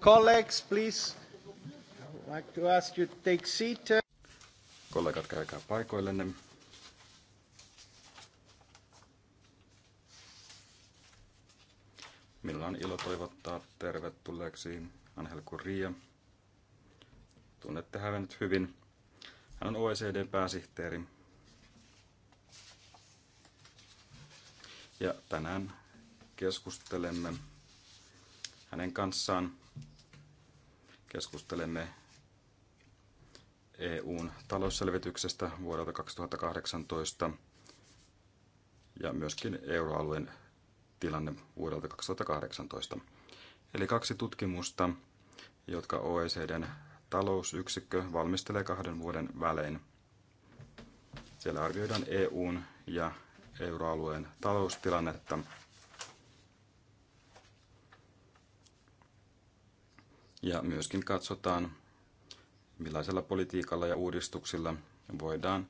Colleagues, please. I'd like to ask you to take seat. Kollegat, käykää paikoillenne. Minulla on ilo toivottaa tervetulleeksi Angel Kuria. Tunnette hänet hyvin. Hän on OECDn pääsihteeri. Ja tänään keskustelemme hänen kanssaan. Keskustelemme EUn talousselvityksestä vuodelta 2018 ja myöskin euroalueen tilanne vuodelta 2018. Eli kaksi tutkimusta, jotka OECDn talousyksikkö valmistelee kahden vuoden välein. Siellä arvioidaan EUn ja euroalueen taloustilannetta Ja myöskin katsotaan, millaisella politiikalla ja uudistuksilla voidaan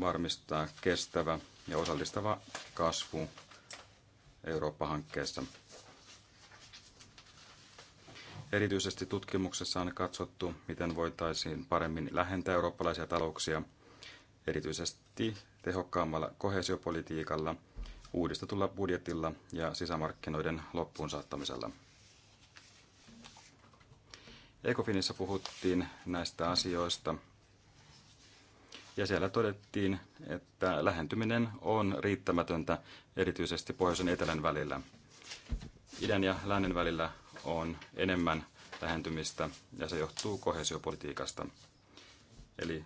varmistaa kestävä ja osallistava kasvu Eurooppa-hankkeessa. Erityisesti tutkimuksessa on katsottu, miten voitaisiin paremmin lähentää eurooppalaisia talouksia, erityisesti tehokkaammalla kohesiopolitiikalla, uudistetulla budjetilla ja sisämarkkinoiden loppuun saattamisella. Ekofinissa puhuttiin näistä asioista ja siellä todettiin, että lähentyminen on riittämätöntä erityisesti pohjoisen etelän välillä. Idän ja lännen välillä on enemmän lähentymistä ja se johtuu kohesiopolitiikasta. Eli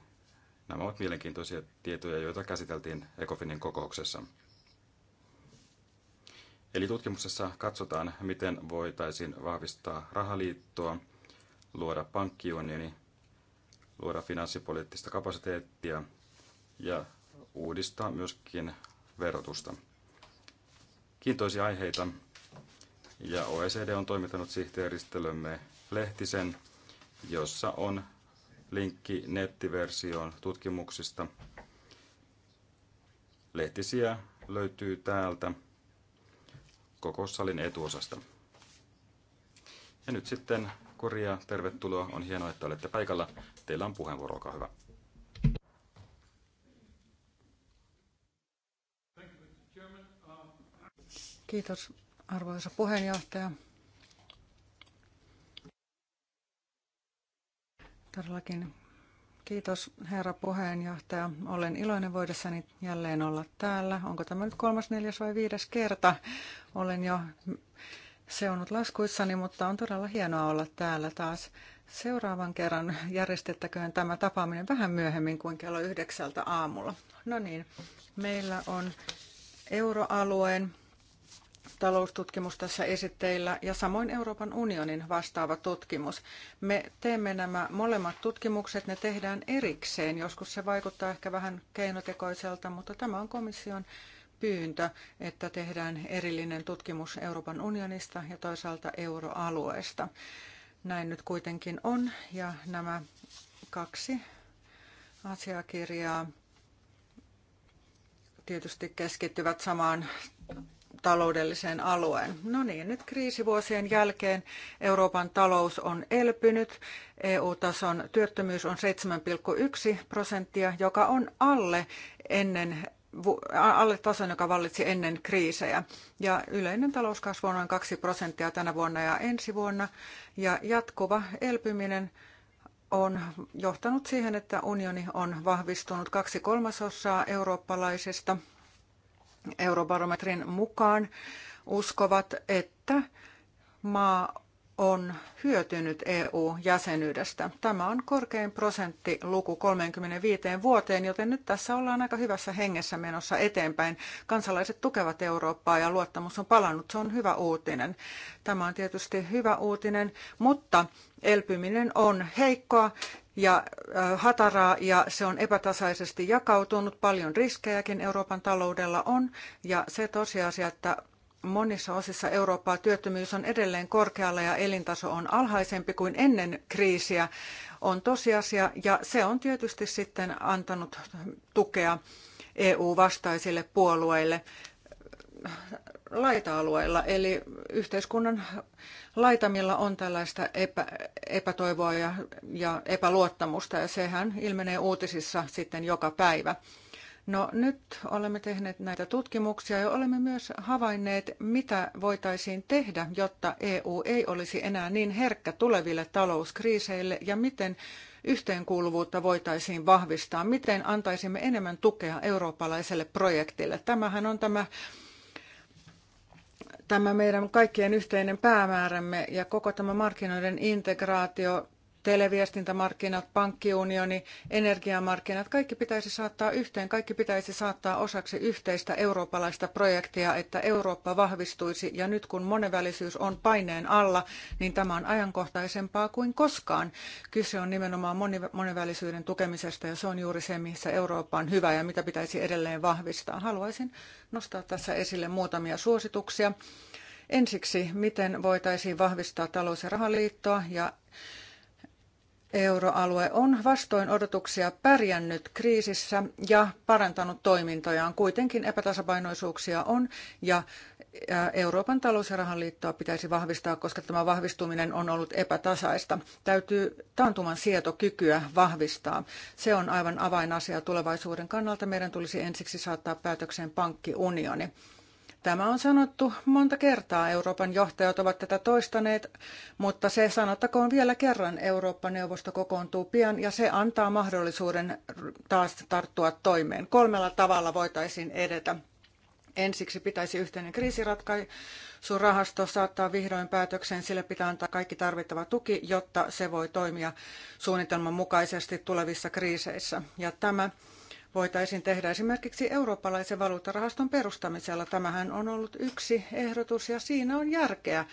nämä ovat mielenkiintoisia tietoja, joita käsiteltiin Ekofinin kokouksessa. Eli tutkimuksessa katsotaan, miten voitaisiin vahvistaa rahaliittoa luoda pankkiunioni, luoda finanssipoliittista kapasiteettia ja uudistaa myöskin verotusta. Kiintoisia aiheita ja OECD on toimittanut sihteeristölömme lehtisen, jossa on linkki nettiversioon tutkimuksista. Lehtisiä löytyy täältä salin etuosasta. Ja nyt sitten Kuria, tervetuloa. On hienoa, että olette paikalla. Teillä on puheenvuoro, olkaa hyvä. Kiitos, arvoisa puheenjohtaja. Todellakin kiitos, herra puheenjohtaja. Olen iloinen voidessani jälleen olla täällä. Onko tämä nyt kolmas, neljäs vai viides kerta? Olen jo se on nyt laskuissani, mutta on todella hienoa olla täällä taas. Seuraavan kerran järjestettäköön tämä tapaaminen vähän myöhemmin kuin kello yhdeksältä aamulla. No niin, meillä on euroalueen taloustutkimus tässä esitteillä ja samoin Euroopan unionin vastaava tutkimus. Me teemme nämä molemmat tutkimukset, ne tehdään erikseen. Joskus se vaikuttaa ehkä vähän keinotekoiselta, mutta tämä on komission pyyntö, että tehdään erillinen tutkimus Euroopan unionista ja toisaalta euroalueesta. Näin nyt kuitenkin on ja nämä kaksi asiakirjaa tietysti keskittyvät samaan taloudelliseen alueen. No niin, nyt kriisivuosien jälkeen Euroopan talous on elpynyt. EU-tason työttömyys on 7,1 prosenttia, joka on alle ennen alle tason, joka vallitsi ennen kriisejä. Ja yleinen talouskasvu on noin 2 prosenttia tänä vuonna ja ensi vuonna. Ja jatkuva elpyminen on johtanut siihen, että unioni on vahvistunut kaksi kolmasosaa eurooppalaisista eurobarometrin mukaan uskovat, että maa on hyötynyt EU-jäsenyydestä. Tämä on korkein prosenttiluku 35 vuoteen, joten nyt tässä ollaan aika hyvässä hengessä menossa eteenpäin. Kansalaiset tukevat Eurooppaa ja luottamus on palannut. Se on hyvä uutinen. Tämä on tietysti hyvä uutinen, mutta elpyminen on heikkoa ja hataraa ja se on epätasaisesti jakautunut. Paljon riskejäkin Euroopan taloudella on ja se tosiasia, että monissa osissa Eurooppaa työttömyys on edelleen korkealla ja elintaso on alhaisempi kuin ennen kriisiä, on tosiasia ja se on tietysti sitten antanut tukea EU-vastaisille puolueille laita-alueilla, eli yhteiskunnan laitamilla on tällaista epä, epätoivoa ja, ja epäluottamusta, ja sehän ilmenee uutisissa sitten joka päivä. No nyt olemme tehneet näitä tutkimuksia ja olemme myös havainneet, mitä voitaisiin tehdä, jotta EU ei olisi enää niin herkkä tuleville talouskriiseille ja miten yhteenkuuluvuutta voitaisiin vahvistaa, miten antaisimme enemmän tukea eurooppalaiselle projektille. Tämähän on tämä tämä meidän kaikkien yhteinen päämäärämme ja koko tämä markkinoiden integraatio televiestintämarkkinat, pankkiunioni, energiamarkkinat, kaikki pitäisi saattaa yhteen, kaikki pitäisi saattaa osaksi yhteistä eurooppalaista projektia, että Eurooppa vahvistuisi ja nyt kun monenvälisyys on paineen alla, niin tämä on ajankohtaisempaa kuin koskaan. Kyse on nimenomaan monenvälisyyden tukemisesta ja se on juuri se, missä Eurooppa on hyvä ja mitä pitäisi edelleen vahvistaa. Haluaisin nostaa tässä esille muutamia suosituksia. Ensiksi, miten voitaisiin vahvistaa talous- ja rahaliittoa ja Euroalue on vastoin odotuksia pärjännyt kriisissä ja parantanut toimintojaan. Kuitenkin epätasapainoisuuksia on ja Euroopan talous- ja rahaliittoa pitäisi vahvistaa, koska tämä vahvistuminen on ollut epätasaista. Täytyy taantuman sietokykyä vahvistaa. Se on aivan avainasia tulevaisuuden kannalta. Meidän tulisi ensiksi saattaa päätökseen pankkiunioni. Tämä on sanottu monta kertaa, Euroopan johtajat ovat tätä toistaneet, mutta se sanottakoon vielä kerran, Eurooppa-neuvosto kokoontuu pian ja se antaa mahdollisuuden taas tarttua toimeen. Kolmella tavalla voitaisiin edetä. Ensiksi pitäisi yhteinen kriisiratkaisurahasto saattaa vihdoin päätökseen. Sille pitää antaa kaikki tarvittava tuki, jotta se voi toimia suunnitelman mukaisesti tulevissa kriiseissä. Ja tämä voitaisiin tehdä esimerkiksi eurooppalaisen valuuttarahaston perustamisella. Tämähän on ollut yksi ehdotus ja siinä on järkeä.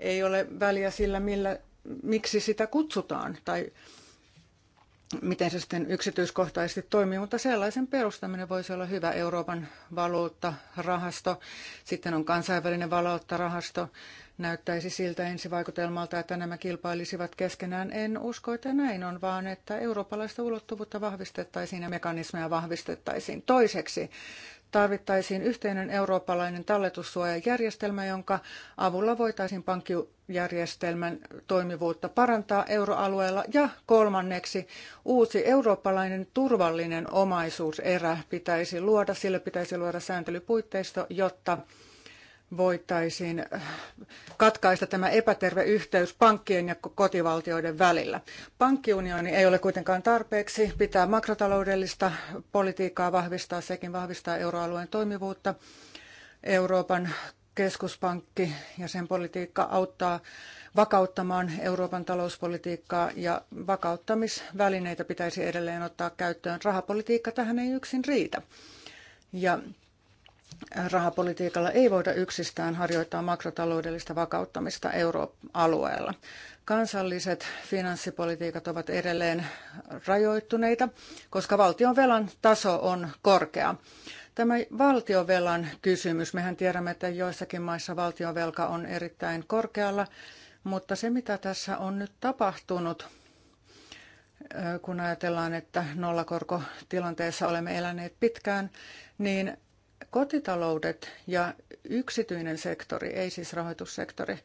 Ei ole väliä sillä, millä, miksi sitä kutsutaan tai miten se sitten yksityiskohtaisesti toimii, mutta sellaisen perustaminen voisi olla hyvä Euroopan valuuttarahasto. Sitten on kansainvälinen valuuttarahasto. Näyttäisi siltä ensivaikutelmalta, että nämä kilpailisivat keskenään. En usko, että näin on, vaan että eurooppalaista ulottuvuutta vahvistettaisiin ja mekanismeja vahvistettaisiin. Toiseksi tarvittaisiin yhteinen eurooppalainen talletussuojajärjestelmä, jonka avulla voitaisiin pankkijärjestelmän toimivuutta parantaa euroalueella. Ja kolmanneksi, uusi eurooppalainen turvallinen omaisuuserä pitäisi luoda, sille pitäisi luoda sääntelypuitteisto, jotta voitaisiin äh, katkaista tämä epäterve yhteys pankkien ja kotivaltioiden välillä. Pankkiunioni ei ole kuitenkaan tarpeeksi. Pitää makrotaloudellista politiikkaa vahvistaa, sekin vahvistaa euroalueen toimivuutta. Euroopan keskuspankki ja sen politiikka auttaa vakauttamaan Euroopan talouspolitiikkaa ja vakauttamisvälineitä pitäisi edelleen ottaa käyttöön. Rahapolitiikka tähän ei yksin riitä. Ja rahapolitiikalla ei voida yksistään harjoittaa makrotaloudellista vakauttamista euroalueella. Kansalliset finanssipolitiikat ovat edelleen rajoittuneita, koska valtionvelan taso on korkea. Tämä valtionvelan kysymys, mehän tiedämme, että joissakin maissa valtionvelka on erittäin korkealla, mutta se mitä tässä on nyt tapahtunut, kun ajatellaan, että nollakorkotilanteessa olemme eläneet pitkään, niin Kotitaloudet ja yksityinen sektori, ei siis rahoitussektori,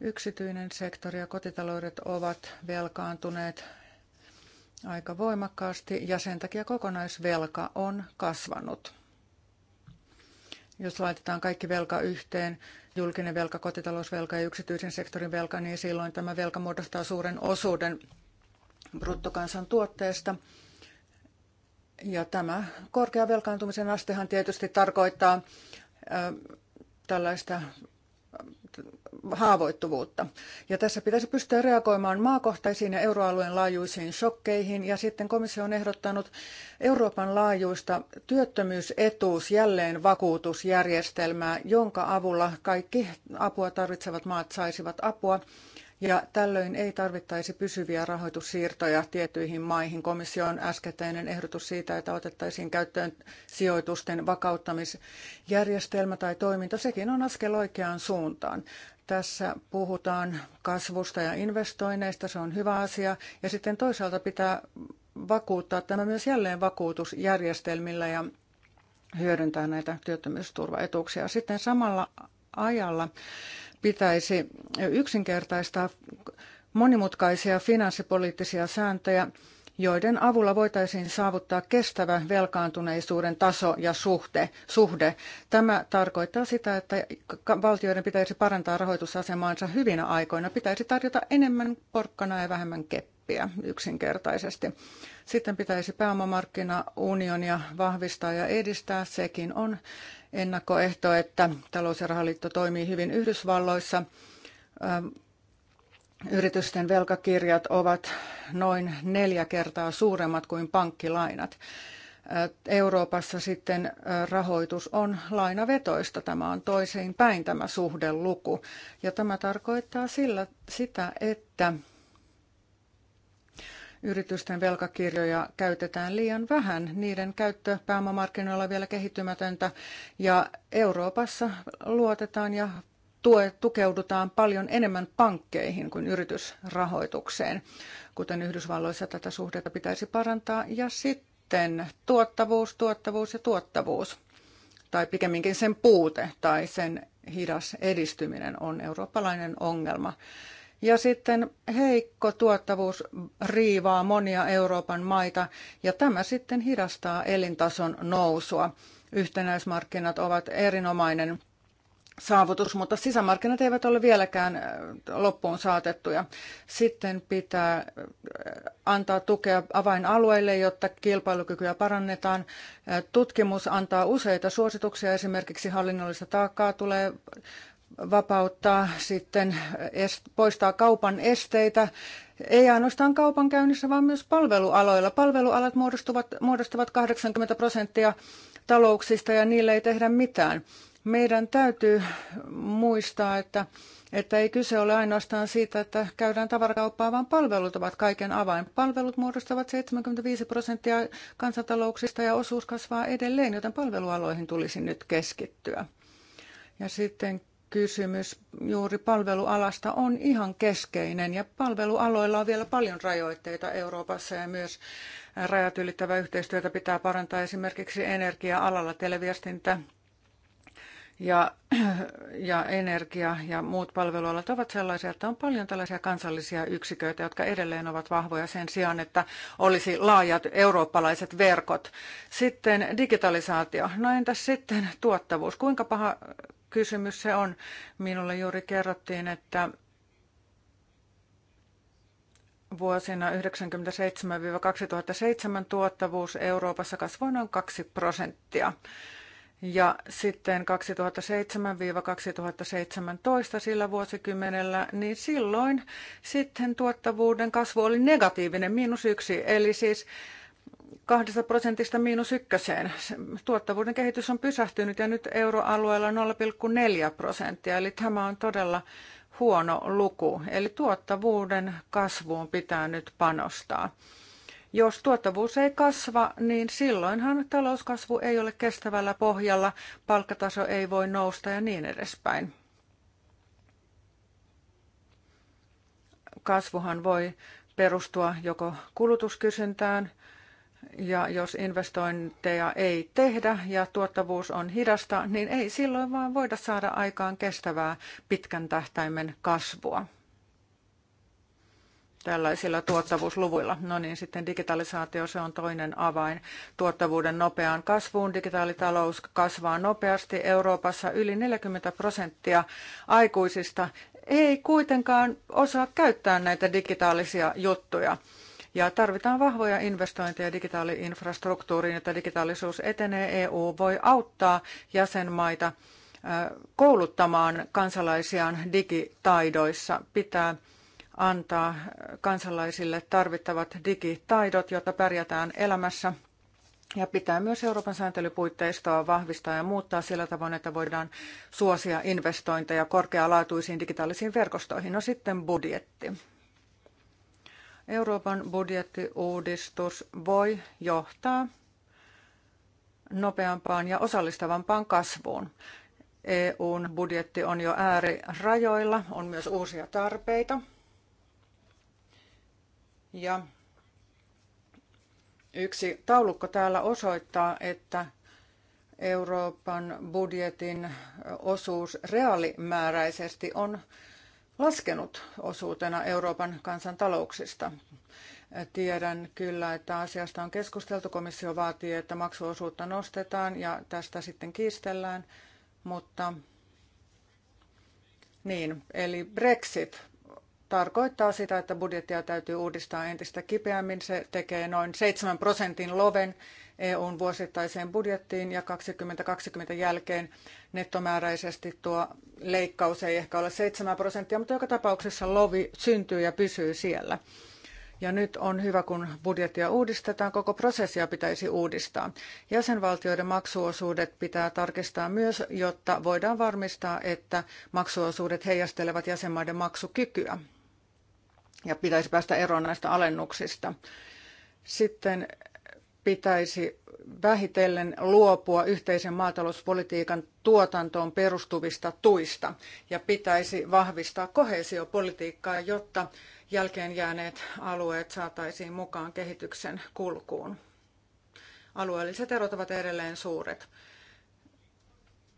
yksityinen sektori ja kotitaloudet ovat velkaantuneet aika voimakkaasti ja sen takia kokonaisvelka on kasvanut. Jos laitetaan kaikki velka yhteen, julkinen velka, kotitalousvelka ja yksityisen sektorin velka, niin silloin tämä velka muodostaa suuren osuuden bruttokansantuotteesta. tuotteesta ja tämä korkea velkaantumisen astehan tietysti tarkoittaa tällaista haavoittuvuutta. Ja tässä pitäisi pystyä reagoimaan maakohtaisiin ja euroalueen laajuisiin shokkeihin. Ja sitten komissio on ehdottanut Euroopan laajuista työttömyysetuus jälleen vakuutusjärjestelmää, jonka avulla kaikki apua tarvitsevat maat saisivat apua ja tällöin ei tarvittaisi pysyviä rahoitussiirtoja tiettyihin maihin. Komission äskettäinen ehdotus siitä, että otettaisiin käyttöön sijoitusten vakauttamisjärjestelmä tai toiminta, sekin on askel oikeaan suuntaan. Tässä puhutaan kasvusta ja investoinneista, se on hyvä asia. Ja sitten toisaalta pitää vakuuttaa tämä myös jälleen vakuutusjärjestelmillä ja hyödyntää näitä työttömyysturvaetuuksia. Sitten samalla ajalla pitäisi yksinkertaistaa monimutkaisia finanssipoliittisia sääntöjä, joiden avulla voitaisiin saavuttaa kestävä velkaantuneisuuden taso ja suhte, suhde. Tämä tarkoittaa sitä, että valtioiden pitäisi parantaa rahoitusasemaansa hyvinä aikoina. Pitäisi tarjota enemmän porkkanaa ja vähemmän keppiä yksinkertaisesti. Sitten pitäisi pääomamarkkinaunionia vahvistaa ja edistää. Sekin on ennakkoehto, että talous- ja rahaliitto toimii hyvin Yhdysvalloissa. Ähm, yritysten velkakirjat ovat noin neljä kertaa suuremmat kuin pankkilainat. Äh, Euroopassa sitten äh, rahoitus on lainavetoista. Tämä on toiseen päin tämä suhdeluku. Ja tämä tarkoittaa sillä, sitä, että yritysten velkakirjoja käytetään liian vähän. Niiden käyttö pääomamarkkinoilla on vielä kehittymätöntä ja Euroopassa luotetaan ja tue, tukeudutaan paljon enemmän pankkeihin kuin yritysrahoitukseen, kuten Yhdysvalloissa tätä suhdetta pitäisi parantaa. Ja sitten tuottavuus, tuottavuus ja tuottavuus, tai pikemminkin sen puute tai sen hidas edistyminen on eurooppalainen ongelma. Ja sitten heikko tuottavuus riivaa monia Euroopan maita ja tämä sitten hidastaa elintason nousua. Yhtenäismarkkinat ovat erinomainen saavutus, mutta sisämarkkinat eivät ole vieläkään äh, loppuun saatettuja. Sitten pitää äh, antaa tukea avainalueille, jotta kilpailukykyä parannetaan. Äh, tutkimus antaa useita suosituksia, esimerkiksi hallinnollista taakkaa tulee vapauttaa sitten, poistaa kaupan esteitä, ei ainoastaan kaupankäynnissä, vaan myös palvelualoilla. Palvelualat muodostuvat, muodostavat 80 prosenttia talouksista ja niille ei tehdä mitään. Meidän täytyy muistaa, että, että ei kyse ole ainoastaan siitä, että käydään tavarakauppaa, vaan palvelut ovat kaiken avain. Palvelut muodostavat 75 prosenttia kansantalouksista ja osuus kasvaa edelleen, joten palvelualoihin tulisi nyt keskittyä. Ja sitten kysymys juuri palvelualasta on ihan keskeinen ja palvelualoilla on vielä paljon rajoitteita Euroopassa ja myös rajat ylittävää yhteistyötä pitää parantaa esimerkiksi energia-alalla televiestintä ja, ja energia ja muut palvelualat ovat sellaisia, että on paljon tällaisia kansallisia yksiköitä, jotka edelleen ovat vahvoja sen sijaan, että olisi laajat eurooppalaiset verkot. Sitten digitalisaatio. No entäs sitten tuottavuus? Kuinka paha kysymys se on? Minulle juuri kerrottiin, että vuosina 1997-2007 tuottavuus Euroopassa kasvoi noin 2 prosenttia. Ja sitten 2007-2017 sillä vuosikymmenellä, niin silloin sitten tuottavuuden kasvu oli negatiivinen, miinus yksi, eli siis kahdesta prosentista miinus ykköseen. Tuottavuuden kehitys on pysähtynyt ja nyt euroalueella 0,4 prosenttia, eli tämä on todella huono luku. Eli tuottavuuden kasvuun pitää nyt panostaa. Jos tuottavuus ei kasva, niin silloinhan talouskasvu ei ole kestävällä pohjalla, palkkataso ei voi nousta ja niin edespäin. Kasvuhan voi perustua joko kulutuskysyntään, ja jos investointeja ei tehdä ja tuottavuus on hidasta, niin ei silloin vaan voida saada aikaan kestävää pitkän tähtäimen kasvua tällaisilla tuottavuusluvuilla. No niin, sitten digitalisaatio, se on toinen avain tuottavuuden nopeaan kasvuun. Digitaalitalous kasvaa nopeasti Euroopassa yli 40 prosenttia aikuisista ei kuitenkaan osaa käyttää näitä digitaalisia juttuja. Ja tarvitaan vahvoja investointeja digitaaliinfrastruktuuriin, infrastruktuuriin että digitaalisuus etenee. EU voi auttaa jäsenmaita kouluttamaan kansalaisiaan digitaidoissa. Pitää antaa kansalaisille tarvittavat digitaidot, jotta pärjätään elämässä. Ja pitää myös Euroopan sääntelypuitteistoa vahvistaa ja muuttaa sillä tavoin, että voidaan suosia investointeja korkealaatuisiin digitaalisiin verkostoihin. No sitten budjetti. Euroopan budjettiuudistus voi johtaa nopeampaan ja osallistavampaan kasvuun. EUn budjetti on jo äärirajoilla, on myös uusia tarpeita – ja yksi taulukko täällä osoittaa, että Euroopan budjetin osuus reaalimääräisesti on laskenut osuutena Euroopan kansantalouksista. Tiedän kyllä, että asiasta on keskusteltu. Komissio vaatii, että maksuosuutta nostetaan ja tästä sitten kiistellään, mutta niin, eli Brexit tarkoittaa sitä, että budjettia täytyy uudistaa entistä kipeämmin. Se tekee noin 7 prosentin loven EUn vuosittaiseen budjettiin ja 2020 jälkeen nettomääräisesti tuo leikkaus ei ehkä ole 7 prosenttia, mutta joka tapauksessa lovi syntyy ja pysyy siellä. Ja nyt on hyvä, kun budjettia uudistetaan, koko prosessia pitäisi uudistaa. Jäsenvaltioiden maksuosuudet pitää tarkistaa myös, jotta voidaan varmistaa, että maksuosuudet heijastelevat jäsenmaiden maksukykyä ja pitäisi päästä eroon näistä alennuksista. Sitten pitäisi vähitellen luopua yhteisen maatalouspolitiikan tuotantoon perustuvista tuista ja pitäisi vahvistaa koheesiopolitiikkaa, jotta jälkeen jääneet alueet saataisiin mukaan kehityksen kulkuun. Alueelliset erot ovat edelleen suuret.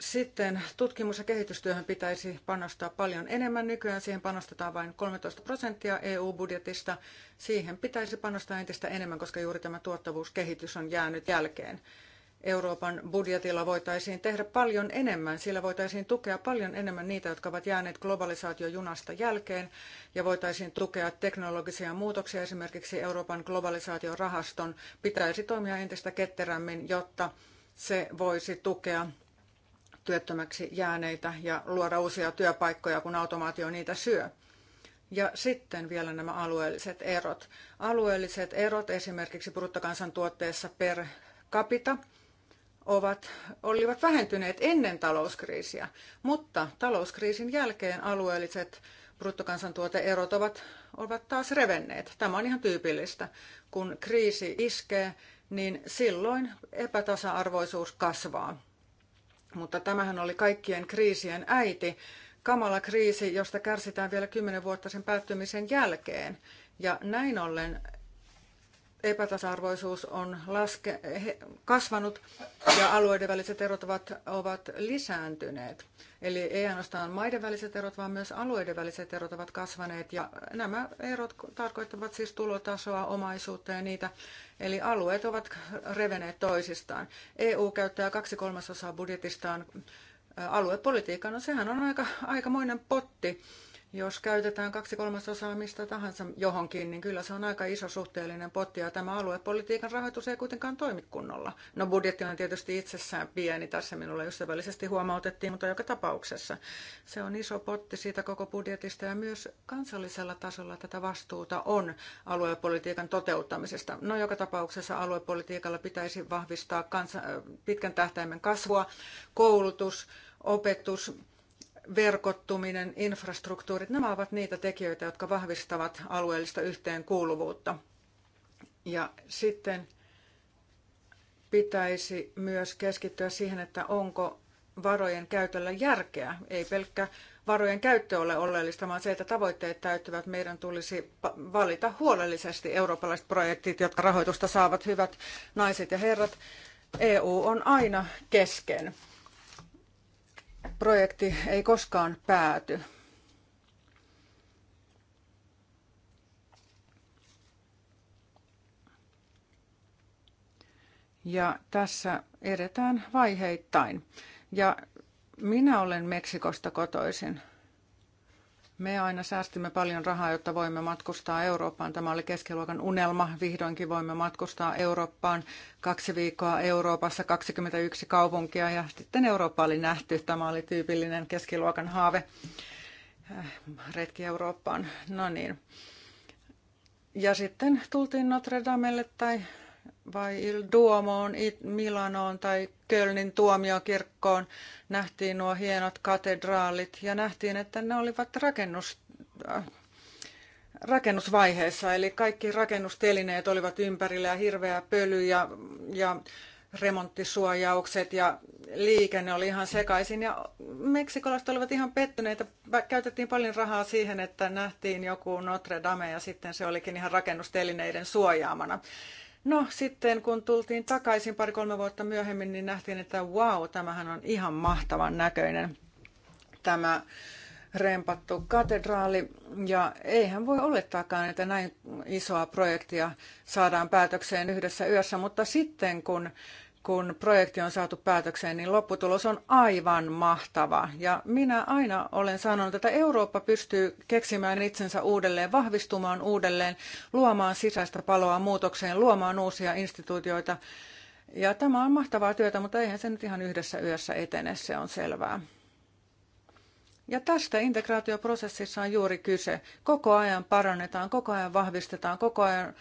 Sitten tutkimus- ja kehitystyöhön pitäisi panostaa paljon enemmän. Nykyään siihen panostetaan vain 13 prosenttia EU-budjetista. Siihen pitäisi panostaa entistä enemmän, koska juuri tämä tuottavuuskehitys on jäänyt jälkeen. Euroopan budjetilla voitaisiin tehdä paljon enemmän. Sillä voitaisiin tukea paljon enemmän niitä, jotka ovat jääneet globalisaatiojunasta jälkeen ja voitaisiin tukea teknologisia muutoksia. Esimerkiksi Euroopan globalisaatiorahaston pitäisi toimia entistä ketterämmin, jotta se voisi tukea työttömäksi jääneitä ja luoda uusia työpaikkoja, kun automaatio niitä syö. Ja sitten vielä nämä alueelliset erot. Alueelliset erot esimerkiksi bruttokansantuotteessa per capita ovat, olivat vähentyneet ennen talouskriisiä, mutta talouskriisin jälkeen alueelliset bruttokansantuoteerot ovat, ovat taas revenneet. Tämä on ihan tyypillistä. Kun kriisi iskee, niin silloin epätasa-arvoisuus kasvaa. Mutta tämähän oli kaikkien kriisien äiti, kamala kriisi, josta kärsitään vielä kymmenen vuotta sen päättymisen jälkeen. Ja näin ollen epätasa-arvoisuus on laske, kasvanut ja alueiden väliset erot ovat, ovat lisääntyneet. Eli ei ainoastaan maiden väliset erot, vaan myös alueiden väliset erot ovat kasvaneet. Ja nämä erot tarkoittavat siis tulotasoa, omaisuutta ja niitä. Eli alueet ovat reveneet toisistaan. EU käyttää kaksi kolmasosaa budjetistaan aluepolitiikkaan. No sehän on aika, aikamoinen potti jos käytetään kaksi kolmasosaa mistä tahansa johonkin, niin kyllä se on aika iso suhteellinen potti ja tämä aluepolitiikan rahoitus ei kuitenkaan toimi kunnolla. No budjetti on tietysti itsessään pieni, tässä minulle ystävällisesti huomautettiin, mutta joka tapauksessa se on iso potti siitä koko budjetista ja myös kansallisella tasolla tätä vastuuta on aluepolitiikan toteuttamisesta. No joka tapauksessa aluepolitiikalla pitäisi vahvistaa kansa- pitkän tähtäimen kasvua, koulutus, opetus, verkottuminen, infrastruktuurit, nämä ovat niitä tekijöitä, jotka vahvistavat alueellista yhteenkuuluvuutta. Ja sitten pitäisi myös keskittyä siihen, että onko varojen käytöllä järkeä. Ei pelkkä varojen käyttö ole oleellista, vaan se, että tavoitteet täyttyvät. Meidän tulisi valita huolellisesti eurooppalaiset projektit, jotka rahoitusta saavat hyvät naiset ja herrat. EU on aina kesken projekti ei koskaan pääty. Ja tässä edetään vaiheittain. Ja minä olen Meksikosta kotoisin. Me aina säästimme paljon rahaa, jotta voimme matkustaa Eurooppaan. Tämä oli keskiluokan unelma. Vihdoinkin voimme matkustaa Eurooppaan. Kaksi viikkoa Euroopassa, 21 kaupunkia ja sitten Eurooppa oli nähty. Tämä oli tyypillinen keskiluokan haave. Äh, retki Eurooppaan. No niin. Ja sitten tultiin Notre Damelle tai vai Il Duomoon, Milanoon tai Kölnin tuomiokirkkoon nähtiin nuo hienot katedraalit ja nähtiin, että ne olivat rakennus, äh, rakennusvaiheessa, eli kaikki rakennustelineet olivat ympärillä ja hirveä pöly ja, ja remonttisuojaukset ja liikenne oli ihan sekaisin. Ja meksikolaiset olivat ihan pettyneitä. Käytettiin paljon rahaa siihen, että nähtiin joku Notre Dame ja sitten se olikin ihan rakennustelineiden suojaamana. No sitten kun tultiin takaisin pari-kolme vuotta myöhemmin, niin nähtiin, että wow, tämähän on ihan mahtavan näköinen tämä rempattu katedraali. Ja eihän voi olettaakaan, että näin isoa projektia saadaan päätökseen yhdessä yössä, mutta sitten kun kun projekti on saatu päätökseen, niin lopputulos on aivan mahtava. Ja minä aina olen sanonut, että Eurooppa pystyy keksimään itsensä uudelleen, vahvistumaan uudelleen, luomaan sisäistä paloa muutokseen, luomaan uusia instituutioita. Ja tämä on mahtavaa työtä, mutta eihän se nyt ihan yhdessä yössä etene, se on selvää. Ja tästä integraatioprosessissa on juuri kyse. Koko ajan parannetaan, koko ajan vahvistetaan, koko ajan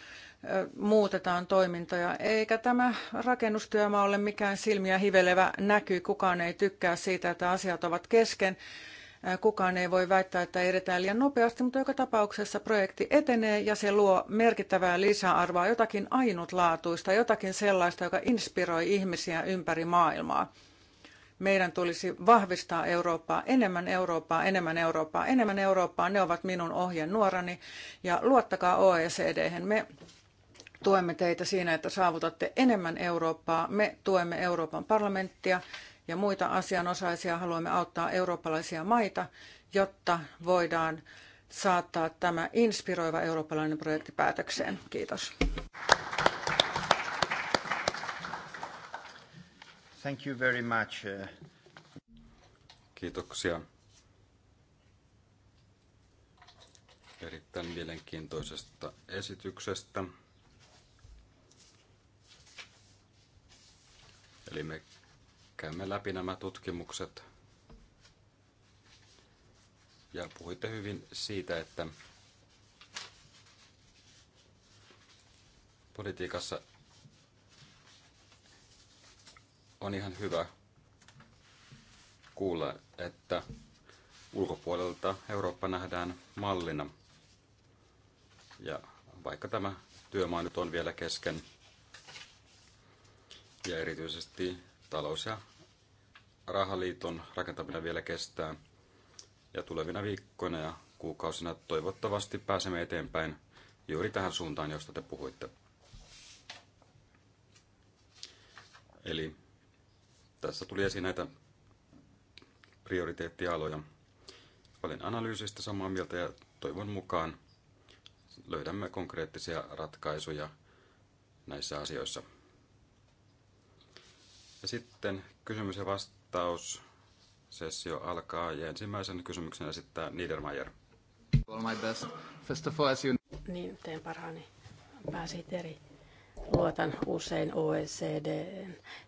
muutetaan toimintoja. Eikä tämä rakennustyömaa ole mikään silmiä hivelevä näky. Kukaan ei tykkää siitä, että asiat ovat kesken. Kukaan ei voi väittää, että edetään liian nopeasti, mutta joka tapauksessa projekti etenee ja se luo merkittävää lisäarvoa, jotakin ainutlaatuista, jotakin sellaista, joka inspiroi ihmisiä ympäri maailmaa. Meidän tulisi vahvistaa Eurooppaa, enemmän Eurooppaa, enemmän Eurooppaa, enemmän Eurooppaa. Ne ovat minun ohjenuorani ja luottakaa OECD. Me tuemme teitä siinä, että saavutatte enemmän Eurooppaa. Me tuemme Euroopan parlamenttia ja muita asianosaisia. Haluamme auttaa eurooppalaisia maita, jotta voidaan saattaa tämä inspiroiva eurooppalainen projekti päätökseen. Kiitos. Thank you very much. Uh, Kiitoksia erittäin mielenkiintoisesta esityksestä. Eli me käymme läpi nämä tutkimukset. Ja puhuitte hyvin siitä, että politiikassa on ihan hyvä kuulla, että ulkopuolelta Eurooppa nähdään mallina. Ja vaikka tämä työmaa nyt on vielä kesken, ja erityisesti talous- ja rahaliiton rakentaminen vielä kestää. Ja tulevina viikkoina ja kuukausina toivottavasti pääsemme eteenpäin juuri tähän suuntaan, josta te puhuitte. Eli tässä tuli esiin näitä prioriteettialoja. Olen analyysistä samaa mieltä ja toivon mukaan löydämme konkreettisia ratkaisuja näissä asioissa. Ja sitten kysymys- ja vastaussessio alkaa ja ensimmäisen kysymyksen esittää Niedermayer. All my best. First of all, as you... Niin, teen parhaani. Pääsihteeri, luotan usein OECD.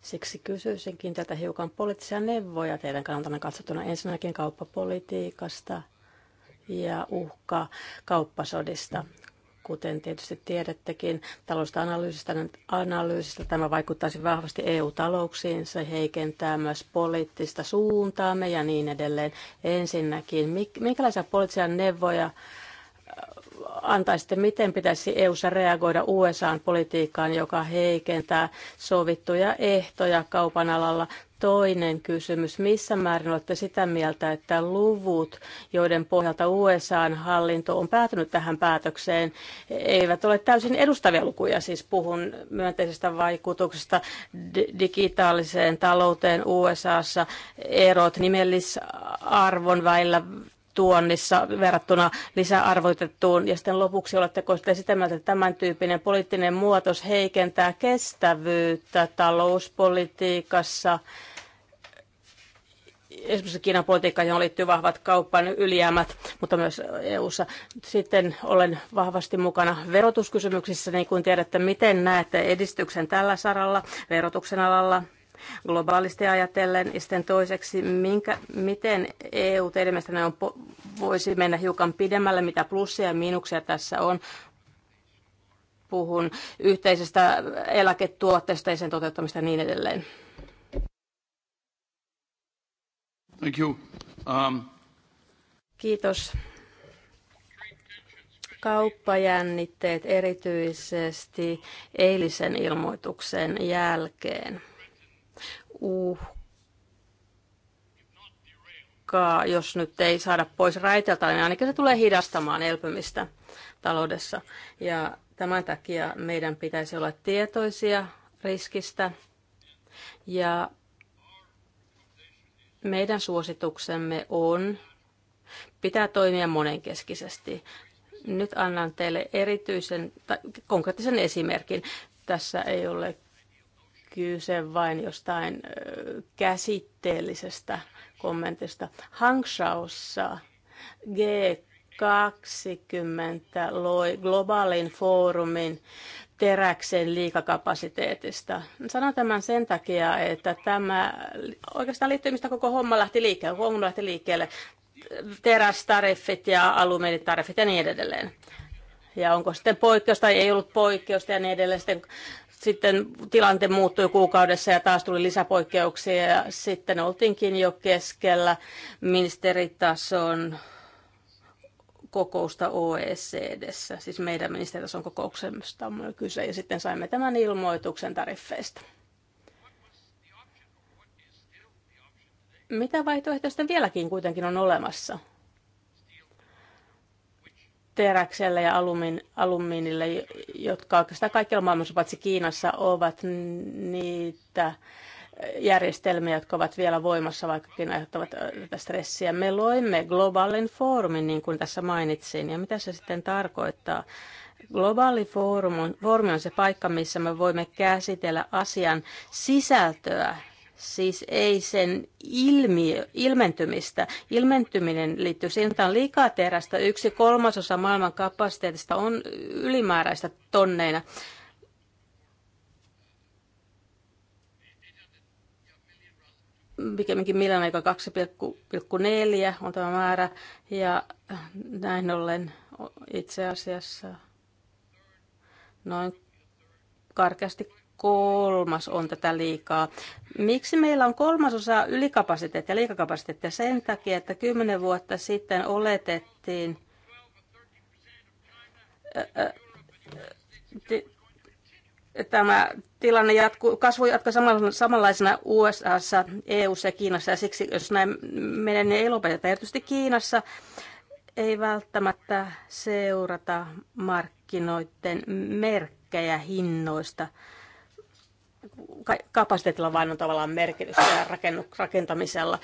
Siksi kysyisinkin tätä hiukan poliittisia neuvoja teidän kannaltanne katsottuna ensinnäkin kauppapolitiikasta ja uhka kauppasodista. Kuten tietysti tiedättekin taloudellisesta analyysistä, analyysistä tämä vaikuttaisi vahvasti EU-talouksiin. Se heikentää myös poliittista suuntaamme ja niin edelleen. Ensinnäkin, minkälaisia poliittisia neuvoja antaisitte, miten pitäisi EU:ssa reagoida USAn politiikkaan, joka heikentää sovittuja ehtoja kaupan alalla? Toinen kysymys, missä määrin olette sitä mieltä, että luvut, joiden pohjalta USAn hallinto on päätynyt tähän päätökseen, eivät ole täysin edustavia lukuja, siis puhun myönteisestä vaikutuksesta digitaaliseen talouteen USAssa, erot nimellisarvon välillä tuonnissa verrattuna lisäarvoitettuun. Ja sitten lopuksi oletteko sitten sitä mieltä, että tämän tyyppinen poliittinen muutos heikentää kestävyyttä talouspolitiikassa? esimerkiksi Kiinan politiikkaan, johon liittyy vahvat kauppan ylijäämät, mutta myös EU-ssa. Sitten olen vahvasti mukana verotuskysymyksissä, niin kuin tiedätte, miten näette edistyksen tällä saralla, verotuksen alalla, globaalisti ajatellen. Ja sitten toiseksi, minkä, miten EU teidän mielestänne on, voisi mennä hiukan pidemmälle, mitä plussia ja miinuksia tässä on, puhun yhteisestä eläketuotteesta ja sen toteuttamista ja niin edelleen. Thank you. Um... Kiitos. Kauppajännitteet erityisesti eilisen ilmoituksen jälkeen uhkaa, jos nyt ei saada pois raiteilta, niin ainakin se tulee hidastamaan elpymistä taloudessa. Ja tämän takia meidän pitäisi olla tietoisia riskistä ja meidän suosituksemme on pitää toimia monenkeskisesti. Nyt annan teille erityisen konkreettisen esimerkin. Tässä ei ole kyse vain jostain käsitteellisestä kommentista. Hangshaussa G20 loi globaalin foorumin teräksen liikakapasiteetista. Sanon tämän sen takia, että tämä oikeastaan liittyy, mistä koko homma lähti liikkeelle. Koko homma lähti liikkeelle terästariffit ja alumiinitariffit ja niin edelleen. Ja onko sitten poikkeus tai ei ollut poikkeusta ja niin edelleen. Sitten sitten tilante muuttui kuukaudessa ja taas tuli lisäpoikkeuksia ja sitten oltiinkin jo keskellä ministeritason kokousta OECDssä, siis meidän ministeritason kokouksesta on kyse, ja sitten saimme tämän ilmoituksen tariffeista. Mitä vaihtoehtoista vieläkin kuitenkin on olemassa? teräkselle ja alumiin, alumiinille, jotka oikeastaan kaikilla maailmassa paitsi Kiinassa ovat niitä järjestelmiä, jotka ovat vielä voimassa, vaikkakin aiheuttavat tätä stressiä. Me loimme globaalin foorumin, niin kuin tässä mainitsin, ja mitä se sitten tarkoittaa? Globaali foorumi on, foorumi on se paikka, missä me voimme käsitellä asian sisältöä siis ei sen ilmiö, ilmentymistä. Ilmentyminen liittyy siihen, että on liikaa terästä. Yksi kolmasosa maailman kapasiteetista on ylimääräistä tonneina. pikemminkin millään aika 2,4 on tämä määrä. Ja näin ollen itse asiassa noin karkeasti kolmas on tätä liikaa. Miksi meillä on kolmasosa ylikapasiteettia ja liikakapasiteettia? Sen takia, että kymmenen vuotta sitten oletettiin, tämä tilanne jatkuu, kasvu jatkuu samanlaisena USA, EUssa ja Kiinassa, ja siksi jos näin menee, niin ei lopeteta. Erityisesti Kiinassa ei välttämättä seurata markkinoiden merkkejä hinnoista kapasiteetilla vain on tavallaan merkitystä ja rakentamisella.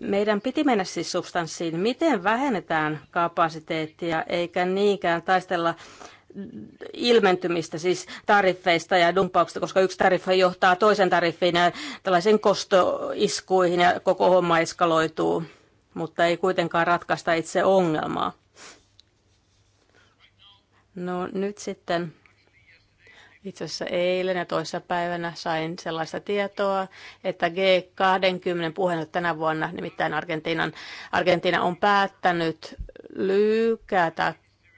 Meidän piti mennä siis substanssiin, miten vähennetään kapasiteettia eikä niinkään taistella ilmentymistä siis tariffeista ja dumpauksista, koska yksi tariffi johtaa toisen tariffiin ja tällaisiin kostoiskuihin ja koko homma eskaloituu, mutta ei kuitenkaan ratkaista itse ongelmaa. No nyt sitten itse asiassa eilen ja toisessa päivänä sain sellaista tietoa, että G20 puheenjohtaja tänä vuonna, nimittäin Argentiinan, Argentiina on päättänyt lykätä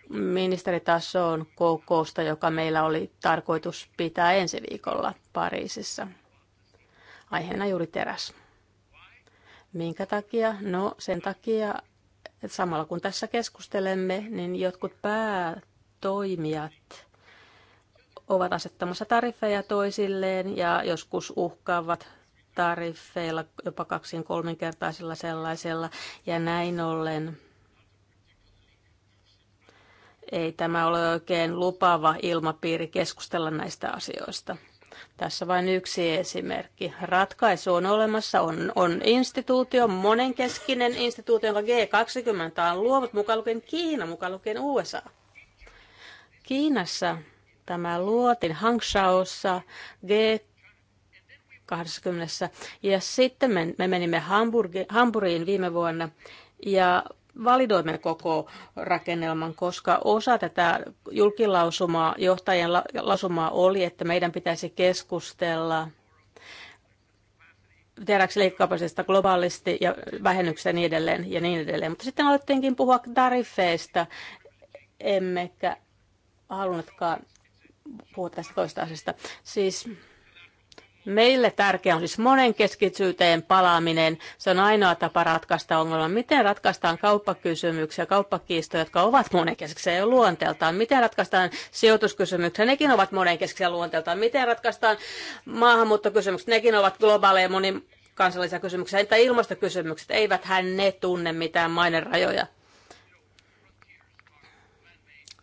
ministeritason kokousta, joka meillä oli tarkoitus pitää ensi viikolla Pariisissa. Aiheena juuri teräs. Minkä takia? No sen takia, että samalla kun tässä keskustelemme, niin jotkut päätoimijat ovat asettamassa tariffeja toisilleen ja joskus uhkaavat tariffeilla, jopa kaksin kolminkertaisilla sellaisella. Ja näin ollen ei tämä ole oikein lupava ilmapiiri keskustella näistä asioista. Tässä vain yksi esimerkki. Ratkaisu on olemassa, on, on instituutio, monenkeskinen instituutio, jonka G20 on luovut, mukaan lukien Kiina, mukaan lukien USA. Kiinassa Tämä luotin Hangsaossa G20. Ja sitten me, me menimme Hamburgiin viime vuonna ja validoimme koko rakennelman, koska osa tätä julkilausumaa, johtajien lausumaa oli, että meidän pitäisi keskustella tehdäänkö leikkaamisesta globaalisti ja vähennyksiä niin edelleen ja niin edelleen. Mutta sitten alettiinkin puhua tarifeista, emmekä halunnutkaan puhua tästä toista asiasta. Siis Meille tärkeä on siis monenkeskisyyteen palaaminen. Se on ainoa tapa ratkaista ongelma. Miten ratkaistaan kauppakysymyksiä, kauppakiistoja, jotka ovat monenkeskisiä jo luonteeltaan? Miten ratkaistaan sijoituskysymyksiä? Nekin ovat monenkeskisiä luonteeltaan. Miten ratkaistaan maahanmuuttokysymykset? Nekin ovat globaaleja moni kansallisia kysymyksiä, entä ilmastokysymykset? Eiväthän ne tunne mitään mainerajoja.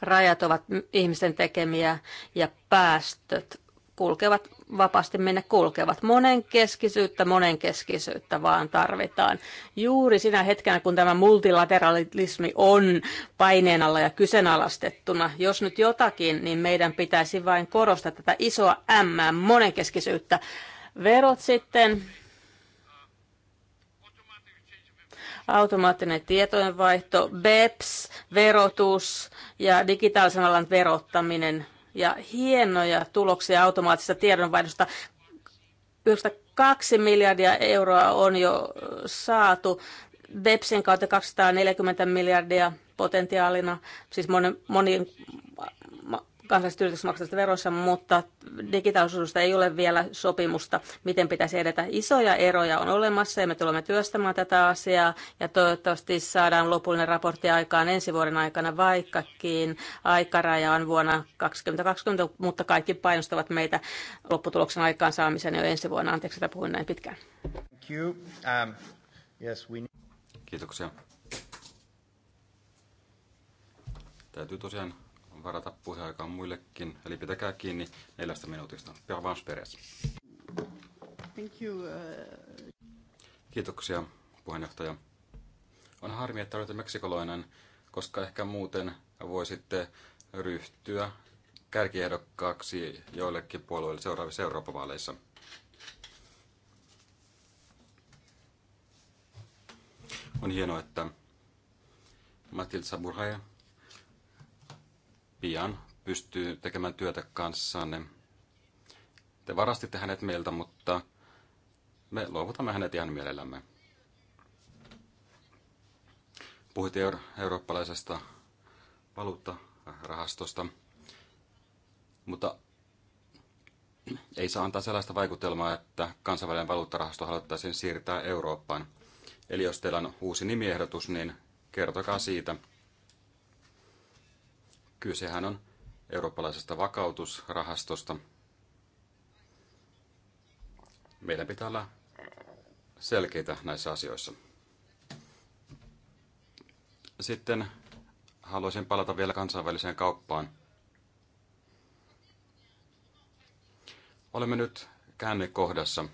Rajat ovat ihmisten tekemiä ja päästöt kulkevat vapaasti minne kulkevat. Monenkeskisyyttä, monenkeskisyyttä vaan tarvitaan. Juuri sinä hetkenä, kun tämä multilateralismi on paineen alla ja kyseenalaistettuna, jos nyt jotakin, niin meidän pitäisi vain korostaa tätä isoa M, monenkeskisyyttä. Verot sitten, automaattinen tietojenvaihto, BEPS, verotus ja digitaalisen alan verottaminen ja hienoja tuloksia automaattisesta tiedonvaihdosta. kaksi miljardia euroa on jo saatu, BEPSin kautta 240 miljardia potentiaalina, siis monen, monin, kansallisesta yritykset maksavat verossa, mutta digitaalisuudesta ei ole vielä sopimusta, miten pitäisi edetä. Isoja eroja on olemassa ja me tulemme työstämään tätä asiaa ja toivottavasti saadaan lopullinen raportti aikaan ensi vuoden aikana, vaikkakin aikaraja on vuonna 2020, mutta kaikki painostavat meitä lopputuloksen aikaansaamiseen jo ensi vuonna. Anteeksi, että puhuin näin pitkään. Um, Kiitoksia. Täytyy tosiaan varata puheaikaa muillekin, eli pitäkää kiinni neljästä minuutista. Pervans Thank you. Uh, Kiitoksia, puheenjohtaja. On harmi, että olette meksikolainen, koska ehkä muuten voisitte ryhtyä kärkiehdokkaaksi joillekin puolueille seuraavissa Eurooppa-vaaleissa. On hienoa, että Matilda Saburhaja pian pystyy tekemään työtä kanssanne. Te varastitte hänet meiltä, mutta me luovutamme hänet ihan mielellämme. Puhuit euro- eurooppalaisesta valuuttarahastosta, mutta ei saa antaa sellaista vaikutelmaa, että kansainvälinen valuuttarahasto haluttaisiin siirtää Eurooppaan. Eli jos teillä on uusi nimiehdotus, niin kertokaa siitä – Kysehän on eurooppalaisesta vakautusrahastosta. Meidän pitää olla selkeitä näissä asioissa. Sitten haluaisin palata vielä kansainväliseen kauppaan. Olemme nyt käännekohdassa.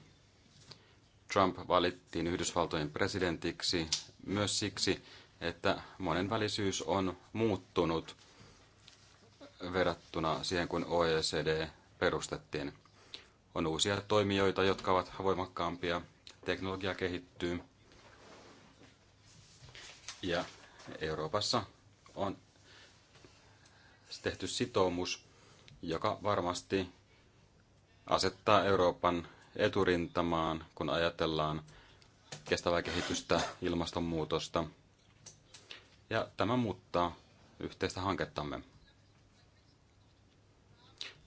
Trump valittiin Yhdysvaltojen presidentiksi myös siksi, että monenvälisyys on muuttunut – verrattuna siihen, kun OECD perustettiin. On uusia toimijoita, jotka ovat voimakkaampia, teknologia kehittyy ja Euroopassa on tehty sitoumus, joka varmasti asettaa Euroopan eturintamaan, kun ajatellaan kestävää kehitystä, ilmastonmuutosta. Ja tämä muuttaa yhteistä hankettamme.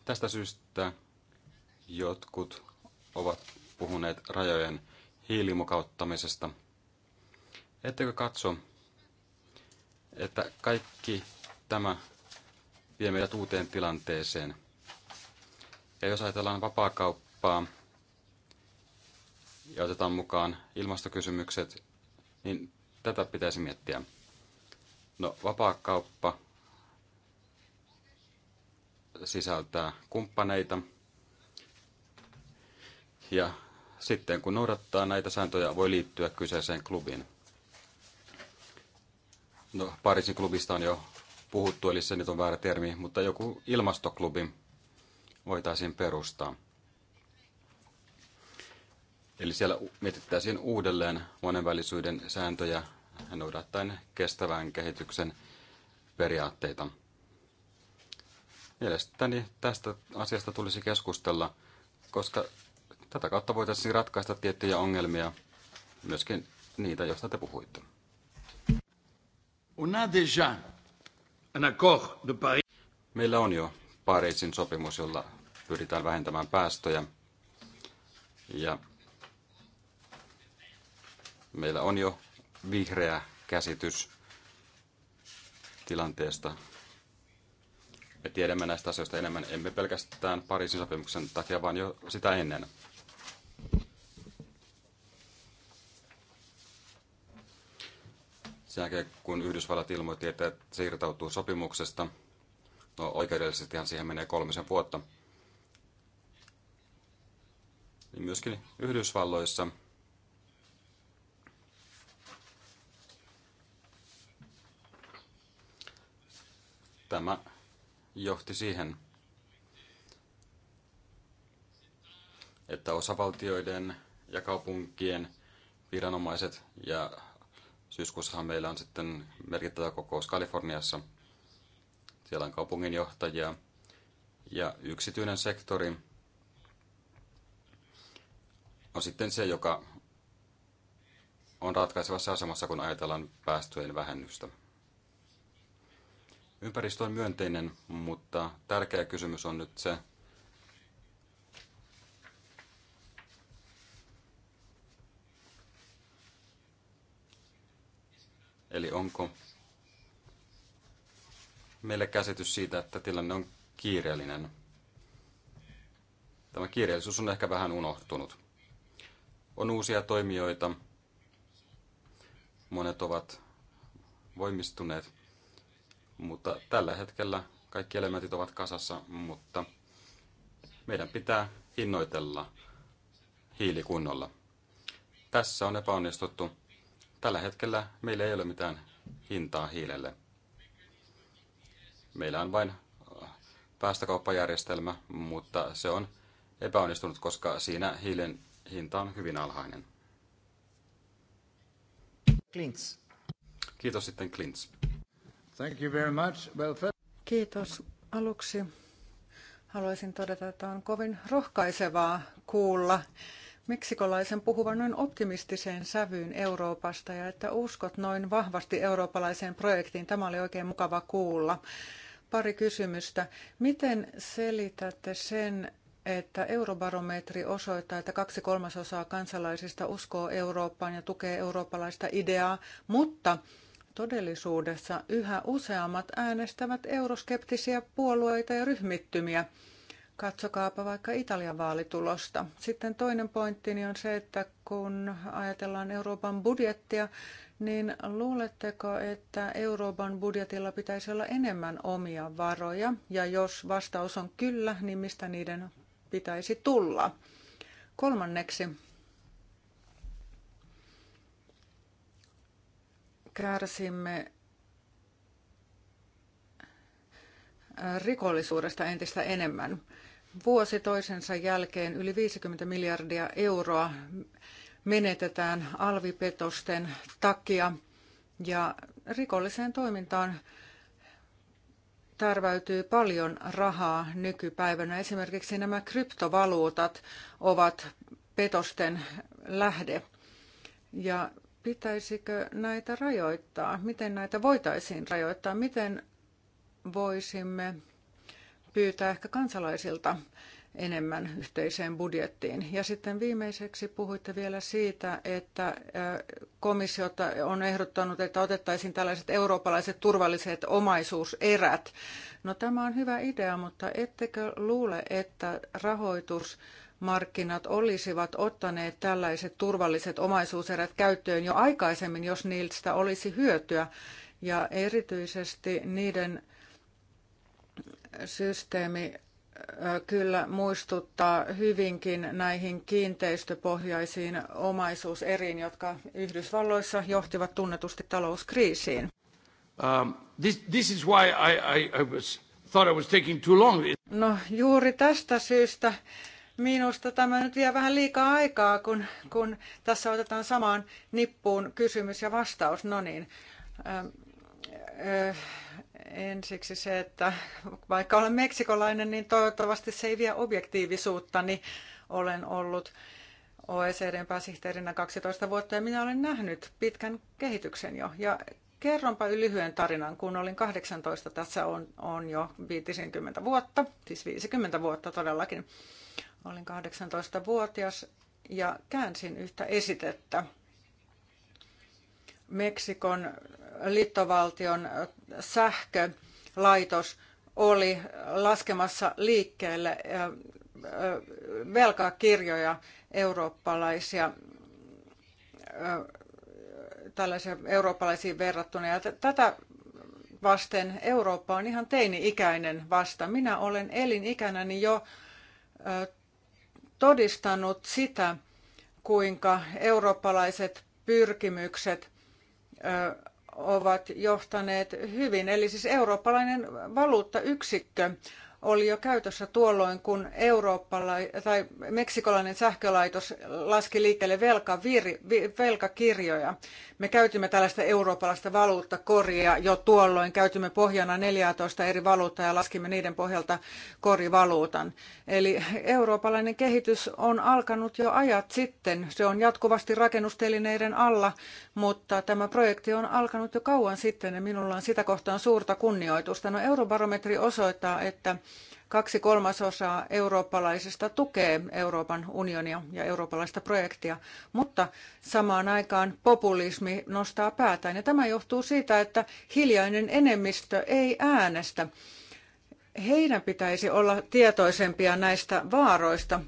Tästä syystä jotkut ovat puhuneet rajojen hiilimukauttamisesta. Ettekö katso, että kaikki tämä vie meidät uuteen tilanteeseen? Ja jos ajatellaan vapaakauppaa ja otetaan mukaan ilmastokysymykset, niin tätä pitäisi miettiä. No, vapaakauppa sisältää kumppaneita. Ja sitten kun noudattaa näitä sääntöjä, voi liittyä kyseiseen klubiin. No, Pariisin klubista on jo puhuttu, eli se nyt on väärä termi, mutta joku ilmastoklubi voitaisiin perustaa. Eli siellä mietittäisiin uudelleen monenvälisyyden sääntöjä noudattaen kestävän kehityksen periaatteita. Mielestäni tästä asiasta tulisi keskustella, koska tätä kautta voitaisiin ratkaista tiettyjä ongelmia, myöskin niitä, joista te puhuitte. Meillä on jo Pariisin sopimus, jolla pyritään vähentämään päästöjä. Ja meillä on jo vihreä käsitys tilanteesta me tiedämme näistä asioista enemmän, emme pelkästään Pariisin sopimuksen takia, vaan jo sitä ennen. Sen jälkeen, kun Yhdysvallat ilmoitti, että irtautuu sopimuksesta, no oikeudellisestihan siihen menee kolmisen vuotta, niin myöskin Yhdysvalloissa tämä johti siihen, että osavaltioiden ja kaupunkien viranomaiset ja syyskuussahan meillä on sitten merkittävä kokous Kaliforniassa. Siellä on kaupunginjohtajia ja yksityinen sektori on sitten se, joka on ratkaisevassa asemassa, kun ajatellaan päästöjen vähennystä. Ympäristö on myönteinen, mutta tärkeä kysymys on nyt se, Eli onko meillä käsitys siitä, että tilanne on kiireellinen? Tämä kiireellisyys on ehkä vähän unohtunut. On uusia toimijoita. Monet ovat voimistuneet. Mutta tällä hetkellä kaikki elementit ovat kasassa, mutta meidän pitää hinnoitella hiilikunnolla. Tässä on epäonnistuttu. Tällä hetkellä meillä ei ole mitään hintaa hiilelle. Meillä on vain äh, päästökauppajärjestelmä, mutta se on epäonnistunut, koska siinä hiilen hinta on hyvin alhainen. Klints. Kiitos sitten Klints. Thank you very much. Well, Kiitos aluksi. Haluaisin todeta, että on kovin rohkaisevaa kuulla meksikolaisen puhuvan noin optimistiseen sävyyn Euroopasta ja että uskot noin vahvasti eurooppalaiseen projektiin. Tämä oli oikein mukava kuulla. Pari kysymystä. Miten selitätte sen, että eurobarometri osoittaa, että kaksi kolmasosaa kansalaisista uskoo Eurooppaan ja tukee eurooppalaista ideaa, mutta Todellisuudessa yhä useammat äänestävät euroskeptisiä puolueita ja ryhmittymiä. Katsokaapa vaikka Italian vaalitulosta. Sitten toinen pointti on se, että kun ajatellaan Euroopan budjettia, niin luuletteko, että Euroopan budjetilla pitäisi olla enemmän omia varoja? Ja jos vastaus on kyllä, niin mistä niiden pitäisi tulla? Kolmanneksi, kärsimme äh, rikollisuudesta entistä enemmän. Vuosi toisensa jälkeen yli 50 miljardia euroa menetetään alvipetosten takia ja rikolliseen toimintaan tärväytyy paljon rahaa nykypäivänä. Esimerkiksi nämä kryptovaluutat ovat petosten lähde. Ja Pitäisikö näitä rajoittaa? Miten näitä voitaisiin rajoittaa? Miten voisimme pyytää ehkä kansalaisilta enemmän yhteiseen budjettiin. Ja sitten viimeiseksi puhuitte vielä siitä, että komissio on ehdottanut, että otettaisiin tällaiset eurooppalaiset turvalliset omaisuuserät. No tämä on hyvä idea, mutta ettekö luule, että rahoitus markkinat olisivat ottaneet tällaiset turvalliset omaisuuserät käyttöön jo aikaisemmin, jos niistä olisi hyötyä. Ja erityisesti niiden äh, systeemi äh, kyllä muistuttaa hyvinkin näihin kiinteistöpohjaisiin omaisuuseriin, jotka Yhdysvalloissa johtivat tunnetusti talouskriisiin. Um, this, this is why I, I, I was, thought I was taking too long. No juuri tästä syystä Minusta tämä nyt vie vähän liikaa aikaa, kun, kun tässä otetaan samaan nippuun kysymys ja vastaus. No niin, öö, ensiksi se, että vaikka olen meksikolainen, niin toivottavasti se ei vie niin Olen ollut OECDn pääsihteerinä 12 vuotta ja minä olen nähnyt pitkän kehityksen jo. Ja kerronpa lyhyen tarinan, kun olin 18, tässä on, on jo 50 vuotta, siis 50 vuotta todellakin. Olin 18-vuotias ja käänsin yhtä esitettä. Meksikon liittovaltion laitos oli laskemassa liikkeelle velkakirjoja eurooppalaisia tällaisia eurooppalaisiin verrattuna. Ja tätä vasten Eurooppa on ihan teini-ikäinen vasta. Minä olen elinikänäni jo todistanut sitä, kuinka eurooppalaiset pyrkimykset ovat johtaneet hyvin. Eli siis eurooppalainen valuuttayksikkö oli jo käytössä tuolloin, kun eurooppala- tai meksikolainen sähkölaitos laski liikkeelle velkakirjoja. Me käytimme tällaista eurooppalaista valuuttakoria jo tuolloin. Käytimme pohjana 14 eri valuuttaa ja laskimme niiden pohjalta korivaluutan. Eli eurooppalainen kehitys on alkanut jo ajat sitten. Se on jatkuvasti rakennustelineiden alla mutta tämä projekti on alkanut jo kauan sitten ja minulla on sitä kohtaan suurta kunnioitusta. No eurobarometri osoittaa, että kaksi kolmasosaa eurooppalaisista tukee Euroopan unionia ja eurooppalaista projektia, mutta samaan aikaan populismi nostaa päätään. Ja tämä johtuu siitä, että hiljainen enemmistö ei äänestä. Heidän pitäisi olla tietoisempia näistä vaaroista.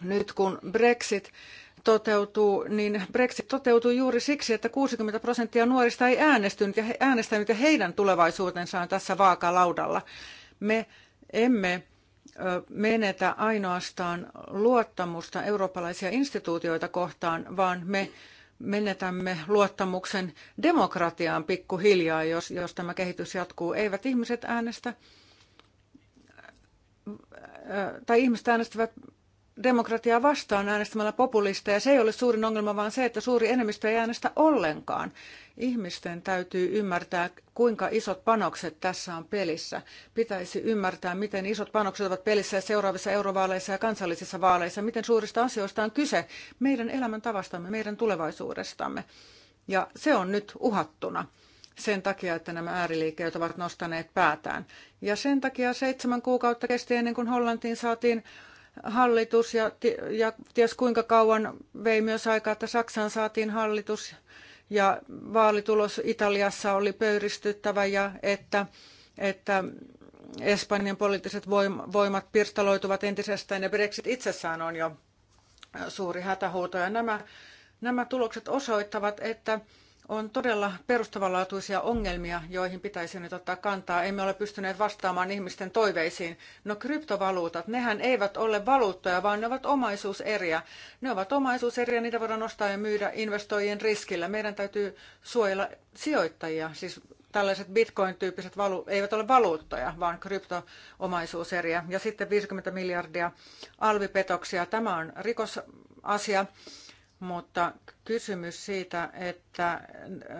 Nyt kun Brexit toteutuu, niin Brexit toteutuu juuri siksi, että 60 prosenttia nuorista ei äänestynyt ja, he, äänestänyt ja heidän tulevaisuutensa on tässä vaakalaudalla. Me emme menetä ainoastaan luottamusta eurooppalaisia instituutioita kohtaan, vaan me menetämme luottamuksen demokratiaan pikkuhiljaa, jos, jos tämä kehitys jatkuu. Eivät ihmiset äänestä, tai ihmiset äänestävät demokratiaa vastaan äänestämällä populisteja. Se ei ole suurin ongelma, vaan se, että suuri enemmistö ei äänestä ollenkaan. Ihmisten täytyy ymmärtää, kuinka isot panokset tässä on pelissä. Pitäisi ymmärtää, miten isot panokset ovat pelissä ja seuraavissa eurovaaleissa ja kansallisissa vaaleissa, miten suurista asioista on kyse meidän elämäntavastamme, meidän tulevaisuudestamme. Ja se on nyt uhattuna sen takia, että nämä ääriliikkeet ovat nostaneet päätään. Ja sen takia seitsemän kuukautta kesti ennen kuin Hollantiin saatiin hallitus ja, ja ties kuinka kauan vei myös aikaa, että Saksaan saatiin hallitus ja vaalitulos Italiassa oli pöyristyttävä ja että, että Espanjan poliittiset voimat pirstaloituvat entisestään ja Brexit itsessään on jo suuri hätähuuto. Ja nämä, nämä tulokset osoittavat, että on todella perustavanlaatuisia ongelmia, joihin pitäisi nyt ottaa kantaa. Emme ole pystyneet vastaamaan ihmisten toiveisiin. No kryptovaluutat, nehän eivät ole valuuttoja, vaan ne ovat omaisuuseriä. Ne ovat omaisuuseriä, niitä voidaan ostaa ja myydä investoijien riskillä. Meidän täytyy suojella sijoittajia, siis tällaiset bitcoin-tyyppiset valu- eivät ole valuuttoja, vaan kryptoomaisuuseriä. Ja sitten 50 miljardia alvipetoksia. Tämä on rikosasia mutta kysymys siitä, että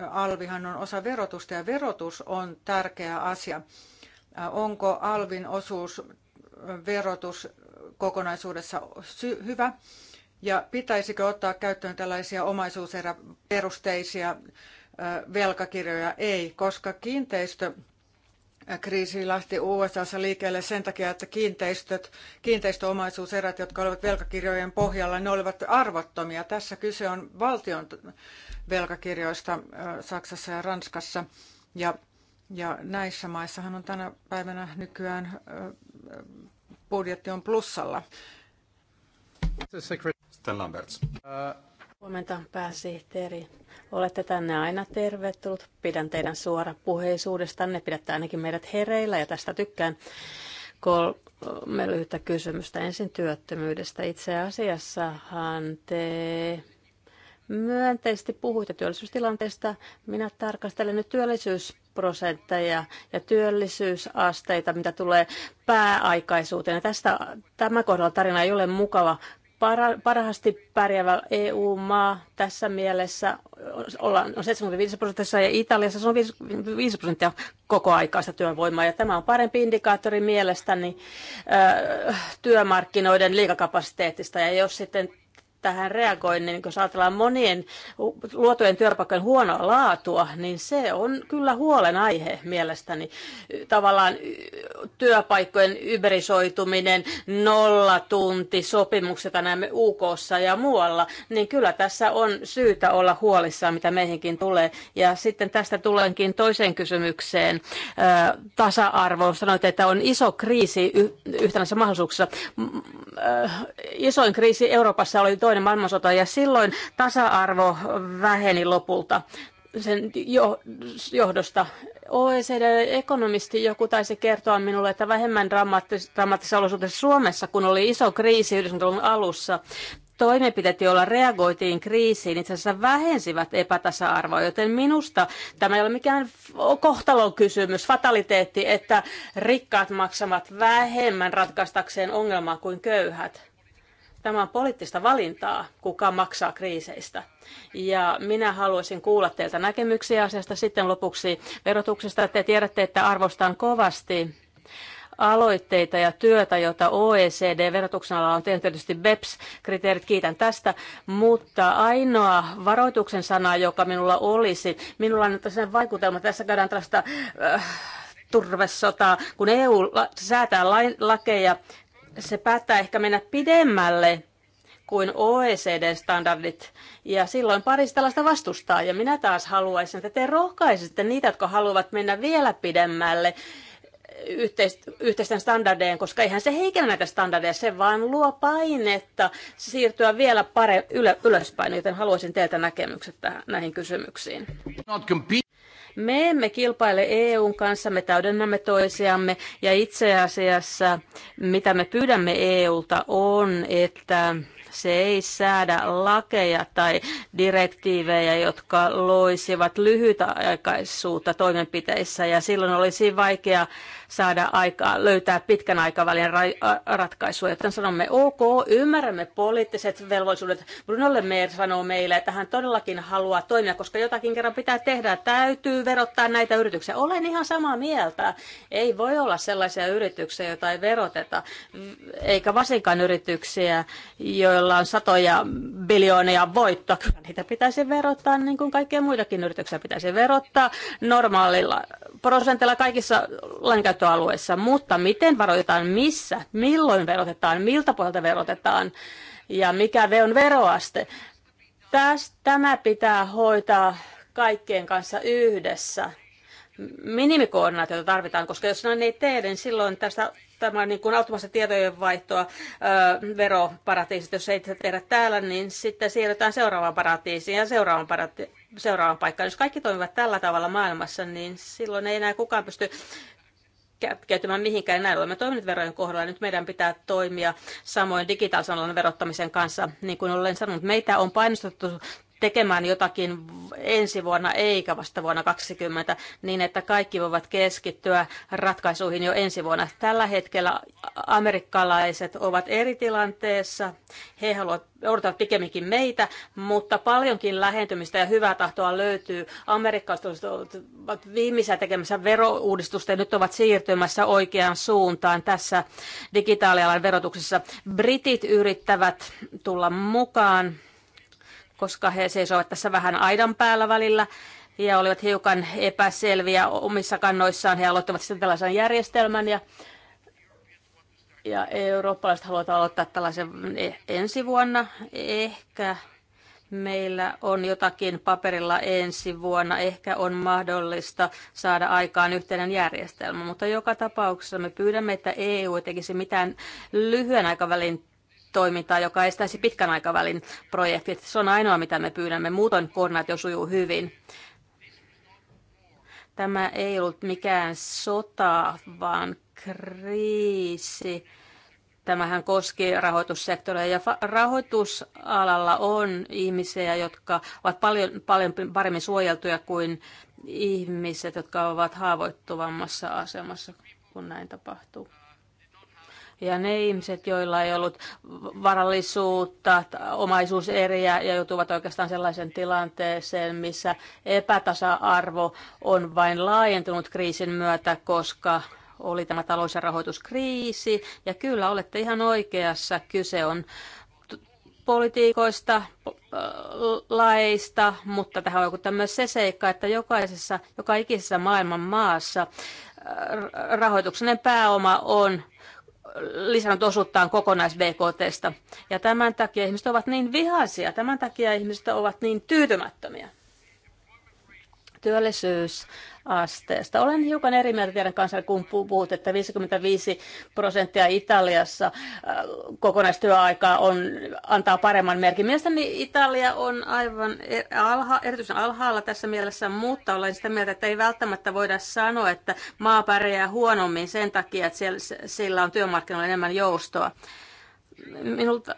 alvihan on osa verotusta ja verotus on tärkeä asia. Onko alvin osuus verotus kokonaisuudessa hyvä ja pitäisikö ottaa käyttöön tällaisia omaisuuseräperusteisia velkakirjoja? Ei, koska kiinteistö kriisi lähti USAssa liikkeelle sen takia, että kiinteistöt, kiinteistöomaisuuserät, jotka olivat velkakirjojen pohjalla, ne olivat arvottomia. Tässä kyse on valtion velkakirjoista Saksassa ja Ranskassa. Ja, ja näissä maissahan on tänä päivänä nykyään budjetti on plussalla. Sitten Lamberts. Uh... Huomenta pääsihteeri. Olette tänne aina tervetullut. Pidän teidän suora puheisuudestanne. Pidätte ainakin meidät hereillä ja tästä tykkään. Kolme lyhyttä kysymystä ensin työttömyydestä. Itse asiassahan te myönteisesti puhuitte työllisyystilanteesta. Minä tarkastelen nyt prosentteja ja työllisyysasteita, mitä tulee pääaikaisuuteen. Ja tästä, tämä kohdalla tarina ei ole mukava, para, parhaasti pärjäävä EU-maa tässä mielessä ollaan on 75 prosentissa ja Italiassa se on 5 prosenttia koko aikaista työvoimaa. Ja tämä on parempi indikaattori mielestäni työmarkkinoiden liikakapasiteetista. Ja jos sitten tähän reagoin, niin jos ajatellaan monien luotujen työpaikkojen huonoa laatua, niin se on kyllä huolenaihe mielestäni. Tavallaan työpaikkojen yberisoituminen, nollatunti, sopimukset, näemme UK ja muualla, niin kyllä tässä on syytä olla huolissaan, mitä meihinkin tulee. Ja sitten tästä tulenkin toiseen kysymykseen. Tasa-arvo. Sanoit, että on iso kriisi yhtenässä mahdollisuuksissa. Isoin kriisi Euroopassa oli toinen toinen maailmansota ja silloin tasa-arvo väheni lopulta sen johdosta. OECD-ekonomisti joku taisi kertoa minulle, että vähemmän dramaattis- olosuhteessa Suomessa, kun oli iso kriisi 90-luvun alussa, toimenpiteet, joilla reagoitiin kriisiin, itse asiassa vähensivät epätasa-arvoa, joten minusta tämä ei ole mikään kohtalon kysymys, fataliteetti, että rikkaat maksavat vähemmän ratkaistakseen ongelmaa kuin köyhät. Tämä on poliittista valintaa, kuka maksaa kriiseistä. Ja minä haluaisin kuulla teiltä näkemyksiä asiasta. Sitten lopuksi verotuksesta. Te tiedätte, että arvostan kovasti aloitteita ja työtä, jota OECD-verotuksen alalla on tehnyt tietysti BEPS-kriteerit, kiitän tästä, mutta ainoa varoituksen sana, joka minulla olisi, minulla on nyt sen vaikutelma, tässä käydään tällaista äh, turvesotaa, kun EU säätää lakeja, se päättää ehkä mennä pidemmälle kuin OECD-standardit, ja silloin pari tällaista vastustaa. Ja minä taas haluaisin, että te rohkaisitte niitä, jotka haluavat mennä vielä pidemmälle yhteisten standardeen, koska eihän se heikennä näitä standardeja, se vaan luo painetta siirtyä vielä pare, ylö, ylöspäin, joten haluaisin teiltä näkemykset tähän, näihin kysymyksiin. Me emme kilpaile EUn kanssa, me täydennämme toisiamme ja itse asiassa mitä me pyydämme EUlta on, että se ei säädä lakeja tai direktiivejä, jotka loisivat lyhytaikaisuutta toimenpiteissä ja silloin olisi vaikea saada aikaa, löytää pitkän aikavälin ra- ratkaisua, joten sanomme ok, ymmärrämme poliittiset velvollisuudet. Bruno Le Maire sanoo meille, että hän todellakin haluaa toimia, koska jotakin kerran pitää tehdä, täytyy verottaa näitä yrityksiä. Olen ihan samaa mieltä. Ei voi olla sellaisia yrityksiä, joita ei veroteta, eikä varsinkaan yrityksiä, joilla on satoja biljoonia voittoa. Kyllä niitä pitäisi verottaa, niin kuin kaikkia muitakin yrityksiä pitäisi verottaa normaalilla prosentilla kaikissa lainkäyttö veroalueissa, mutta miten varoitetaan, missä, milloin verotetaan, miltä puolelta verotetaan ja mikä on veroaste. Tästä, tämä pitää hoitaa kaikkien kanssa yhdessä. Minimikoordinaatiota tarvitaan, koska jos näin ei tee, niin silloin tästä tämä niin kuin automaattista tietojen vaihtoa öö, veroparatiisit, jos ei tehdä täällä, niin sitten siirrytään seuraavaan paratiisiin ja seuraavaan, parati- seuraavaan paikkaan. Jos kaikki toimivat tällä tavalla maailmassa, niin silloin ei enää kukaan pysty käyttämään mihinkään. Näin olemme toimineet verojen kohdalla. Nyt meidän pitää toimia samoin digitaalisen verottamisen kanssa. Niin kuin olen sanonut, meitä on painostettu tekemään jotakin ensi vuonna eikä vasta vuonna 2020, niin että kaikki voivat keskittyä ratkaisuihin jo ensi vuonna. Tällä hetkellä amerikkalaiset ovat eri tilanteessa. He haluavat odottaa pikemminkin meitä, mutta paljonkin lähentymistä ja hyvää tahtoa löytyy. Amerikkalaiset ovat viimeisiä tekemässä verouudistusta ja nyt ovat siirtymässä oikeaan suuntaan tässä digitaalialan verotuksessa. Britit yrittävät tulla mukaan koska he seisovat tässä vähän aidan päällä välillä ja olivat hiukan epäselviä omissa kannoissaan. He aloittivat sitten tällaisen järjestelmän ja, ja eurooppalaiset haluavat aloittaa tällaisen e, ensi vuonna. Ehkä meillä on jotakin paperilla ensi vuonna. Ehkä on mahdollista saada aikaan yhteinen järjestelmä, mutta joka tapauksessa me pyydämme, että EU tekisi mitään lyhyen aikavälin toimintaa, joka estäisi pitkän aikavälin projektit. Se on ainoa, mitä me pyydämme. Muutoin koordinaatio sujuu hyvin. Tämä ei ollut mikään sota, vaan kriisi. Tämähän koski rahoitussektoria ja rahoitusalalla on ihmisiä, jotka ovat paljon, paljon paremmin suojeltuja kuin ihmiset, jotka ovat haavoittuvammassa asemassa, kun näin tapahtuu. Ja ne ihmiset, joilla ei ollut varallisuutta, omaisuuseriä ja joutuvat oikeastaan sellaisen tilanteeseen, missä epätasa-arvo on vain laajentunut kriisin myötä, koska oli tämä talous- ja rahoituskriisi. Ja kyllä olette ihan oikeassa, kyse on politiikoista, laeista, mutta tähän vaikuttaa myös se seikka, että jokaisessa, joka ikisessä maailman maassa rahoituksen pääoma on lisännyt osuuttaan kokonais BKTstä. Ja tämän takia ihmiset ovat niin vihaisia, tämän takia ihmiset ovat niin tyytymättömiä. Työllisyys asteesta. Olen hiukan eri mieltä teidän kanssa, kun puhut, että 55 prosenttia Italiassa äh, kokonaistyöaikaa on, antaa paremman merkin. Mielestäni Italia on aivan e- alha, erityisen alhaalla tässä mielessä, mutta olen sitä mieltä, että ei välttämättä voida sanoa, että maa pärjää huonommin sen takia, että siellä, sillä on työmarkkinoilla enemmän joustoa minulta,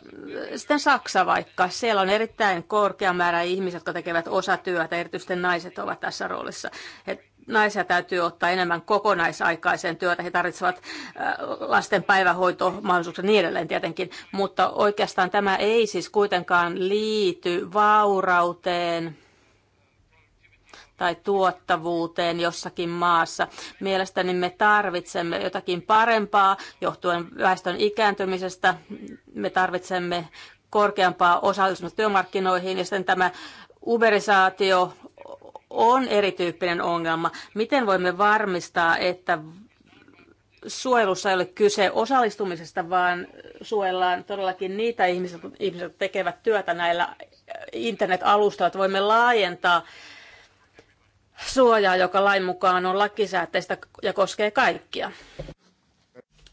sitten Saksa vaikka, siellä on erittäin korkea määrä ihmisiä, jotka tekevät osatyötä, erityisesti naiset ovat tässä roolissa. He naisia täytyy ottaa enemmän kokonaisaikaiseen työtä. He tarvitsevat äh, lasten päivähoitomahdollisuuksia ja niin edelleen tietenkin. Mutta oikeastaan tämä ei siis kuitenkaan liity vaurauteen tai tuottavuuteen jossakin maassa. Mielestäni me tarvitsemme jotakin parempaa johtuen väestön ikääntymisestä. Me tarvitsemme korkeampaa osallistumista työmarkkinoihin ja sitten tämä uberisaatio, on erityyppinen ongelma. Miten voimme varmistaa, että suojelussa ei ole kyse osallistumisesta, vaan suojellaan todellakin niitä ihmisiä, ihmisiä jotka tekevät työtä näillä äh, internet-alustoilla, että voimme laajentaa suojaa, joka lain mukaan on lakisääteistä ja koskee kaikkia.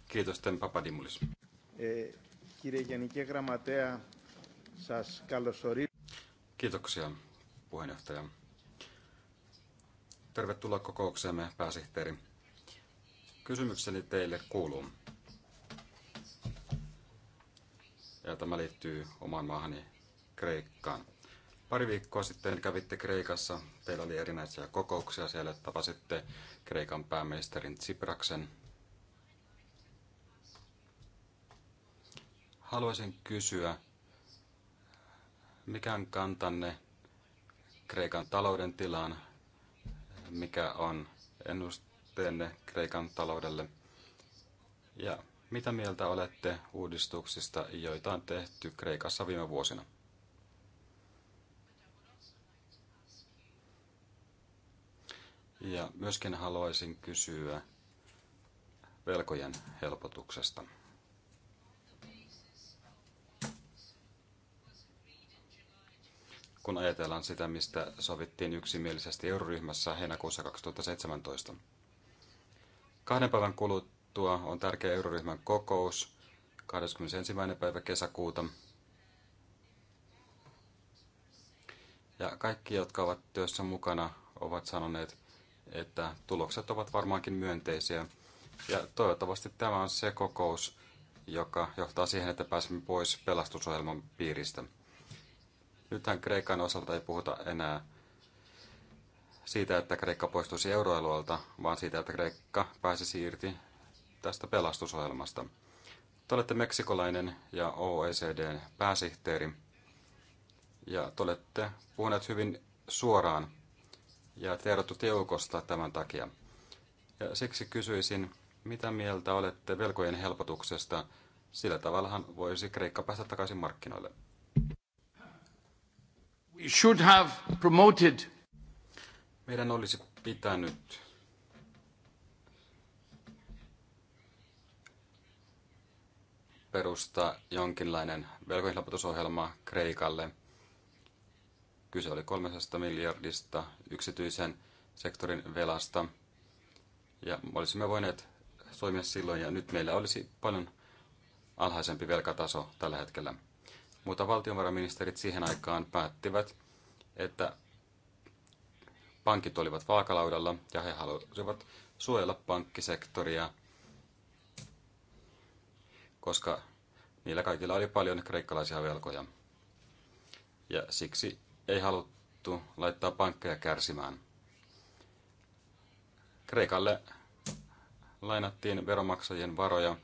Kiitos, Ten Papadimulis. Eh, Kiitoksia, puheenjohtaja. Tervetuloa kokoukseemme, pääsihteeri. Kysymykseni teille kuuluu. Ja tämä liittyy omaan maahani Kreikkaan. Pari viikkoa sitten kävitte Kreikassa. Teillä oli erinäisiä kokouksia siellä. Tapasitte Kreikan pääministerin Tsipraksen. Haluaisin kysyä, mikä on kantanne Kreikan talouden tilaan mikä on ennusteenne Kreikan taloudelle ja mitä mieltä olette uudistuksista, joita on tehty Kreikassa viime vuosina? Ja myöskin haluaisin kysyä velkojen helpotuksesta. kun ajatellaan sitä, mistä sovittiin yksimielisesti euroryhmässä heinäkuussa 2017. Kahden päivän kuluttua on tärkeä euroryhmän kokous 21. päivä kesäkuuta. Ja kaikki, jotka ovat työssä mukana, ovat sanoneet, että tulokset ovat varmaankin myönteisiä. Ja toivottavasti tämä on se kokous, joka johtaa siihen, että pääsemme pois pelastusohjelman piiristä. Nythän Kreikan osalta ei puhuta enää siitä, että Kreikka poistuisi euroalueelta, vaan siitä, että Kreikka pääsi irti tästä pelastusohjelmasta. Te olette meksikolainen ja OECDn pääsihteeri, ja te olette puhuneet hyvin suoraan ja tiedottu tiukosta tämän takia. Ja siksi kysyisin, mitä mieltä olette velkojen helpotuksesta? Sillä tavallahan voisi Kreikka päästä takaisin markkinoille should have promoted. Meidän olisi pitänyt perustaa jonkinlainen velkojenhelpotusohjelma Kreikalle. Kyse oli 300 miljardista yksityisen sektorin velasta. Ja olisimme voineet toimia silloin, ja nyt meillä olisi paljon alhaisempi velkataso tällä hetkellä. Mutta valtionvarainministerit siihen aikaan päättivät, että pankit olivat vaakalaudalla ja he halusivat suojella pankkisektoria, koska niillä kaikilla oli paljon kreikkalaisia velkoja. Ja siksi ei haluttu laittaa pankkeja kärsimään. Kreikalle lainattiin veromaksajien varoja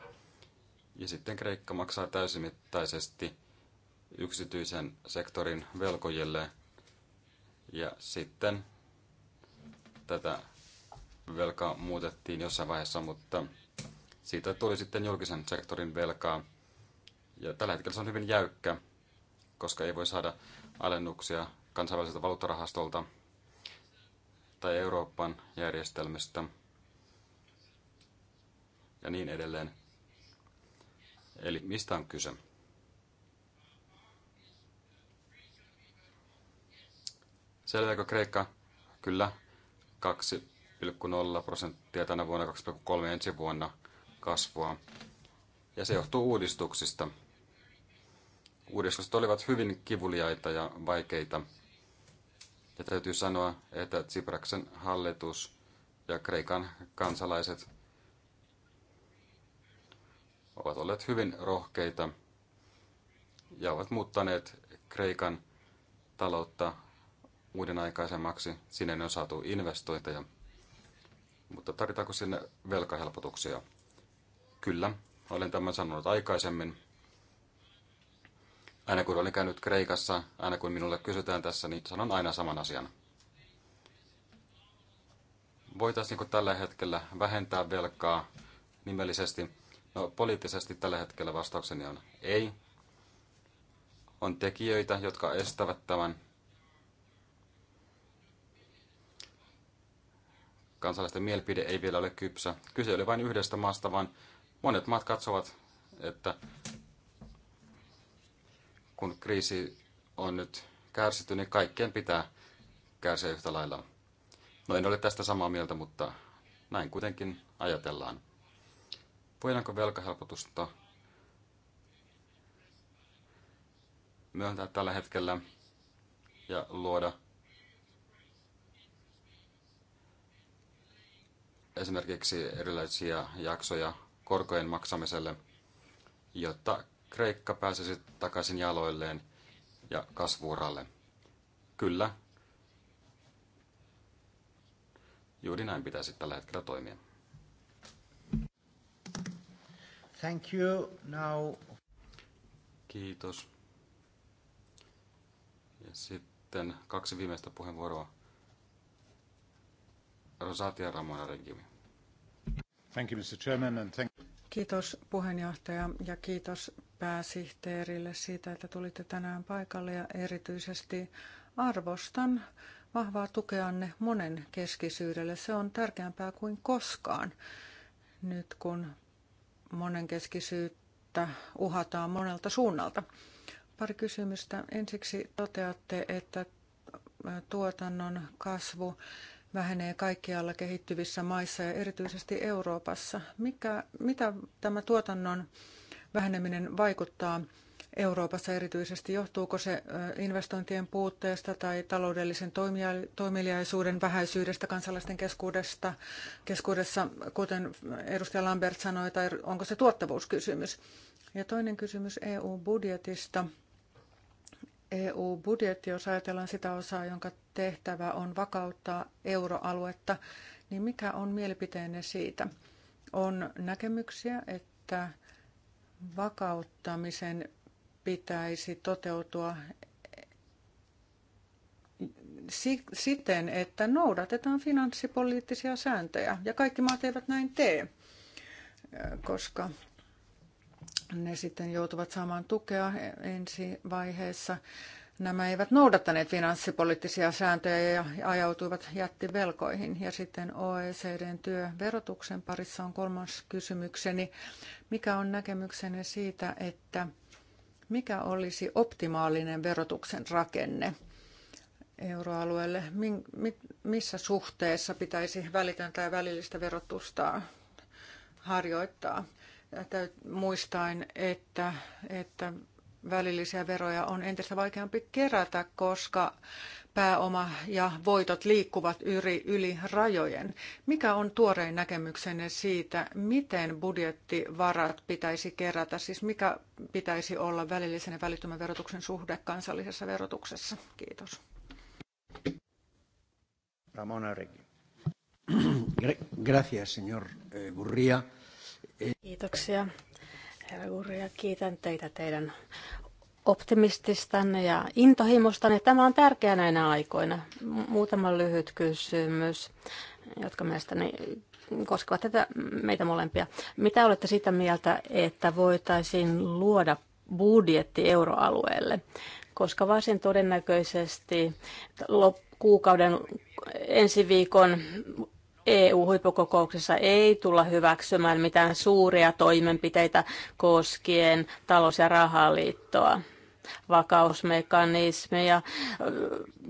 ja sitten Kreikka maksaa täysimittaisesti – yksityisen sektorin velkojille ja sitten tätä velkaa muutettiin jossain vaiheessa, mutta siitä tuli sitten julkisen sektorin velkaa. Ja tällä hetkellä se on hyvin jäykkä, koska ei voi saada alennuksia kansainväliseltä valuuttarahastolta tai Euroopan järjestelmistä ja niin edelleen. Eli mistä on kyse? Selviääkö Kreikka? Kyllä. 2,0 prosenttia tänä vuonna, 2,3 ensi vuonna kasvua. Ja se johtuu uudistuksista. Uudistukset olivat hyvin kivuliaita ja vaikeita. Ja täytyy sanoa, että Tsipraksen hallitus ja Kreikan kansalaiset ovat olleet hyvin rohkeita ja ovat muuttaneet Kreikan taloutta uuden aikaisemmaksi. Sinne on saatu investointeja, mutta tarvitaanko sinne velkahelpotuksia? Kyllä, olen tämän sanonut aikaisemmin. Aina kun olen käynyt Kreikassa, aina kun minulle kysytään tässä, niin sanon aina saman asian. Voitaisiinko tällä hetkellä vähentää velkaa nimellisesti? No, poliittisesti tällä hetkellä vastaukseni on ei. On tekijöitä, jotka estävät tämän kansalaisten mielipide ei vielä ole kypsä. Kyse oli vain yhdestä maasta, vaan monet maat katsovat, että kun kriisi on nyt kärsitty, niin kaikkien pitää kärsiä yhtä lailla. No en ole tästä samaa mieltä, mutta näin kuitenkin ajatellaan. Voidaanko velkahelpotusta myöntää tällä hetkellä ja luoda esimerkiksi erilaisia jaksoja korkojen maksamiselle, jotta Kreikka pääsisi takaisin jaloilleen ja kasvuuralle. Kyllä, juuri näin pitäisi tällä hetkellä toimia. Thank you. Now... Kiitos. Ja sitten kaksi viimeistä puheenvuoroa. Rosatia Ramona Regimi. Thank you, Mr. Chairman, and thank... Kiitos puheenjohtaja ja kiitos pääsihteerille siitä, että tulitte tänään paikalle ja erityisesti arvostan vahvaa tukeanne monen keskisyydelle. Se on tärkeämpää kuin koskaan nyt, kun monen keskisyyttä uhataan monelta suunnalta. Pari kysymystä. Ensiksi toteatte, että tuotannon kasvu vähenee kaikkialla kehittyvissä maissa ja erityisesti Euroopassa. Mikä, mitä tämä tuotannon väheneminen vaikuttaa Euroopassa erityisesti? Johtuuko se investointien puutteesta tai taloudellisen toimeliaisuuden vähäisyydestä kansalaisten keskuudesta, keskuudessa, kuten edustaja Lambert sanoi, tai onko se tuottavuuskysymys? Ja toinen kysymys EU-budjetista. EU-budjetti, jos ajatellaan sitä osaa, jonka tehtävä on vakauttaa euroaluetta, niin mikä on mielipiteenne siitä? On näkemyksiä, että vakauttamisen pitäisi toteutua siten, että noudatetaan finanssipoliittisia sääntöjä. Ja kaikki maat eivät näin tee, koska ne sitten joutuvat saamaan tukea ensi vaiheessa. Nämä eivät noudattaneet finanssipoliittisia sääntöjä ja ajautuivat jättivelkoihin. Ja sitten OECDn työ verotuksen parissa on kolmas kysymykseni. Mikä on näkemyksenne siitä, että mikä olisi optimaalinen verotuksen rakenne euroalueelle? Missä suhteessa pitäisi välitöntä ja välillistä verotusta harjoittaa? muistaen, että, että välillisiä veroja on entistä vaikeampi kerätä, koska pääoma ja voitot liikkuvat yli, yli rajojen. Mikä on tuorein näkemyksenne siitä, miten budjettivarat pitäisi kerätä, siis mikä pitäisi olla välillisen ja välittömän verotuksen suhde kansallisessa verotuksessa? Kiitos. Ramona Regi. Gracias, señor Burría. Eh, Kiitoksia. Herra ja kiitän teitä teidän optimististanne ja intohimostanne. Tämä on tärkeää näinä aikoina. Muutama lyhyt kysymys, jotka mielestäni koskevat tätä meitä molempia. Mitä olette sitä mieltä, että voitaisiin luoda budjetti euroalueelle? Koska varsin todennäköisesti kuukauden ensi viikon EU-huippukokouksessa ei tulla hyväksymään mitään suuria toimenpiteitä koskien talous- ja rahaliittoa ja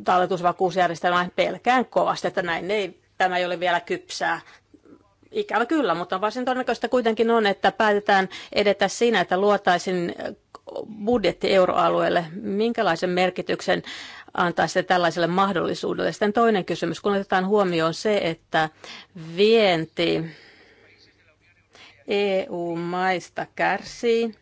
talletusvakuusjärjestelmä pelkään kovasti, että näin ei, tämä ei ole vielä kypsää ikävä kyllä, mutta varsin todennäköistä kuitenkin on, että päätetään edetä siinä, että luotaisin budjetti euroalueelle. Minkälaisen merkityksen antaisitte tällaiselle mahdollisuudelle. Sitten toinen kysymys, kun otetaan huomioon se, että vienti EU-maista kärsii,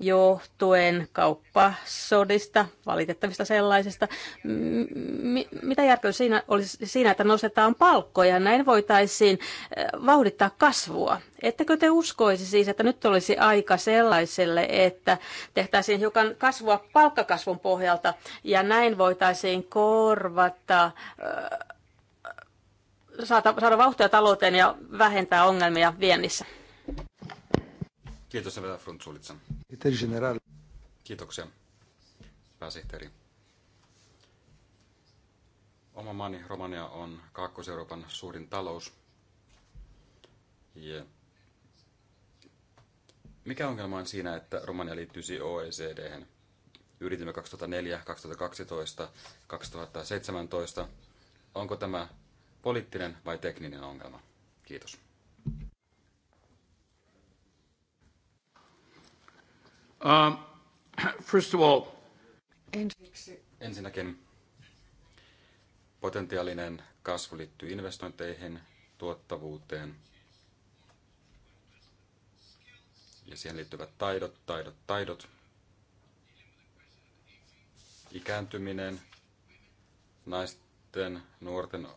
johtuen kauppasodista, valitettavista sellaisista. M- mitä järkeä siinä olisi siinä, että nostetaan palkkoja? Näin voitaisiin äh, vauhdittaa kasvua. Ettekö te uskoisi siis, että nyt olisi aika sellaiselle, että tehtäisiin hiukan kasvua palkkakasvun pohjalta ja näin voitaisiin korvata äh, saada, vauhtia talouteen ja vähentää ongelmia viennissä? Kiitos Eveta general. Kiitoksia, pääsihteeri. Oma maani Romania on Kaakkois-Euroopan suurin talous. Yeah. mikä ongelma on siinä, että Romania liittyisi oecd -hän? Yritimme 2004, 2012, 2017. Onko tämä poliittinen vai tekninen ongelma? Kiitos. Um, first of all, Ensinnäkin potentiaalinen kasvu liittyy investointeihin, tuottavuuteen ja siihen liittyvät taidot, taidot, taidot, ikääntyminen, naisten, nuorten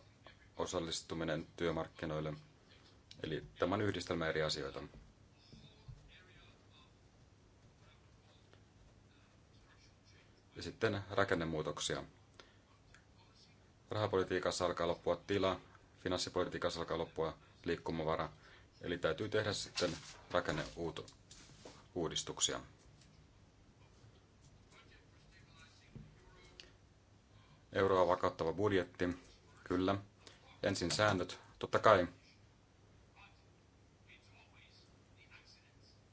osallistuminen työmarkkinoille. Eli on yhdistelmä eri asioita. Ja sitten rakennemuutoksia. Rahapolitiikassa alkaa loppua tila, finanssipolitiikassa alkaa loppua liikkumavara. Eli täytyy tehdä sitten rakenneuudistuksia. Euroa vakauttava budjetti, kyllä. Ensin säännöt, totta kai.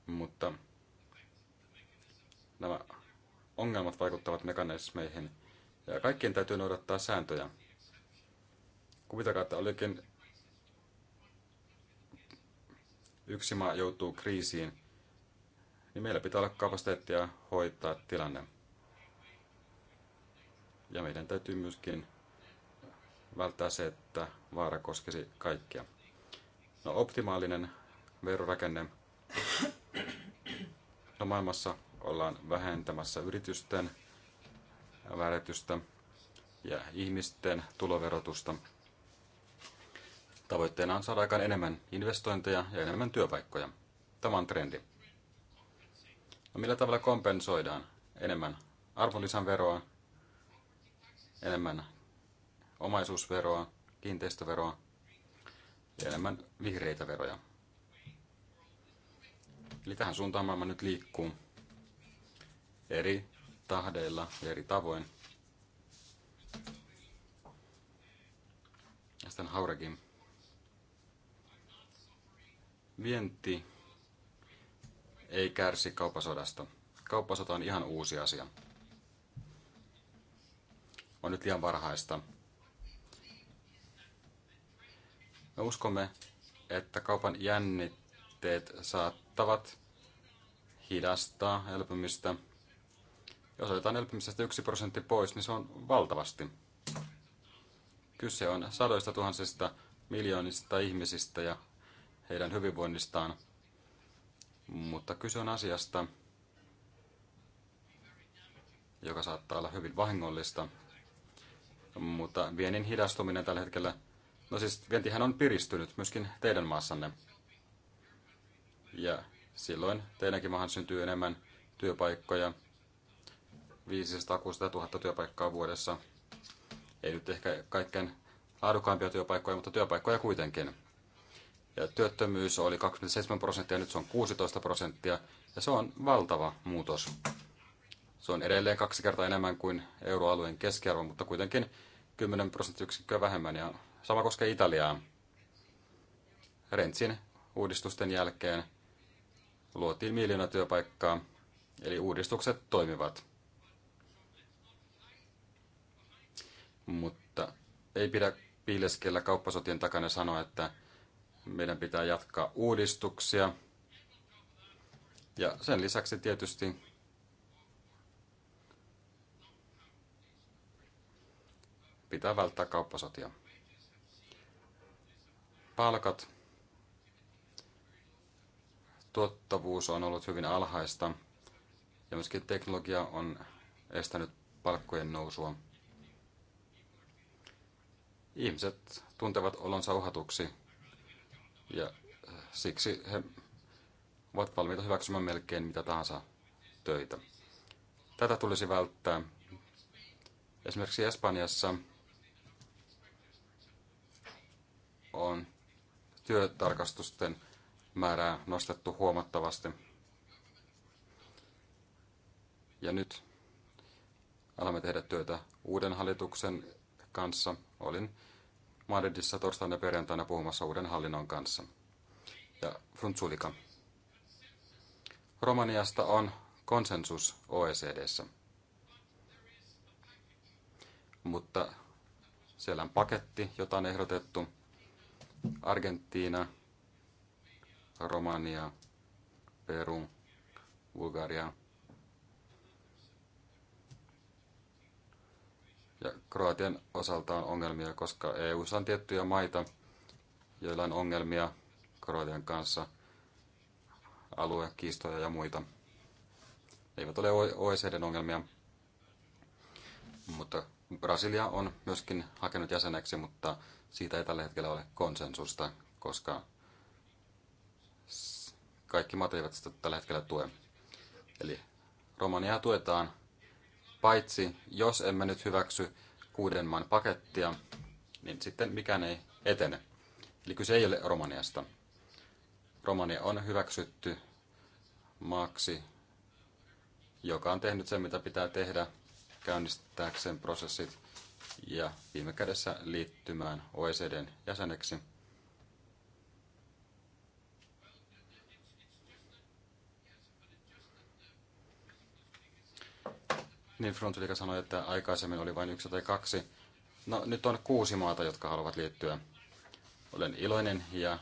Mutta nämä ongelmat vaikuttavat mekanismeihin. Ja kaikkien täytyy noudattaa sääntöjä. Kuvitakaa, että olikin yksi maa joutuu kriisiin, niin meillä pitää olla kapasiteettia hoitaa tilanne. Ja meidän täytyy myöskin välttää se, että vaara koskisi kaikkia. No optimaalinen verorakenne. No maailmassa ollaan vähentämässä yritysten väritystä ja ihmisten tuloverotusta. Tavoitteena on saada aikaan enemmän investointeja ja enemmän työpaikkoja. Tämä on trendi. No millä tavalla kompensoidaan? Enemmän veroa, enemmän omaisuusveroa, kiinteistöveroa ja enemmän vihreitä veroja. Eli tähän suuntaan maailma nyt liikkuu eri tahdeilla ja eri tavoin. Ja sitten Haurekin. Vienti ei kärsi kauppasodasta. Kauppasota on ihan uusi asia. On nyt liian varhaista. Me uskomme, että kaupan jännitteet saattavat hidastaa elpymistä – jos otetaan elpymisestä yksi prosentti pois, niin se on valtavasti. Kyse on sadoista tuhansista miljoonista ihmisistä ja heidän hyvinvoinnistaan. Mutta kyse on asiasta, joka saattaa olla hyvin vahingollista. Mutta vienin hidastuminen tällä hetkellä, no siis vientihän on piristynyt myöskin teidän maassanne. Ja silloin teidänkin maahan syntyy enemmän työpaikkoja, 500-600 000 työpaikkaa vuodessa. Ei nyt ehkä kaikkein laadukkaimpia työpaikkoja, mutta työpaikkoja kuitenkin. Ja työttömyys oli 27 prosenttia, nyt se on 16 prosenttia, ja se on valtava muutos. Se on edelleen kaksi kertaa enemmän kuin euroalueen keskiarvo, mutta kuitenkin 10 prosenttiyksikköä vähemmän, ja sama koskee Italiaa. Rentsin uudistusten jälkeen luotiin miljoona työpaikkaa, eli uudistukset toimivat. mutta ei pidä piileskellä kauppasotien takana sanoa, että meidän pitää jatkaa uudistuksia. Ja sen lisäksi tietysti pitää välttää kauppasotia. Palkat. Tuottavuus on ollut hyvin alhaista ja myöskin teknologia on estänyt palkkojen nousua ihmiset tuntevat olonsa uhatuksi ja äh, siksi he ovat valmiita hyväksymään melkein mitä tahansa töitä. Tätä tulisi välttää. Esimerkiksi Espanjassa on työtarkastusten määrää nostettu huomattavasti. Ja nyt alamme tehdä työtä uuden hallituksen kanssa. Olin Madridissa torstaina perjantaina puhumassa uuden hallinnon kanssa. Ja Frunzulika. Romaniasta on konsensus OECDssä. Mutta siellä on paketti, jota on ehdotettu. Argentiina, Romania, Peru, Bulgaria, Ja Kroatian osalta on ongelmia, koska EU on tiettyjä maita, joilla on ongelmia Kroatian kanssa, aluekiistoja ja muita. Ne eivät ole OECDn ongelmia, mutta Brasilia on myöskin hakenut jäseneksi, mutta siitä ei tällä hetkellä ole konsensusta, koska kaikki maat eivät sitä tällä hetkellä tue. Eli Romaniaa tuetaan paitsi jos emme nyt hyväksy kuuden maan pakettia, niin sitten mikään ei etene. Eli kyse ei ole Romaniasta. Romania on hyväksytty maaksi, joka on tehnyt sen, mitä pitää tehdä käynnistääkseen prosessit ja viime kädessä liittymään OECDn jäseneksi – Niin Frontelika sanoi, että aikaisemmin oli vain yksi tai kaksi. No nyt on kuusi maata, jotka haluavat liittyä. Olen iloinen ja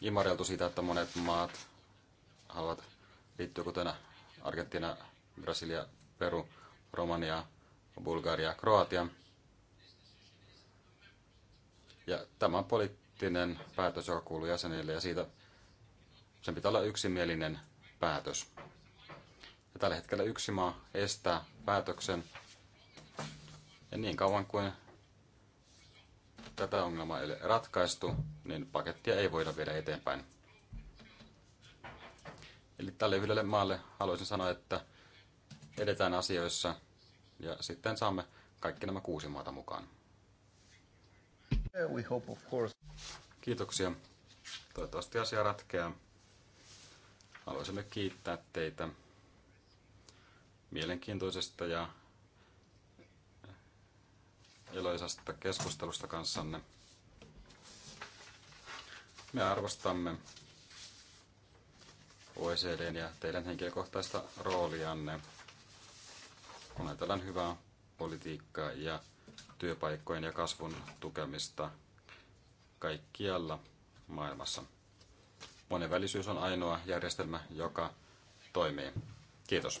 imareltu siitä, että monet maat haluavat liittyä, kuten Argentiina, Brasilia, Peru, Romania, Bulgaria, Kroatia. Ja tämä on poliittinen päätös, joka kuuluu jäsenille, ja siitä sen pitää olla yksimielinen päätös. Ja tällä hetkellä yksi maa estää päätöksen. Ja niin kauan kuin tätä ongelmaa ei ole ratkaistu, niin pakettia ei voida viedä eteenpäin. Eli tälle yhdelle maalle haluaisin sanoa, että edetään asioissa ja sitten saamme kaikki nämä kuusi maata mukaan. Kiitoksia. Toivottavasti asia ratkeaa. Haluaisimme kiittää teitä mielenkiintoisesta ja iloisesta keskustelusta kanssanne. Me arvostamme OECDn ja teidän henkilökohtaista roolianne, kun ajatellaan hyvää politiikkaa ja työpaikkojen ja kasvun tukemista kaikkialla maailmassa. Monenvälisyys on ainoa järjestelmä, joka toimii. Kiitos.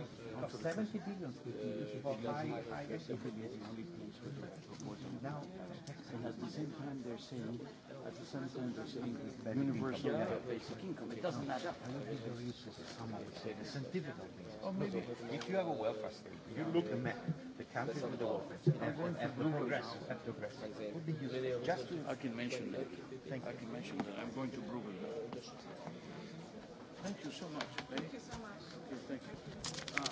Wij je die dan dus wat I I is Now at the same time they're saying at the same time they're saying that universal yeah. basic income. It doesn't add up. I don't think they're useful for someone to say the scientific things. Or maybe if you have a welfare state, you look at the map, the countries with the welfare state, and everyone progress and progress. Would Just to I can mention that. Thank you. I can mention that. I'm going to Google that. Thank you so much. Thank you so much. Okay, thank you. Uh,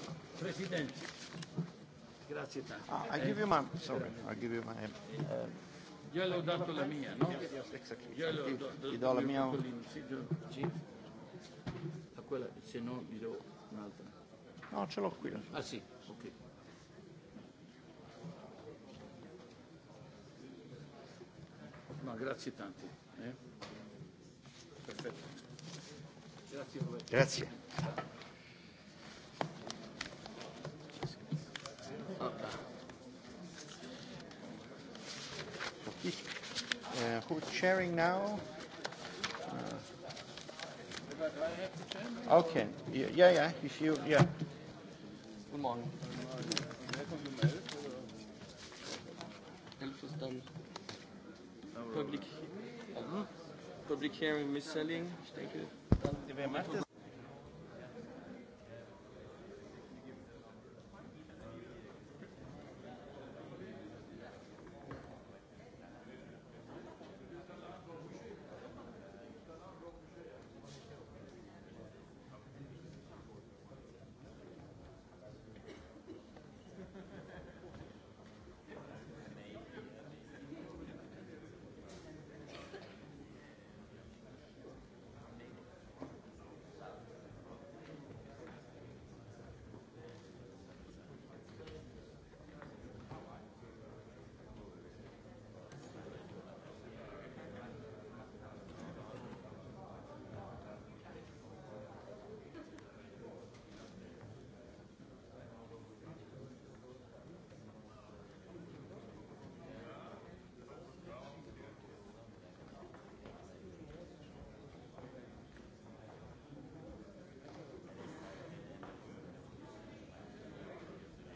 Grazie tanto. Ah, I give you my, sorry, I give you my... Uh, io le ho dato la mia, no? Io le ho dato do la mia... Sì, a quella, se no gli do un'altra. No, ce l'ho qui. Ah sì, ok. No, grazie tante. Eh? Perfetto. Grazie. Grazie. Uh, who's sharing now? Uh, okay. Yeah, yeah. yeah. If you, yeah. Good morning. Help us done. Public, Public Hearing, Mis-Selling, Thank you.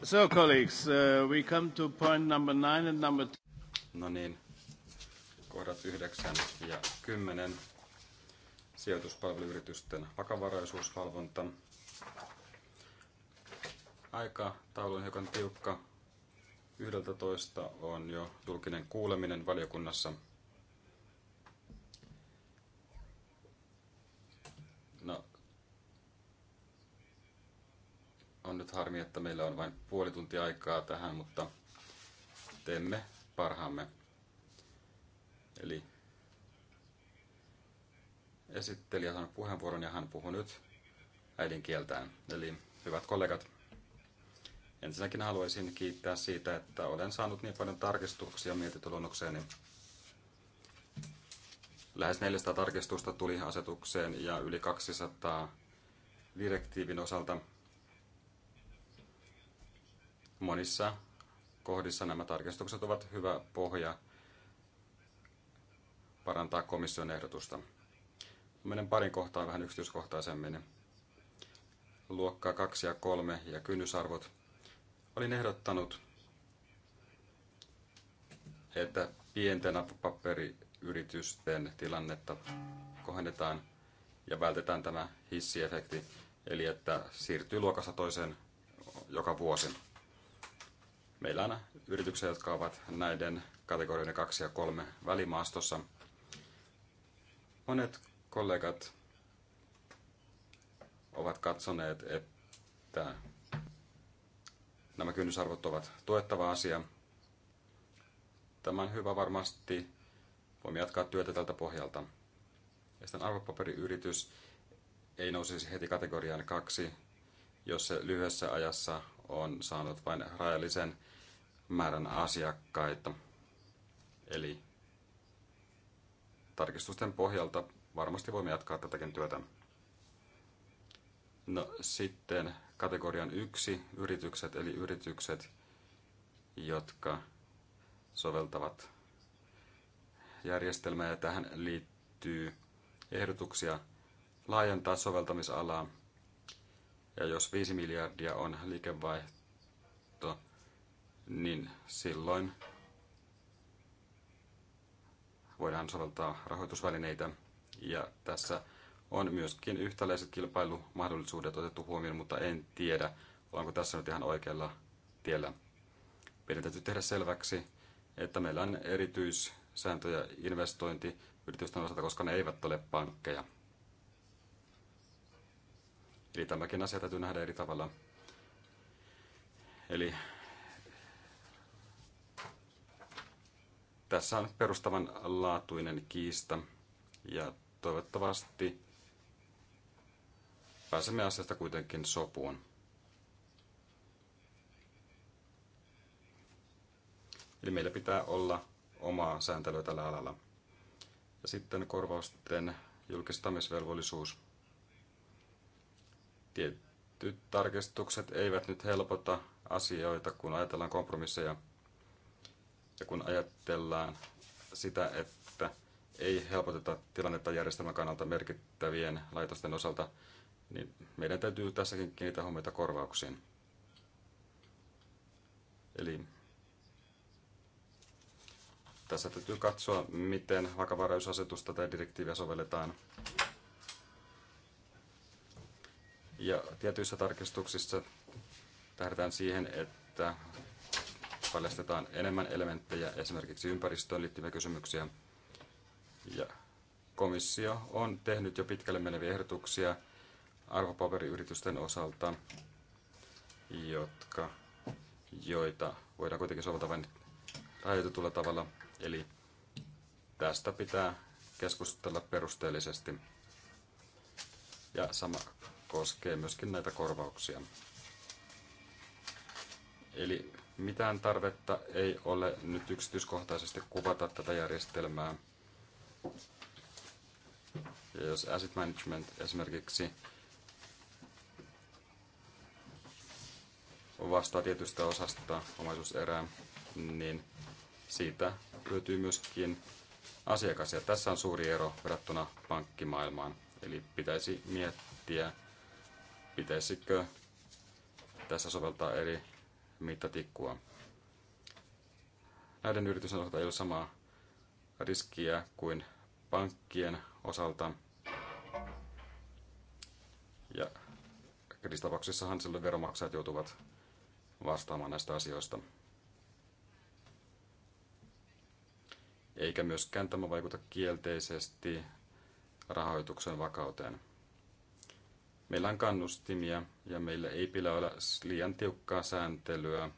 So colleagues, uh, we come to point number nine and number... No niin, kohdat yhdeksän ja kymmenen Sijoituspalveluyritysten vakavaraisuusvalvonta. taulu on hiukan tiukka. 11 on jo julkinen kuuleminen valiokunnassa että meillä on vain puoli tuntia aikaa tähän, mutta teemme parhaamme. Eli esittelijä on puheenvuoron ja hän puhuu nyt äidinkieltään. Eli hyvät kollegat, ensinnäkin haluaisin kiittää siitä, että olen saanut niin paljon tarkistuksia mietintöluonnokseeni. Lähes 400 tarkistusta tuli asetukseen ja yli 200 direktiivin osalta – monissa kohdissa nämä tarkistukset ovat hyvä pohja parantaa komission ehdotusta. Menen parin kohtaan vähän yksityiskohtaisemmin. Luokkaa 2 ja 3 ja kynnysarvot. Olin ehdottanut, että pienten paperiyritysten tilannetta kohennetaan ja vältetään tämä hissiefekti, eli että siirtyy luokasta toiseen joka vuosi. Meillä on yrityksiä, jotka ovat näiden kategorioiden 2 ja 3 välimaastossa. Monet kollegat ovat katsoneet, että nämä kynnysarvot ovat tuettava asia. Tämä on hyvä varmasti. Voimme jatkaa työtä tältä pohjalta. Ja sitten arvopaperiyritys ei nousisi heti kategoriaan kaksi, jos se lyhyessä ajassa on saanut vain rajallisen määrän asiakkaita. Eli tarkistusten pohjalta varmasti voimme jatkaa tätäkin työtä. No sitten kategorian yksi yritykset, eli yritykset, jotka soveltavat järjestelmää ja tähän liittyy ehdotuksia laajentaa soveltamisalaa ja jos 5 miljardia on liikevaihto, niin silloin voidaan soveltaa rahoitusvälineitä. Ja tässä on myöskin yhtäläiset kilpailumahdollisuudet otettu huomioon, mutta en tiedä, onko tässä nyt ihan oikealla tiellä. Meidän täytyy tehdä selväksi, että meillä on erityissääntöjä investointiyritysten osalta, koska ne eivät ole pankkeja. Eli tämäkin asia täytyy nähdä eri tavalla. Eli tässä on perustavanlaatuinen kiista ja toivottavasti pääsemme asiasta kuitenkin sopuun. Eli meillä pitää olla omaa sääntelyä tällä alalla. Ja sitten korvausten julkistamisvelvollisuus tietyt tarkistukset eivät nyt helpota asioita, kun ajatellaan kompromisseja ja kun ajatellaan sitä, että ei helpoteta tilannetta järjestelmän kannalta merkittävien laitosten osalta, niin meidän täytyy tässäkin kiinnittää huomiota korvauksiin. Eli tässä täytyy katsoa, miten vakavaraisuusasetusta tai direktiiviä sovelletaan ja tietyissä tarkistuksissa tähdetään siihen, että paljastetaan enemmän elementtejä, esimerkiksi ympäristöön liittyviä kysymyksiä. Ja komissio on tehnyt jo pitkälle meneviä ehdotuksia arvopaperiyritysten osalta, jotka, joita voidaan kuitenkin soveltaa vain rajoitetulla tavalla. Eli tästä pitää keskustella perusteellisesti. Ja sama koskee myöskin näitä korvauksia. Eli mitään tarvetta ei ole nyt yksityiskohtaisesti kuvata tätä järjestelmää. Ja jos asset management esimerkiksi vastaa tietystä osasta omaisuuserää, niin siitä löytyy myöskin asiakas. Ja tässä on suuri ero verrattuna pankkimaailmaan. Eli pitäisi miettiä pitäisikö tässä soveltaa eri mittatikkua. Näiden yritysten osalta ei ole samaa riskiä kuin pankkien osalta. Ja kriisitapauksissahan silloin veromaksajat joutuvat vastaamaan näistä asioista. Eikä myöskään tämä vaikuta kielteisesti rahoituksen vakauteen. Meillä on kannustimia ja meillä ei pidä olla liian tiukkaa sääntelyä.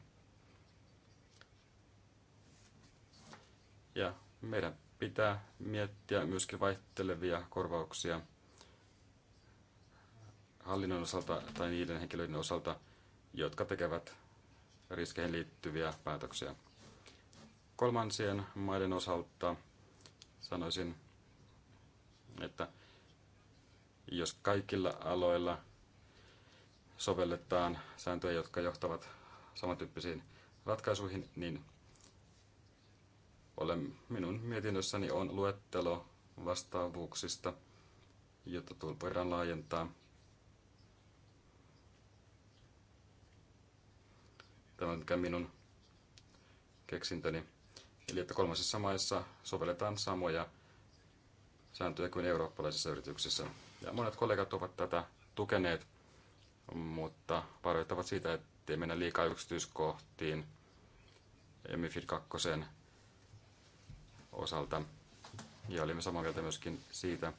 Ja meidän pitää miettiä myöskin vaihtelevia korvauksia hallinnon osalta tai niiden henkilöiden osalta, jotka tekevät riskeihin liittyviä päätöksiä. Kolmansien maiden osalta sanoisin, että jos kaikilla aloilla sovelletaan sääntöjä, jotka johtavat samantyyppisiin ratkaisuihin, niin olen, minun mietinnössäni on luettelo vastaavuuksista, jota voidaan laajentaa. Tämä on minun keksintöni. Eli että kolmasissa maissa sovelletaan samoja sääntöjä kuin eurooppalaisissa yrityksissä. Ja monet kollegat ovat tätä tukeneet, mutta varoittavat siitä, ettei mennä liikaa yksityiskohtiin MIFID 2 osalta. Ja olimme samaa mieltä myöskin siitä,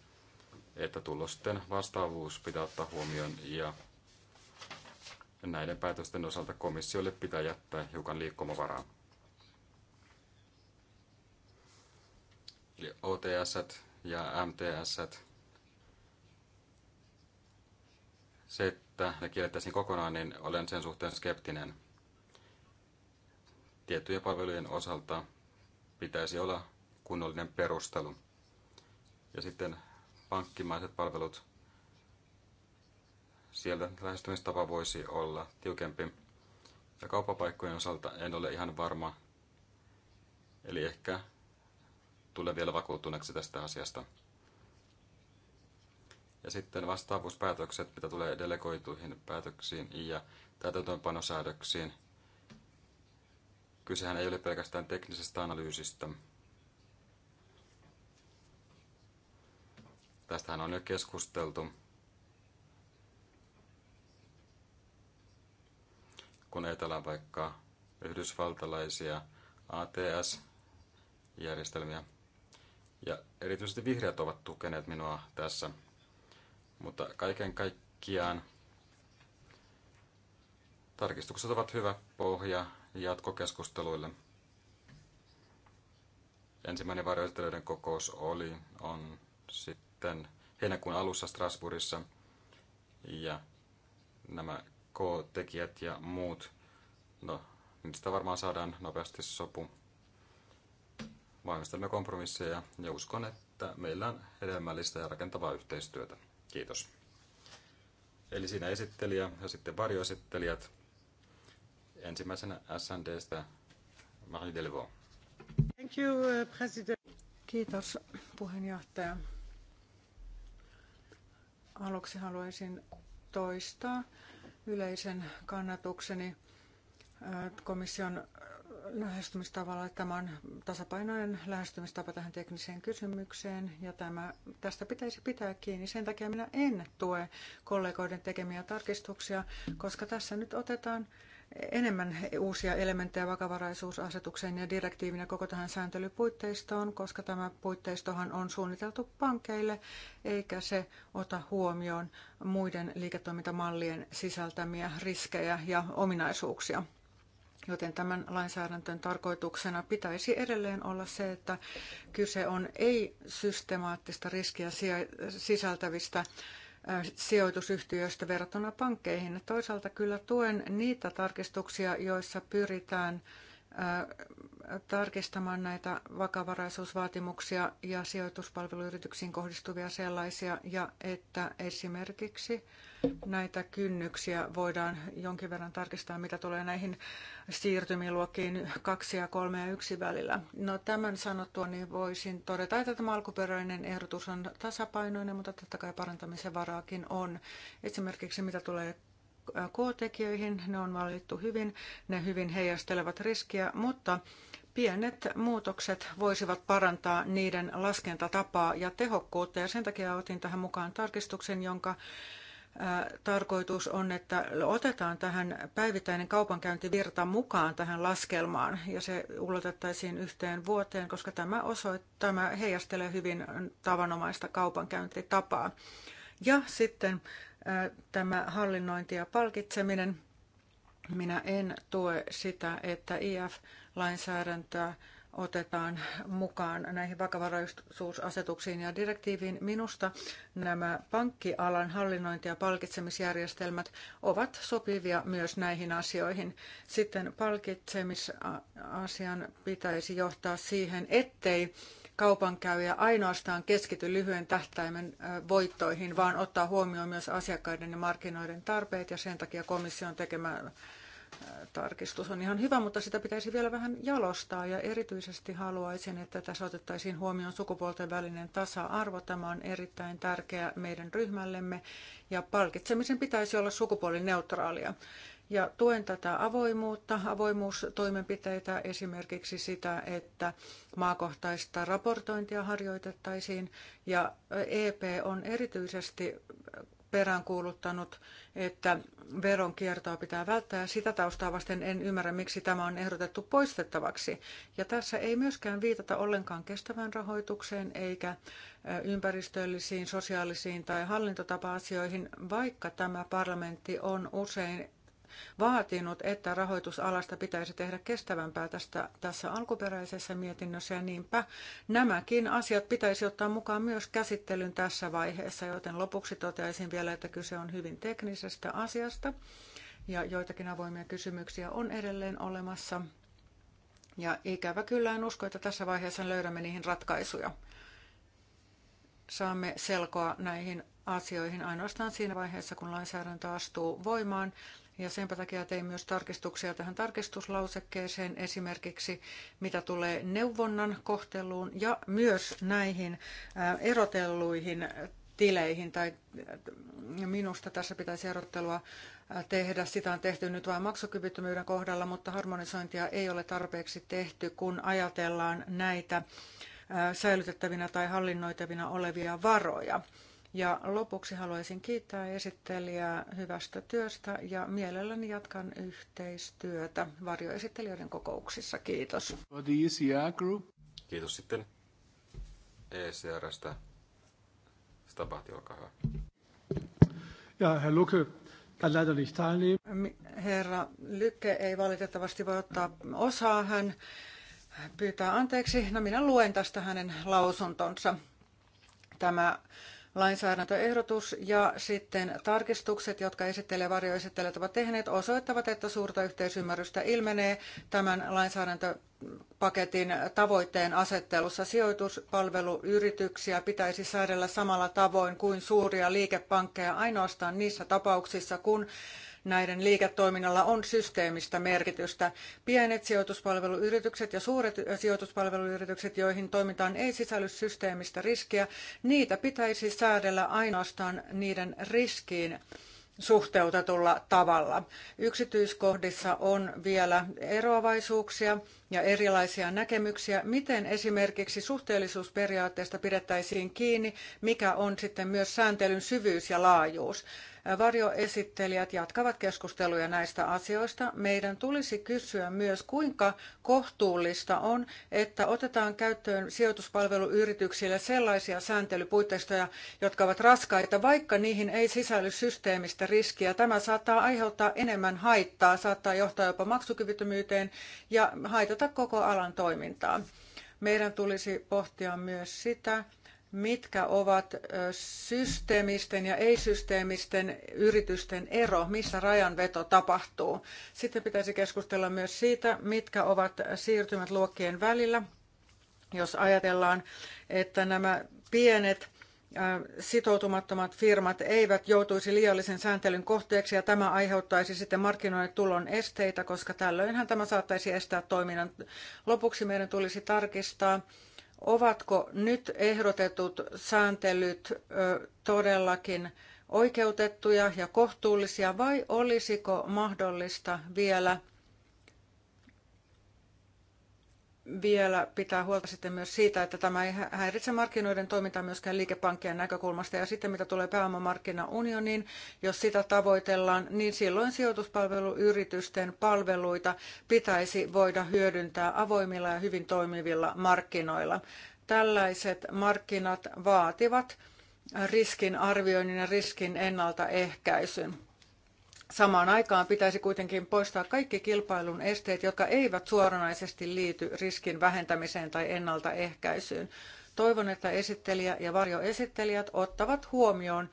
että tulosten vastaavuus pitää ottaa huomioon ja näiden päätösten osalta komissiolle pitää jättää hiukan liikkumavaraa. Eli OTS ja MTS Se, että ne kiellettäisiin kokonaan, niin olen sen suhteen skeptinen. Tiettyjen palvelujen osalta pitäisi olla kunnollinen perustelu. Ja sitten pankkimaiset palvelut, siellä lähestymistapa voisi olla tiukempi. Ja kauppapaikkojen osalta en ole ihan varma, eli ehkä tulee vielä vakuuttuneeksi tästä asiasta. Ja sitten vastaavuuspäätökset, mitä tulee delegoituihin päätöksiin ja täytäntöönpanosäädöksiin. Kysehän ei ole pelkästään teknisestä analyysistä. Tästähän on jo keskusteltu. Kun etelän vaikka yhdysvaltalaisia ATS-järjestelmiä. Ja erityisesti vihreät ovat tukeneet minua tässä mutta kaiken kaikkiaan tarkistukset ovat hyvä pohja jatkokeskusteluille. Ensimmäinen varjoesittelyiden kokous oli, on sitten heinäkuun alussa Strasbourgissa ja nämä K-tekijät ja muut, no niistä varmaan saadaan nopeasti sopu. Valmistelemme kompromisseja ja uskon, että meillä on hedelmällistä ja rakentavaa yhteistyötä. Kiitos. Eli siinä esittelijä ja sitten varjoesittelijät. Ensimmäisenä SNDstä Marie Delvaux. Thank you, uh, president. Kiitos puheenjohtaja. Aluksi haluaisin toistaa yleisen kannatukseni uh, komission lähestymistavalla. että Tämä on tasapainoinen lähestymistapa tähän tekniseen kysymykseen ja tämä, tästä pitäisi pitää kiinni. Sen takia minä en tue kollegoiden tekemiä tarkistuksia, koska tässä nyt otetaan enemmän uusia elementtejä vakavaraisuusasetukseen ja direktiivinä koko tähän sääntelypuitteistoon, koska tämä puitteistohan on suunniteltu pankeille, eikä se ota huomioon muiden liiketoimintamallien sisältämiä riskejä ja ominaisuuksia. Joten tämän lainsäädäntön tarkoituksena pitäisi edelleen olla se, että kyse on ei-systemaattista riskiä sisältävistä sijoitusyhtiöistä verrattuna pankkeihin. Toisaalta kyllä tuen niitä tarkistuksia, joissa pyritään tarkistamaan näitä vakavaraisuusvaatimuksia ja sijoituspalveluyrityksiin kohdistuvia sellaisia, ja että esimerkiksi näitä kynnyksiä voidaan jonkin verran tarkistaa, mitä tulee näihin siirtymiluokkiin 2 ja 3 ja 1 välillä. No, tämän sanottua niin voisin todeta, että tämä alkuperäinen ehdotus on tasapainoinen, mutta totta kai parantamisen varaakin on. Esimerkiksi mitä tulee K-tekijöihin. Ne on valittu hyvin, ne hyvin heijastelevat riskiä, mutta pienet muutokset voisivat parantaa niiden laskentatapaa ja tehokkuutta. Ja sen takia otin tähän mukaan tarkistuksen, jonka tarkoitus on, että otetaan tähän päivittäinen kaupankäyntivirta mukaan tähän laskelmaan ja se ulotettaisiin yhteen vuoteen, koska tämä, osoit, tämä heijastelee hyvin tavanomaista kaupankäyntitapaa. Ja sitten tämä hallinnointi ja palkitseminen. Minä en tue sitä, että IF-lainsäädäntöä otetaan mukaan näihin vakavaraisuusasetuksiin ja direktiiviin. Minusta nämä pankkialan hallinnointi- ja palkitsemisjärjestelmät ovat sopivia myös näihin asioihin. Sitten palkitsemisasian pitäisi johtaa siihen, ettei kaupankäyjä ainoastaan keskity lyhyen tähtäimen voittoihin, vaan ottaa huomioon myös asiakkaiden ja markkinoiden tarpeet ja sen takia komission tekemä tarkistus on ihan hyvä, mutta sitä pitäisi vielä vähän jalostaa ja erityisesti haluaisin, että tässä otettaisiin huomioon sukupuolten välinen tasa-arvo. Tämä on erittäin tärkeä meidän ryhmällemme ja palkitsemisen pitäisi olla sukupuolineutraalia. Ja tuen tätä avoimuutta, avoimuustoimenpiteitä, esimerkiksi sitä, että maakohtaista raportointia harjoitettaisiin. Ja EP on erityisesti peräänkuuluttanut, että veronkiertoa pitää välttää. Sitä taustaa vasten en ymmärrä, miksi tämä on ehdotettu poistettavaksi. Ja tässä ei myöskään viitata ollenkaan kestävään rahoitukseen eikä ympäristöllisiin, sosiaalisiin tai hallintotapa-asioihin, vaikka tämä parlamentti on usein vaatinut, että rahoitusalasta pitäisi tehdä kestävämpää tästä, tässä alkuperäisessä mietinnössä ja niinpä nämäkin asiat pitäisi ottaa mukaan myös käsittelyn tässä vaiheessa, joten lopuksi toteaisin vielä, että kyse on hyvin teknisestä asiasta ja joitakin avoimia kysymyksiä on edelleen olemassa. Ja ikävä kyllä en usko, että tässä vaiheessa löydämme niihin ratkaisuja. Saamme selkoa näihin asioihin ainoastaan siinä vaiheessa, kun lainsäädäntö astuu voimaan ja senpä takia tein myös tarkistuksia tähän tarkistuslausekkeeseen esimerkiksi, mitä tulee neuvonnan kohteluun ja myös näihin äh, erotelluihin tileihin. Tai äh, minusta tässä pitäisi erottelua äh, tehdä. Sitä on tehty nyt vain maksukyvyttömyyden kohdalla, mutta harmonisointia ei ole tarpeeksi tehty, kun ajatellaan näitä säilytettävinä tai hallinnoitavina olevia varoja. Ja lopuksi haluaisin kiittää esittelijää hyvästä työstä ja mielelläni jatkan yhteistyötä varjoesittelijöiden kokouksissa. Kiitos. E Kiitos sitten ECRstä. Stabati, olkaa hyvä. Ja, Herr Lucke, Herra Lykke ei valitettavasti voi ottaa osaa. Hän pyytää anteeksi. No minä luen tästä hänen lausuntonsa. Tämä lainsäädäntöehdotus ja sitten tarkistukset, jotka esittelijä ja varjoesittelijät ovat tehneet, osoittavat, että suurta yhteisymmärrystä ilmenee tämän lainsäädäntöpaketin tavoitteen asettelussa. Sijoituspalveluyrityksiä pitäisi säädellä samalla tavoin kuin suuria liikepankkeja ainoastaan niissä tapauksissa, kun näiden liiketoiminnalla on systeemistä merkitystä. Pienet sijoituspalveluyritykset ja suuret sijoituspalveluyritykset, joihin toimintaan ei sisälly systeemistä riskiä, niitä pitäisi säädellä ainoastaan niiden riskiin suhteutetulla tavalla. Yksityiskohdissa on vielä eroavaisuuksia ja erilaisia näkemyksiä, miten esimerkiksi suhteellisuusperiaatteesta pidettäisiin kiinni, mikä on sitten myös sääntelyn syvyys ja laajuus. Varjoesittelijät jatkavat keskusteluja näistä asioista. Meidän tulisi kysyä myös, kuinka kohtuullista on, että otetaan käyttöön sijoituspalveluyrityksille sellaisia sääntelypuitteistoja, jotka ovat raskaita, vaikka niihin ei sisälly systeemistä riskiä. Tämä saattaa aiheuttaa enemmän haittaa, saattaa johtaa jopa maksukyvyttömyyteen ja haitata koko alan toimintaa. Meidän tulisi pohtia myös sitä, mitkä ovat systeemisten ja ei-systeemisten yritysten ero, missä rajanveto tapahtuu. Sitten pitäisi keskustella myös siitä, mitkä ovat siirtymät luokkien välillä, jos ajatellaan, että nämä pienet sitoutumattomat firmat eivät joutuisi liiallisen sääntelyn kohteeksi ja tämä aiheuttaisi sitten markkinoille tulon esteitä, koska tällöinhän tämä saattaisi estää toiminnan. Lopuksi meidän tulisi tarkistaa, Ovatko nyt ehdotetut sääntelyt todellakin oikeutettuja ja kohtuullisia vai olisiko mahdollista vielä vielä pitää huolta sitten myös siitä, että tämä ei häiritse markkinoiden toimintaa myöskään liikepankkien näkökulmasta. Ja sitten mitä tulee pääomamarkkinaunioniin, jos sitä tavoitellaan, niin silloin sijoituspalveluyritysten palveluita pitäisi voida hyödyntää avoimilla ja hyvin toimivilla markkinoilla. Tällaiset markkinat vaativat riskin arvioinnin ja riskin ennaltaehkäisyn. Samaan aikaan pitäisi kuitenkin poistaa kaikki kilpailun esteet, jotka eivät suoranaisesti liity riskin vähentämiseen tai ennaltaehkäisyyn. Toivon, että esittelijä ja varjoesittelijät ottavat huomioon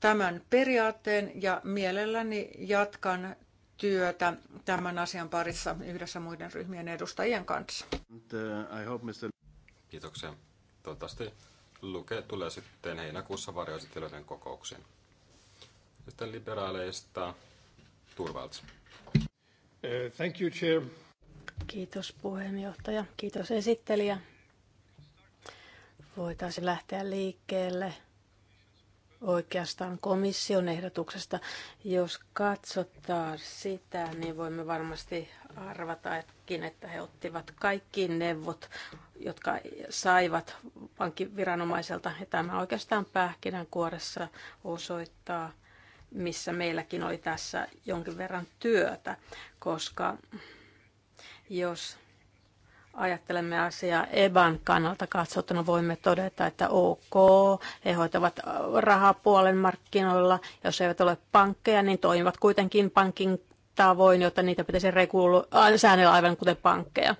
tämän periaatteen ja mielelläni jatkan työtä tämän asian parissa yhdessä muiden ryhmien edustajien kanssa. Uh, Kiitoksia. Toivottavasti Luke tulee sitten heinäkuussa varjoesittelyiden kokouksiin. Sitten liberaaleista Turvalts. Eh, thank you, Chair. Kiitos puheenjohtaja, kiitos esittelijä. Voitaisiin lähteä liikkeelle oikeastaan komission ehdotuksesta. Jos katsotaan sitä, niin voimme varmasti arvatakin, että he ottivat kaikki neuvot, jotka saivat pankkiviranomaiselta. Ja tämä oikeastaan kuoressa osoittaa, missä meilläkin oli tässä jonkin verran työtä, koska jos ajattelemme asiaa EBAN kannalta katsottuna, voimme todeta, että ok, he hoitavat äh, rahapuolen markkinoilla. Jos eivät ole pankkeja, niin toimivat kuitenkin pankin tavoin, jotta niitä pitäisi äh, säännellä aivan kuten pankkeja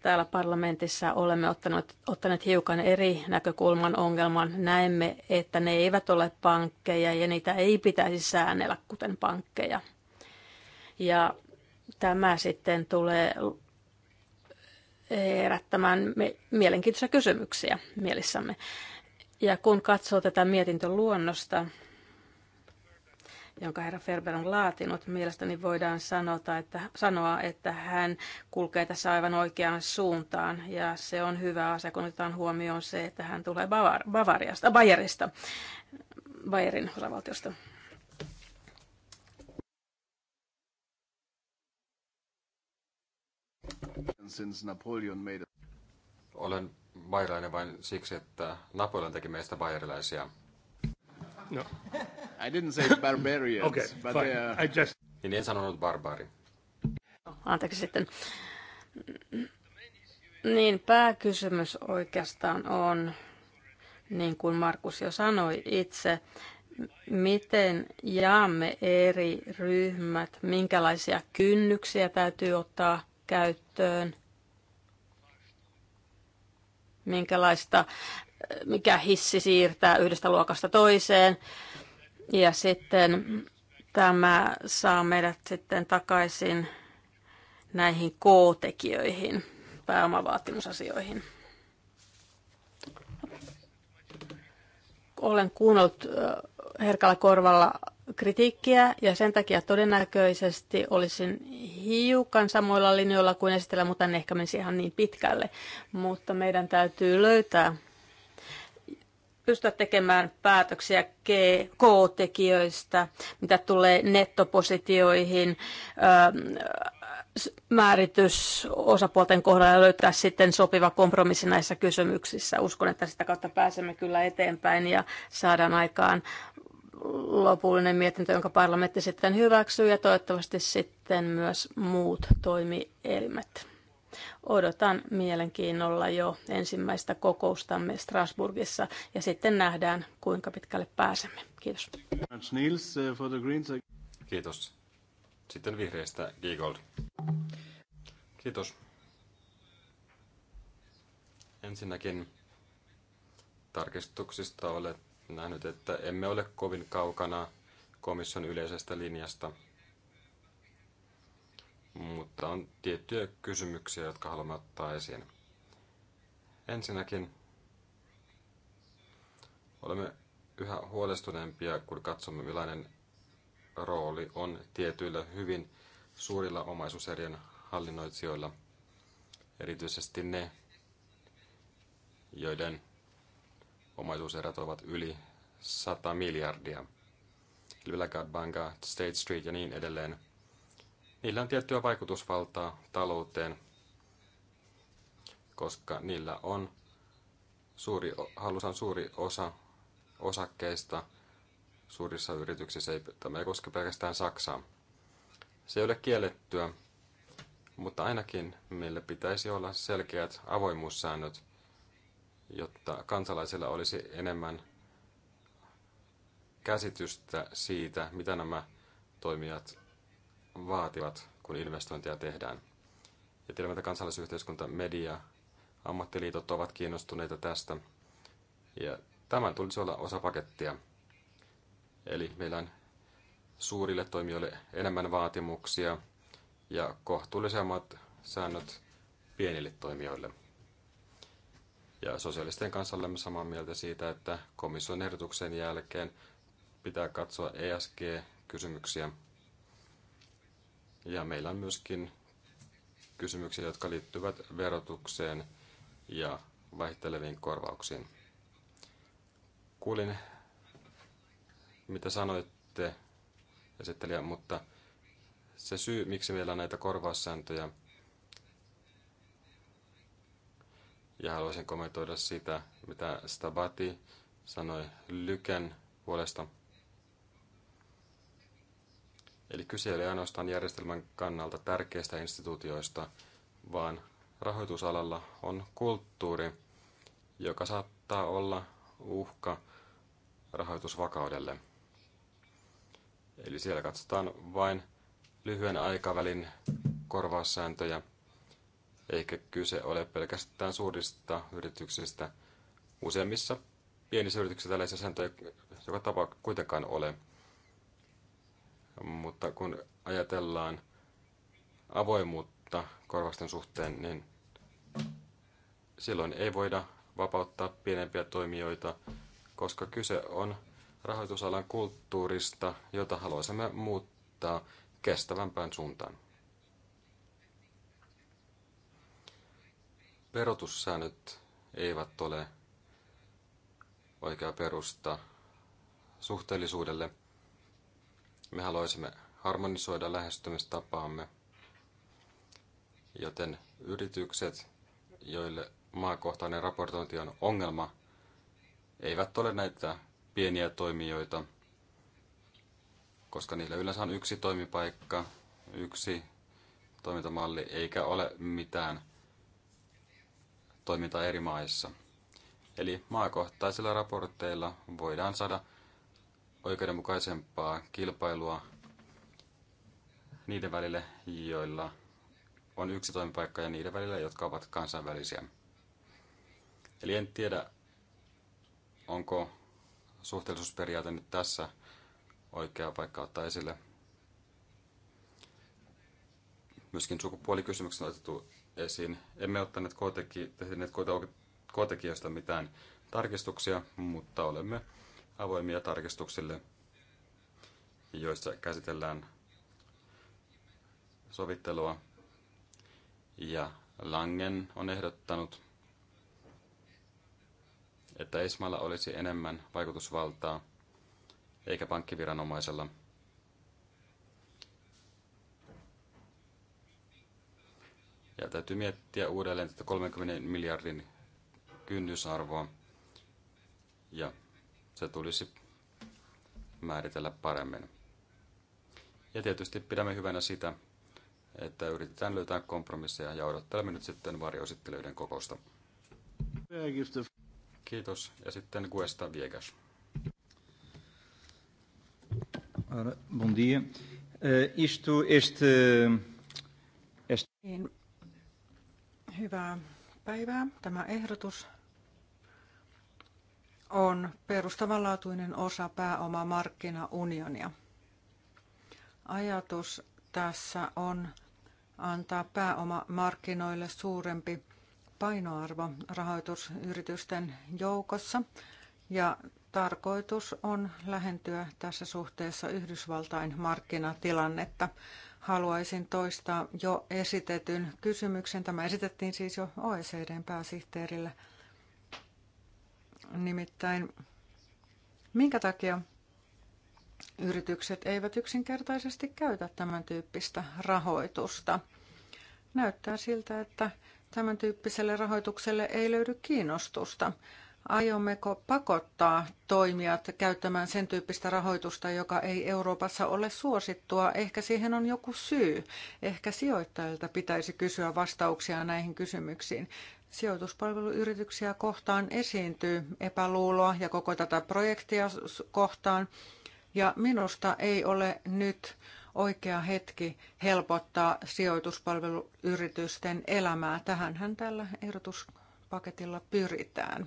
täällä parlamentissa olemme ottaneet, ottaneet hiukan eri näkökulman ongelman. Näemme, että ne eivät ole pankkeja ja niitä ei pitäisi säännellä kuten pankkeja. Ja tämä sitten tulee herättämään mielenkiintoisia kysymyksiä mielissämme. Ja kun katsoo tätä mietintöluonnosta, jonka herra Ferber on laatinut. Mielestäni voidaan sanota, että, sanoa, että hän kulkee tässä aivan oikeaan suuntaan ja se on hyvä asia, kun otetaan huomioon se, että hän tulee Bavar- Bavariasta, Bayerista, Bayerin osavaltiosta. Olen bayerilainen vain siksi, että Napoleon teki meistä bairilaisia. No. I didn't say barbarians, okay, but fine. they are... I just... Niin en sanonut barbaari. Anteeksi sitten. Niin, pääkysymys oikeastaan on, niin kuin Markus jo sanoi itse, miten jaamme eri ryhmät, minkälaisia kynnyksiä täytyy ottaa käyttöön, minkälaista mikä hissi siirtää yhdestä luokasta toiseen. Ja sitten tämä saa meidät sitten takaisin näihin K-tekijöihin, pääomavaatimusasioihin. Olen kuunnellut herkällä korvalla kritiikkiä ja sen takia todennäköisesti olisin hiukan samoilla linjoilla kuin esitellä, mutta en ehkä menisi ihan niin pitkälle. Mutta meidän täytyy löytää pystyä tekemään päätöksiä K-tekijöistä, mitä tulee nettopositioihin, ähm, määritys osapuolten kohdalla ja löytää sitten sopiva kompromissi näissä kysymyksissä. Uskon, että sitä kautta pääsemme kyllä eteenpäin ja saadaan aikaan lopullinen mietintö, jonka parlamentti sitten hyväksyy ja toivottavasti sitten myös muut toimielimet. Odotan mielenkiinnolla jo ensimmäistä kokoustamme Strasburgissa ja sitten nähdään, kuinka pitkälle pääsemme. Kiitos. Eh, Kiitos. Sitten vihreistä Giegold. Kiitos. Ensinnäkin tarkistuksista olet nähnyt, että emme ole kovin kaukana komission yleisestä linjasta – mutta on tiettyjä kysymyksiä, jotka haluamme ottaa esiin. Ensinnäkin olemme yhä huolestuneempia, kun katsomme millainen rooli on tietyillä hyvin suurilla omaisuuserien hallinnoitsijoilla, erityisesti ne, joiden omaisuuserät ovat yli 100 miljardia. Vilagad Banka, State Street ja niin edelleen – niillä on tiettyä vaikutusvaltaa talouteen, koska niillä on suuri, halusan suuri osa osakkeista suurissa yrityksissä. Ei, tämä ei koske pelkästään Saksaa. Se ei ole kiellettyä, mutta ainakin meillä pitäisi olla selkeät avoimuussäännöt, jotta kansalaisilla olisi enemmän käsitystä siitä, mitä nämä toimijat vaativat, kun investointeja tehdään. Ja tiedämme, että kansalaisyhteiskunta, media, ammattiliitot ovat kiinnostuneita tästä. Ja tämän tulisi olla osa pakettia. Eli meillä on suurille toimijoille enemmän vaatimuksia ja kohtuullisemmat säännöt pienille toimijoille. Ja sosiaalisten kanssa olemme samaa mieltä siitä, että komission ehdotuksen jälkeen pitää katsoa ESG-kysymyksiä ja meillä on myöskin kysymyksiä, jotka liittyvät verotukseen ja vaihteleviin korvauksiin. Kuulin, mitä sanoitte, esittelijä, mutta se syy, miksi meillä on näitä korvaussääntöjä, ja haluaisin kommentoida sitä, mitä Stabati sanoi Lyken puolesta – Eli kyse ei ole ainoastaan järjestelmän kannalta tärkeistä instituutioista, vaan rahoitusalalla on kulttuuri, joka saattaa olla uhka rahoitusvakaudelle. Eli siellä katsotaan vain lyhyen aikavälin korvaussääntöjä, eikä kyse ole pelkästään suurista yrityksistä. Useimmissa pienissä yrityksissä tällaisia sääntöjä joka tapa kuitenkaan ole, mutta kun ajatellaan avoimuutta korvausten suhteen, niin silloin ei voida vapauttaa pienempiä toimijoita, koska kyse on rahoitusalan kulttuurista, jota haluaisimme muuttaa kestävämpään suuntaan. Verotussäännöt eivät ole oikea perusta suhteellisuudelle – me haluaisimme harmonisoida lähestymistapaamme, joten yritykset, joille maakohtainen raportointi on ongelma, eivät ole näitä pieniä toimijoita, koska niillä yleensä on yksi toimipaikka, yksi toimintamalli, eikä ole mitään toimintaa eri maissa. Eli maakohtaisilla raporteilla voidaan saada oikeudenmukaisempaa kilpailua niiden välille joilla on yksi toimipaikka ja niiden välillä, jotka ovat kansainvälisiä. Eli en tiedä, onko suhteellisuusperiaate nyt tässä oikea paikka ottaa esille. Myöskin sukupuolikysymykset on otettu esiin. Emme ottaneet kooteki, tehneet kootekijoista mitään tarkistuksia, mutta olemme avoimia tarkistuksille, joissa käsitellään sovittelua. Ja Langen on ehdottanut, että Esmalla olisi enemmän vaikutusvaltaa, eikä pankkiviranomaisella. Ja täytyy miettiä uudelleen tätä 30 miljardin kynnysarvoa ja se tulisi määritellä paremmin. Ja tietysti pidämme hyvänä sitä, että yritetään löytää kompromisseja ja odottelemme nyt sitten varjoesittelyiden kokousta. Kiitos. Ja sitten Guesta Viegas. Bon dia. Eh, istu este, este... Niin. Hyvää päivää. Tämä ehdotus on perustavanlaatuinen osa pääomamarkkinaunionia. Ajatus tässä on antaa pääomamarkkinoille suurempi painoarvo rahoitusyritysten joukossa ja tarkoitus on lähentyä tässä suhteessa Yhdysvaltain markkinatilannetta. Haluaisin toistaa jo esitetyn kysymyksen. Tämä esitettiin siis jo OECDn pääsihteerille – Nimittäin minkä takia yritykset eivät yksinkertaisesti käytä tämän tyyppistä rahoitusta? Näyttää siltä, että tämän tyyppiselle rahoitukselle ei löydy kiinnostusta. Aiommeko pakottaa toimijat käyttämään sen tyyppistä rahoitusta, joka ei Euroopassa ole suosittua? Ehkä siihen on joku syy. Ehkä sijoittajilta pitäisi kysyä vastauksia näihin kysymyksiin sijoituspalveluyrityksiä kohtaan esiintyy epäluuloa ja koko tätä projektia kohtaan. Ja minusta ei ole nyt oikea hetki helpottaa sijoituspalveluyritysten elämää. Tähänhän tällä ehdotuspaketilla pyritään.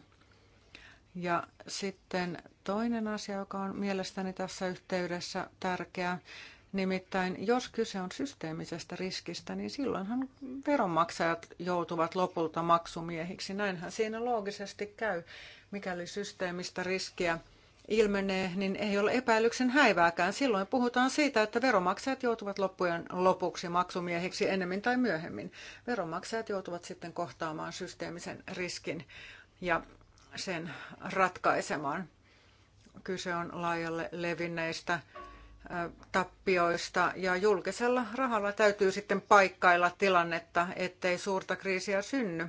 Ja sitten toinen asia, joka on mielestäni tässä yhteydessä tärkeä, Nimittäin jos kyse on systeemisestä riskistä, niin silloinhan veronmaksajat joutuvat lopulta maksumiehiksi. Näinhän siinä loogisesti käy. Mikäli systeemistä riskiä ilmenee, niin ei ole epäilyksen häivääkään. Silloin puhutaan siitä, että veromaksajat joutuvat loppujen lopuksi maksumiehiksi ennemmin tai myöhemmin. Veromaksajat joutuvat sitten kohtaamaan systeemisen riskin ja sen ratkaisemaan. Kyse on laajalle levinneistä tappioista ja julkisella rahalla täytyy sitten paikkailla tilannetta, ettei suurta kriisiä synny.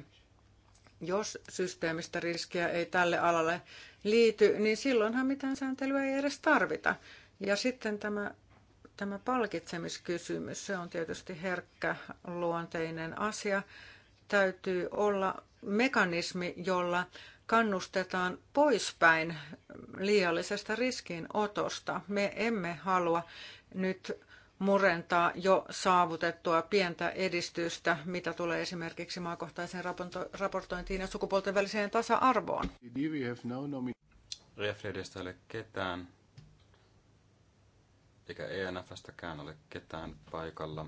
Jos systeemistä riskiä ei tälle alalle liity, niin silloinhan mitään sääntelyä ei edes tarvita. Ja sitten tämä, tämä palkitsemiskysymys, se on tietysti herkkä luonteinen asia. Täytyy olla mekanismi, jolla kannustetaan poispäin liiallisesta riskinotosta. Me emme halua nyt murentaa jo saavutettua pientä edistystä, mitä tulee esimerkiksi maakohtaiseen raportointiin ja sukupuolten väliseen tasa-arvoon. Refledestä ei ole ketään, eikä ENFstäkään ole ketään paikalla.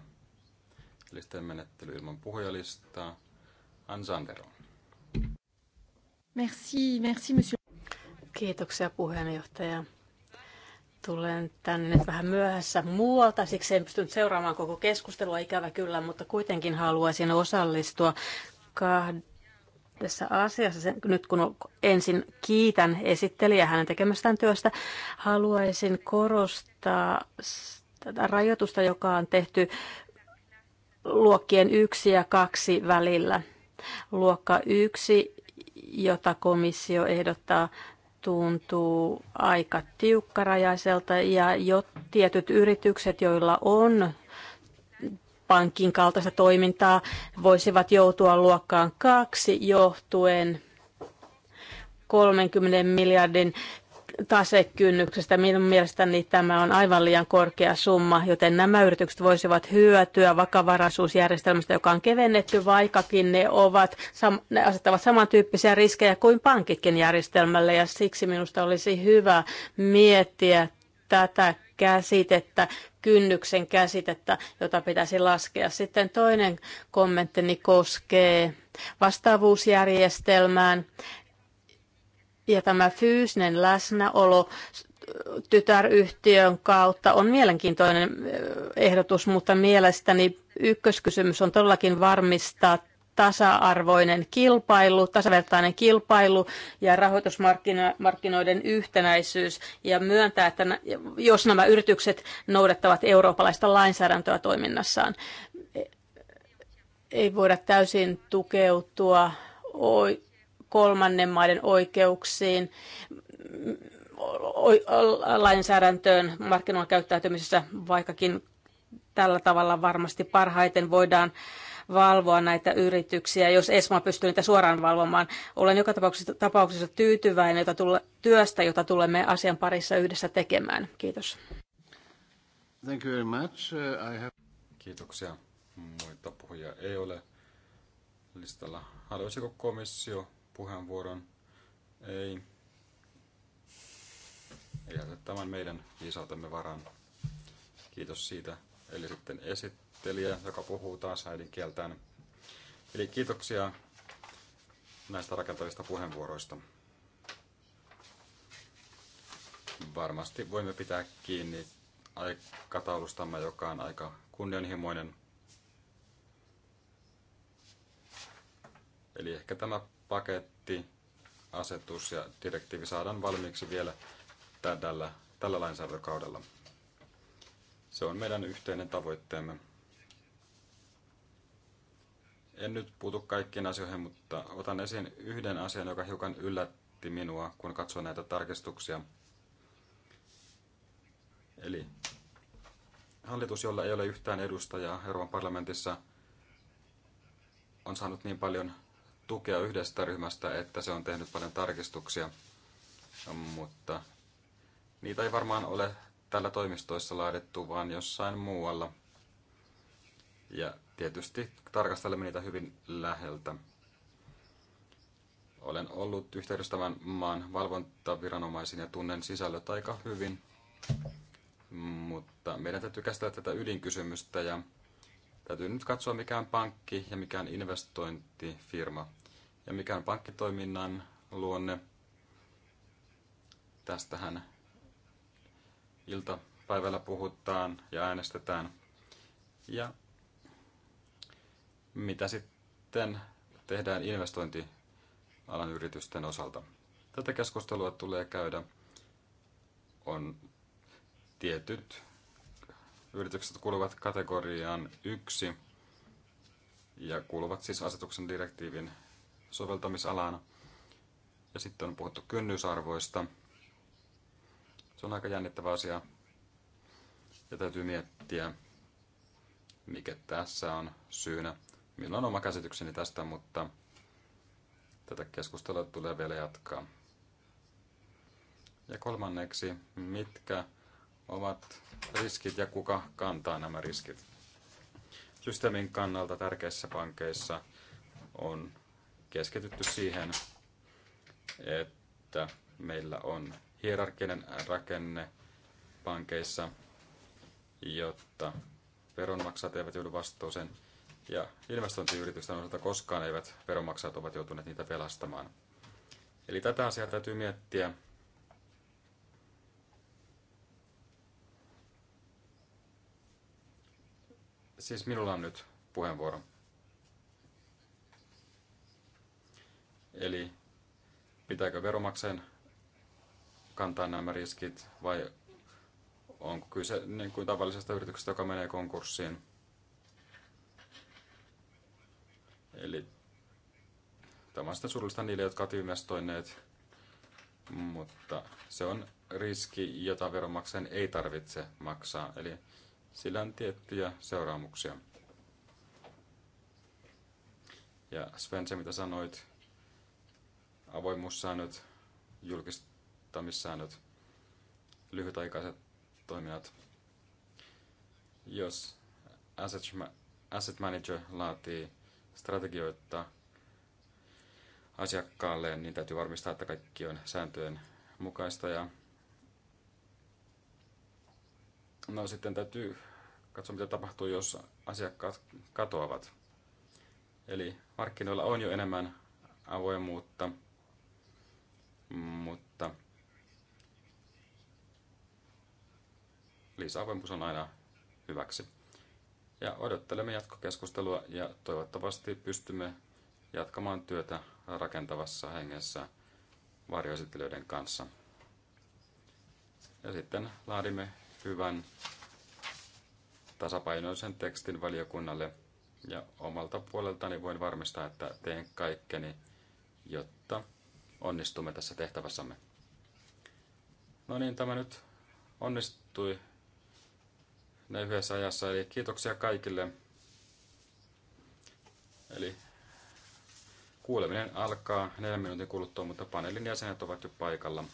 Eli menettely ilman puhujalistaa. Ansander Merci, merci, monsieur. Kiitoksia puheenjohtaja. Tulen tänne nyt vähän myöhässä muualta, siksi en pystynyt seuraamaan koko keskustelua, ikävä kyllä, mutta kuitenkin haluaisin osallistua kahdessa asiassa. Sen, nyt kun ensin kiitän esittelijää hänen tekemästään työstä, haluaisin korostaa tätä rajoitusta, joka on tehty luokkien yksi ja kaksi välillä. Luokka yksi jota komissio ehdottaa, tuntuu aika tiukkarajaiselta ja jo tietyt yritykset, joilla on pankin kaltaista toimintaa, voisivat joutua luokkaan kaksi johtuen 30 miljardin tasekynnyksestä. Minun mielestäni tämä on aivan liian korkea summa, joten nämä yritykset voisivat hyötyä vakavaraisuusjärjestelmästä, joka on kevennetty, vaikkakin ne, ovat, ne asettavat samantyyppisiä riskejä kuin pankitkin järjestelmälle, ja siksi minusta olisi hyvä miettiä tätä käsitettä, kynnyksen käsitettä, jota pitäisi laskea. Sitten toinen kommenttini koskee vastaavuusjärjestelmään. Ja tämä fyysinen läsnäolo tytäryhtiön kautta on mielenkiintoinen eh, ehdotus, mutta mielestäni ykköskysymys on todellakin varmistaa tasa-arvoinen kilpailu, tasavertainen kilpailu ja rahoitusmarkkinoiden yhtenäisyys ja myöntää, että jos nämä yritykset noudattavat eurooppalaista lainsäädäntöä toiminnassaan, e-, ei voida täysin tukeutua kolmannen maiden oikeuksiin, lainsäädäntöön, markkinoilla käyttäytymisessä, vaikkakin tällä tavalla varmasti parhaiten voidaan valvoa näitä yrityksiä, jos ESMA pystyy niitä suoraan valvomaan. Olen joka tapauksessa, tapauksessa tyytyväinen jota tulla, työstä, jota tulemme asian parissa yhdessä tekemään. Kiitos. Thank you very much. Uh, I have... Kiitoksia. Muita puhujia ei ole listalla. Haluaisiko komissio puheenvuoron. Ei. Ei jätä tämän meidän viisautemme varaan. Kiitos siitä. Eli sitten esittelijä, joka puhuu taas äidinkieltään. Eli kiitoksia näistä rakentavista puheenvuoroista. Varmasti voimme pitää kiinni aikataulustamme, joka on aika kunnianhimoinen. Eli ehkä tämä paketti, asetus ja direktiivi saadaan valmiiksi vielä tällä, tällä lainsäädäntökaudella. Se on meidän yhteinen tavoitteemme. En nyt puutu kaikkiin asioihin, mutta otan esiin yhden asian, joka hiukan yllätti minua, kun katsoin näitä tarkistuksia. Eli hallitus, jolla ei ole yhtään edustajaa Euroopan parlamentissa, on saanut niin paljon tukea yhdestä ryhmästä, että se on tehnyt paljon tarkistuksia, mutta niitä ei varmaan ole täällä toimistoissa laadittu, vaan jossain muualla. Ja tietysti tarkastelemme niitä hyvin läheltä. Olen ollut yhteydessä tämän maan valvontaviranomaisiin ja tunnen sisällöt aika hyvin. Mutta meidän täytyy käsitellä tätä ydinkysymystä ja täytyy nyt katsoa mikä on pankki ja mikä on investointifirma ja mikä on pankkitoiminnan luonne. Tästähän iltapäivällä puhutaan ja äänestetään. Ja mitä sitten tehdään investointialan yritysten osalta. Tätä keskustelua tulee käydä. On tietyt yritykset kuuluvat kategoriaan yksi ja kuuluvat siis asetuksen direktiivin soveltamisalana. Ja sitten on puhuttu kynnysarvoista. Se on aika jännittävä asia. Ja täytyy miettiä, mikä tässä on syynä. Minulla on oma käsitykseni tästä, mutta tätä keskustelua tulee vielä jatkaa. Ja kolmanneksi, mitkä ovat riskit ja kuka kantaa nämä riskit? Systeemin kannalta tärkeissä pankeissa on keskitytty siihen, että meillä on hierarkinen rakenne pankeissa, jotta veronmaksajat eivät joudu vastuuseen. Ja investointiyritysten osalta koskaan eivät veronmaksajat ovat joutuneet niitä pelastamaan. Eli tätä asiaa täytyy miettiä. Siis minulla on nyt puheenvuoro. Eli pitääkö veromakseen kantaa nämä riskit vai onko kyse niin kuin tavallisesta yrityksestä, joka menee konkurssiin? Eli tämä on sitten surullista niille, jotka ovat investoineet, mutta se on riski, jota veronmaksajan ei tarvitse maksaa. Eli sillä on tiettyjä seuraamuksia. Ja Sven, se mitä sanoit avoimuussäännöt, julkistamissäännöt, lyhytaikaiset toiminnat. Jos asset manager laatii strategioita asiakkaalle, niin täytyy varmistaa, että kaikki on sääntöjen mukaista. Ja no sitten täytyy katsoa, mitä tapahtuu, jos asiakkaat katoavat. Eli markkinoilla on jo enemmän avoimuutta, mutta lisäavoimuus on aina hyväksi. Ja odottelemme jatkokeskustelua ja toivottavasti pystymme jatkamaan työtä rakentavassa hengessä varjoesittelyiden kanssa. Ja sitten laadimme hyvän tasapainoisen tekstin valiokunnalle ja omalta puoleltani voin varmistaa, että teen kaikkeni, jotta onnistumme tässä tehtävässämme. No niin, tämä nyt onnistui näin yhdessä ajassa, eli kiitoksia kaikille. Eli kuuleminen alkaa neljän minuutin kuluttua, mutta paneelin jäsenet ovat jo paikalla.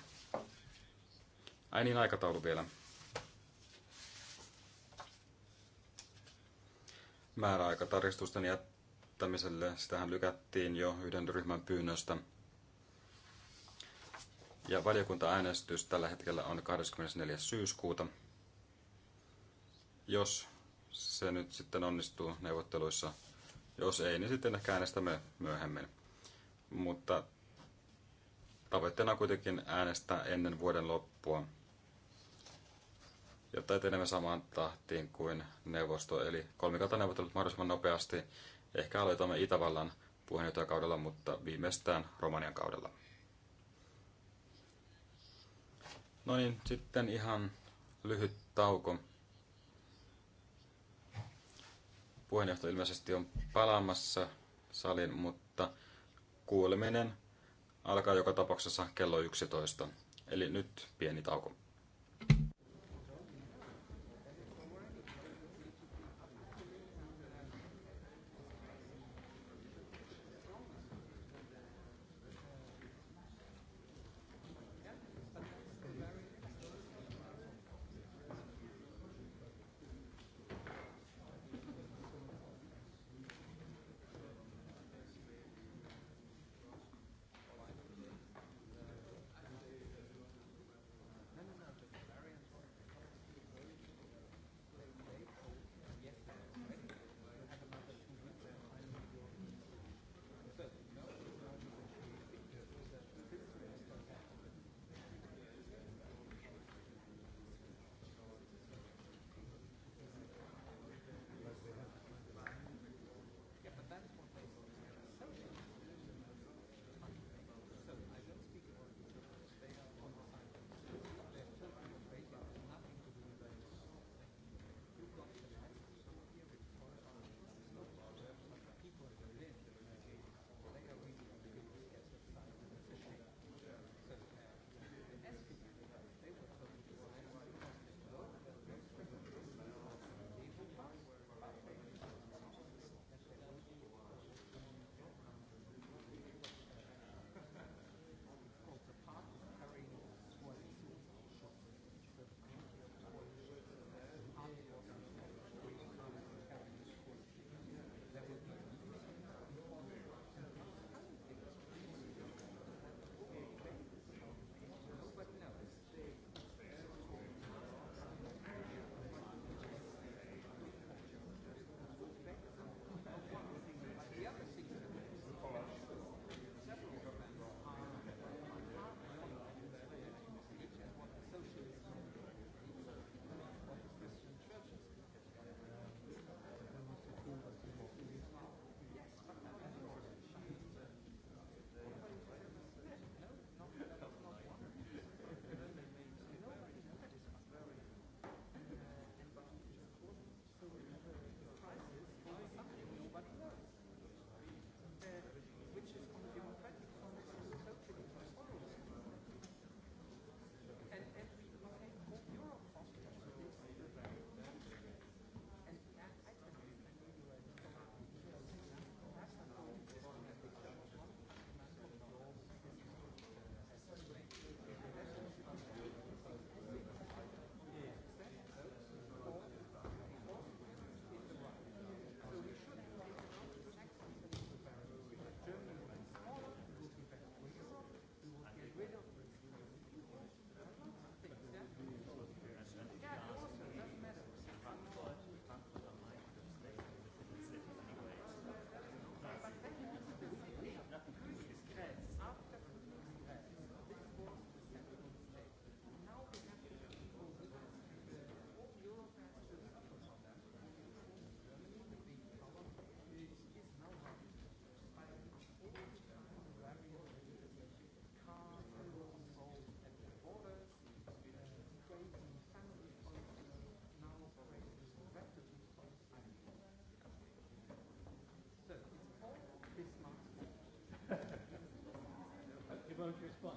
Ai niin, aikataulu vielä. Määräaikatarkistusten jättämiselle, sitähän lykättiin jo yhden ryhmän pyynnöstä – ja valiokunta äänestys tällä hetkellä on 24. syyskuuta. Jos se nyt sitten onnistuu neuvotteluissa, jos ei, niin sitten ehkä äänestämme myöhemmin. Mutta tavoitteena on kuitenkin äänestää ennen vuoden loppua, jotta etenemme samaan tahtiin kuin neuvosto. Eli kolmikantaneuvottelut mahdollisimman nopeasti. Ehkä aloitamme Itävallan puheenjohtajakaudella, mutta viimeistään Romanian kaudella. No niin, sitten ihan lyhyt tauko. Puheenjohto ilmeisesti on palaamassa salin, mutta kuuleminen alkaa joka tapauksessa kello 11. Eli nyt pieni tauko. Sanoit, jos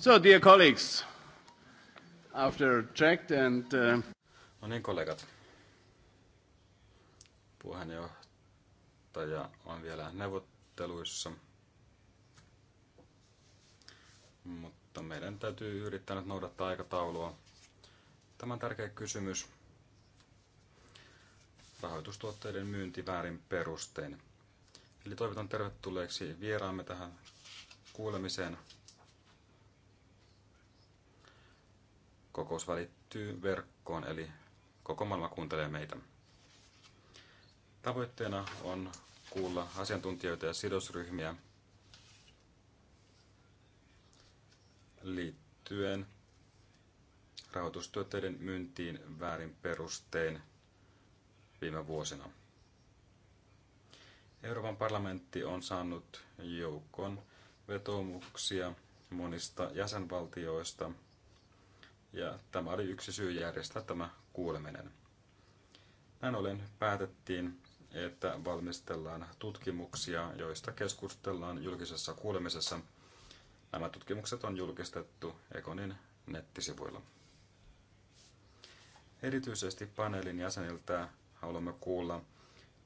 So, dear colleagues, after checked and... Uh... No niin, kollegat. Puheenjohtaja on vielä neuvotteluissa. Mutta meidän täytyy yrittää nyt noudattaa aikataulua. Tämä on tärkeä kysymys. Rahoitustuotteiden myynti väärin perustein. Eli toivotan tervetulleeksi vieraamme tähän kuulemiseen kokous välittyy verkkoon, eli koko maailma kuuntelee meitä. Tavoitteena on kuulla asiantuntijoita ja sidosryhmiä liittyen rahoitustuotteiden myyntiin väärin perustein viime vuosina. Euroopan parlamentti on saanut joukon vetoomuksia monista jäsenvaltioista – ja tämä oli yksi syy järjestää tämä kuuleminen. Näin ollen päätettiin, että valmistellaan tutkimuksia, joista keskustellaan julkisessa kuulemisessa. Nämä tutkimukset on julkistettu Ekonin nettisivuilla. Erityisesti paneelin jäseniltä haluamme kuulla,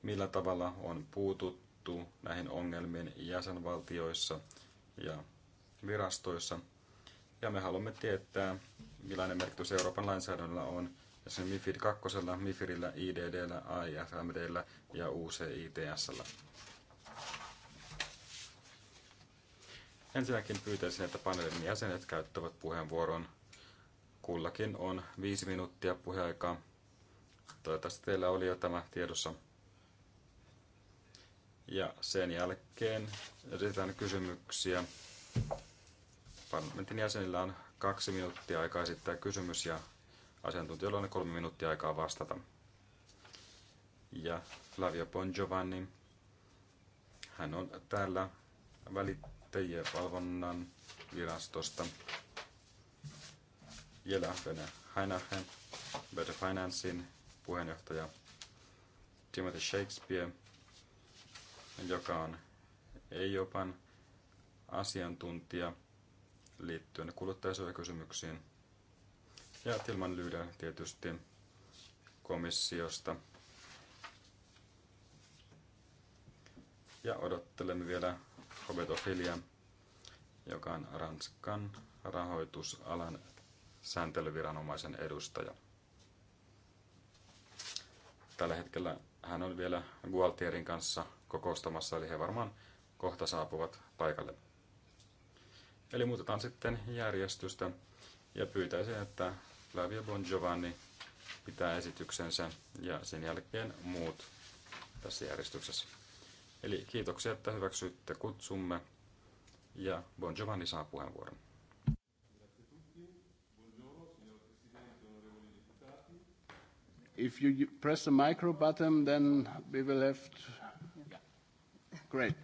millä tavalla on puututtu näihin ongelmiin jäsenvaltioissa ja virastoissa. Ja me haluamme tietää, millainen merkitys Euroopan lainsäädännöllä on. Ja se MIFID 2, MIFIRillä, IDDllä, AIFMDllä ja UCITSllä. Ensinnäkin pyytäisin, että paneelin jäsenet käyttävät puheenvuoron. Kullakin on viisi minuuttia puheaikaa. Toivottavasti teillä oli jo tämä tiedossa. Ja sen jälkeen esitetään kysymyksiä. Parlamentin jäsenillä on kaksi minuuttia aikaa esittää kysymys ja asiantuntijoilla on kolme minuuttia aikaa vastata. Ja Flavio Bongiovanni, hän on täällä välittäjien valvonnan virastosta. Jela Bene Heinache, Better Financing puheenjohtaja Timothy Shakespeare, joka on EIOPan asiantuntija – liittyen kuluttajasuojakysymyksiin. Ja Tilman Lyydä tietysti komissiosta. Ja odottelemme vielä Roberto Filia, joka on Ranskan rahoitusalan sääntelyviranomaisen edustaja. Tällä hetkellä hän on vielä Gualtierin kanssa kokoustamassa, eli he varmaan kohta saapuvat paikalle. Eli muutetaan sitten järjestystä ja pyytäisin, että Flavio Bon Giovanni pitää esityksensä ja sen jälkeen muut tässä järjestyksessä. Eli kiitoksia, että hyväksyitte kutsumme ja Bon Giovanni saa puheenvuoron. If you press the micro button, then we will have to... Great.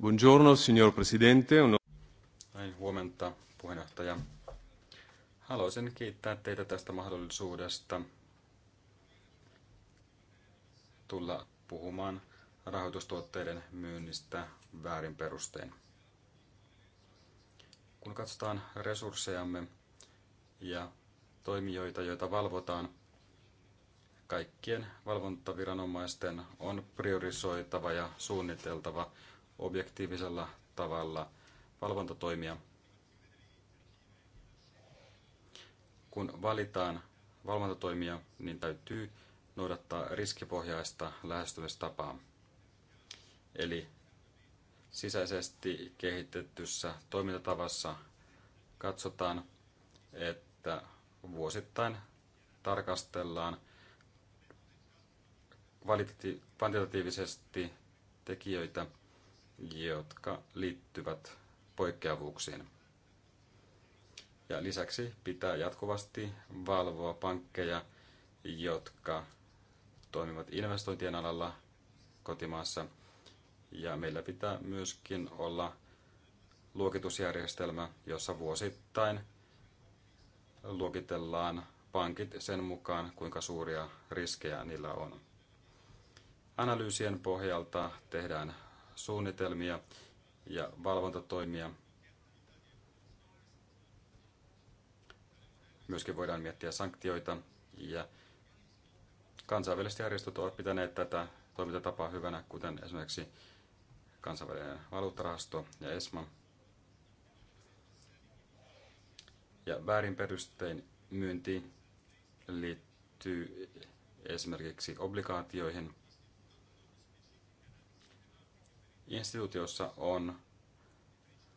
Buongiorno, signor Presidente. Huomenta, puheenjohtaja. Haluaisin kiittää teitä tästä mahdollisuudesta tulla puhumaan rahoitustuotteiden myynnistä väärin perustein. Kun katsotaan resurssejamme ja toimijoita, joita valvotaan, kaikkien valvontaviranomaisten on priorisoitava ja suunniteltava objektiivisella tavalla valvontatoimia – kun valitaan valvontatoimia, niin täytyy noudattaa riskipohjaista lähestymistapaa. Eli sisäisesti kehitettyssä toimintatavassa katsotaan, että vuosittain tarkastellaan kvantitatiivisesti tekijöitä, jotka liittyvät poikkeavuuksiin. Ja lisäksi pitää jatkuvasti valvoa pankkeja, jotka toimivat investointien alalla kotimaassa. Ja meillä pitää myöskin olla luokitusjärjestelmä, jossa vuosittain luokitellaan pankit sen mukaan, kuinka suuria riskejä niillä on. Analyysien pohjalta tehdään suunnitelmia ja valvontatoimia Myöskin voidaan miettiä sanktioita ja kansainväliset järjestöt ovat pitäneet tätä toimintatapaa hyvänä, kuten esimerkiksi kansainvälinen valuuttarahasto ja ESMA. Ja väärin perustein myynti liittyy esimerkiksi obligaatioihin. Instituutiossa on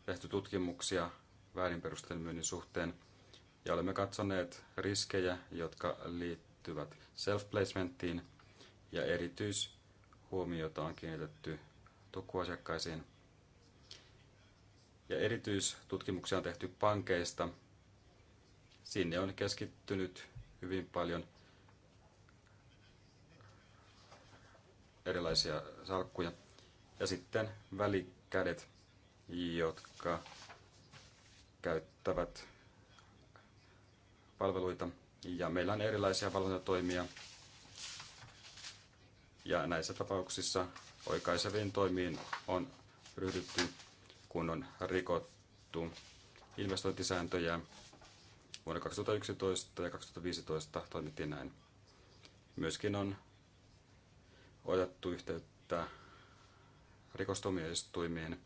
tehty tutkimuksia väärin perustein myynnin suhteen ja olemme katsoneet riskejä, jotka liittyvät self-placementtiin ja erityishuomiota on kiinnitetty tukkuasiakkaisiin. Ja erityistutkimuksia on tehty pankeista. Sinne on keskittynyt hyvin paljon erilaisia salkkuja. Ja sitten välikädet, jotka käyttävät palveluita ja meillä on erilaisia valvontatoimia. Ja näissä tapauksissa oikaiseviin toimiin on ryhdytty, kun on rikottu investointisääntöjä. Vuonna 2011 ja 2015 toimittiin näin. Myöskin on otettu yhteyttä rikostomioistuimiin.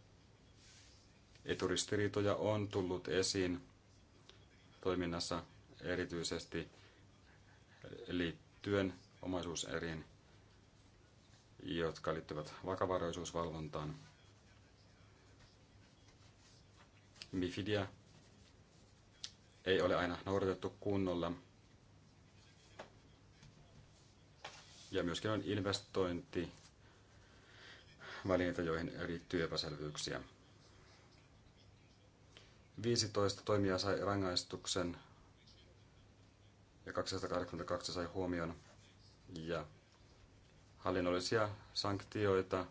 Eturistiriitoja on tullut esiin toiminnassa erityisesti liittyen omaisuuseriin, jotka liittyvät vakavaraisuusvalvontaan. Mifidia ei ole aina noudatettu kunnolla. Ja myöskin on investointi välineitä, joihin liittyy epäselvyyksiä. 15 toimijaa sai rangaistuksen ja 282 sai huomion. Ja hallinnollisia sanktioita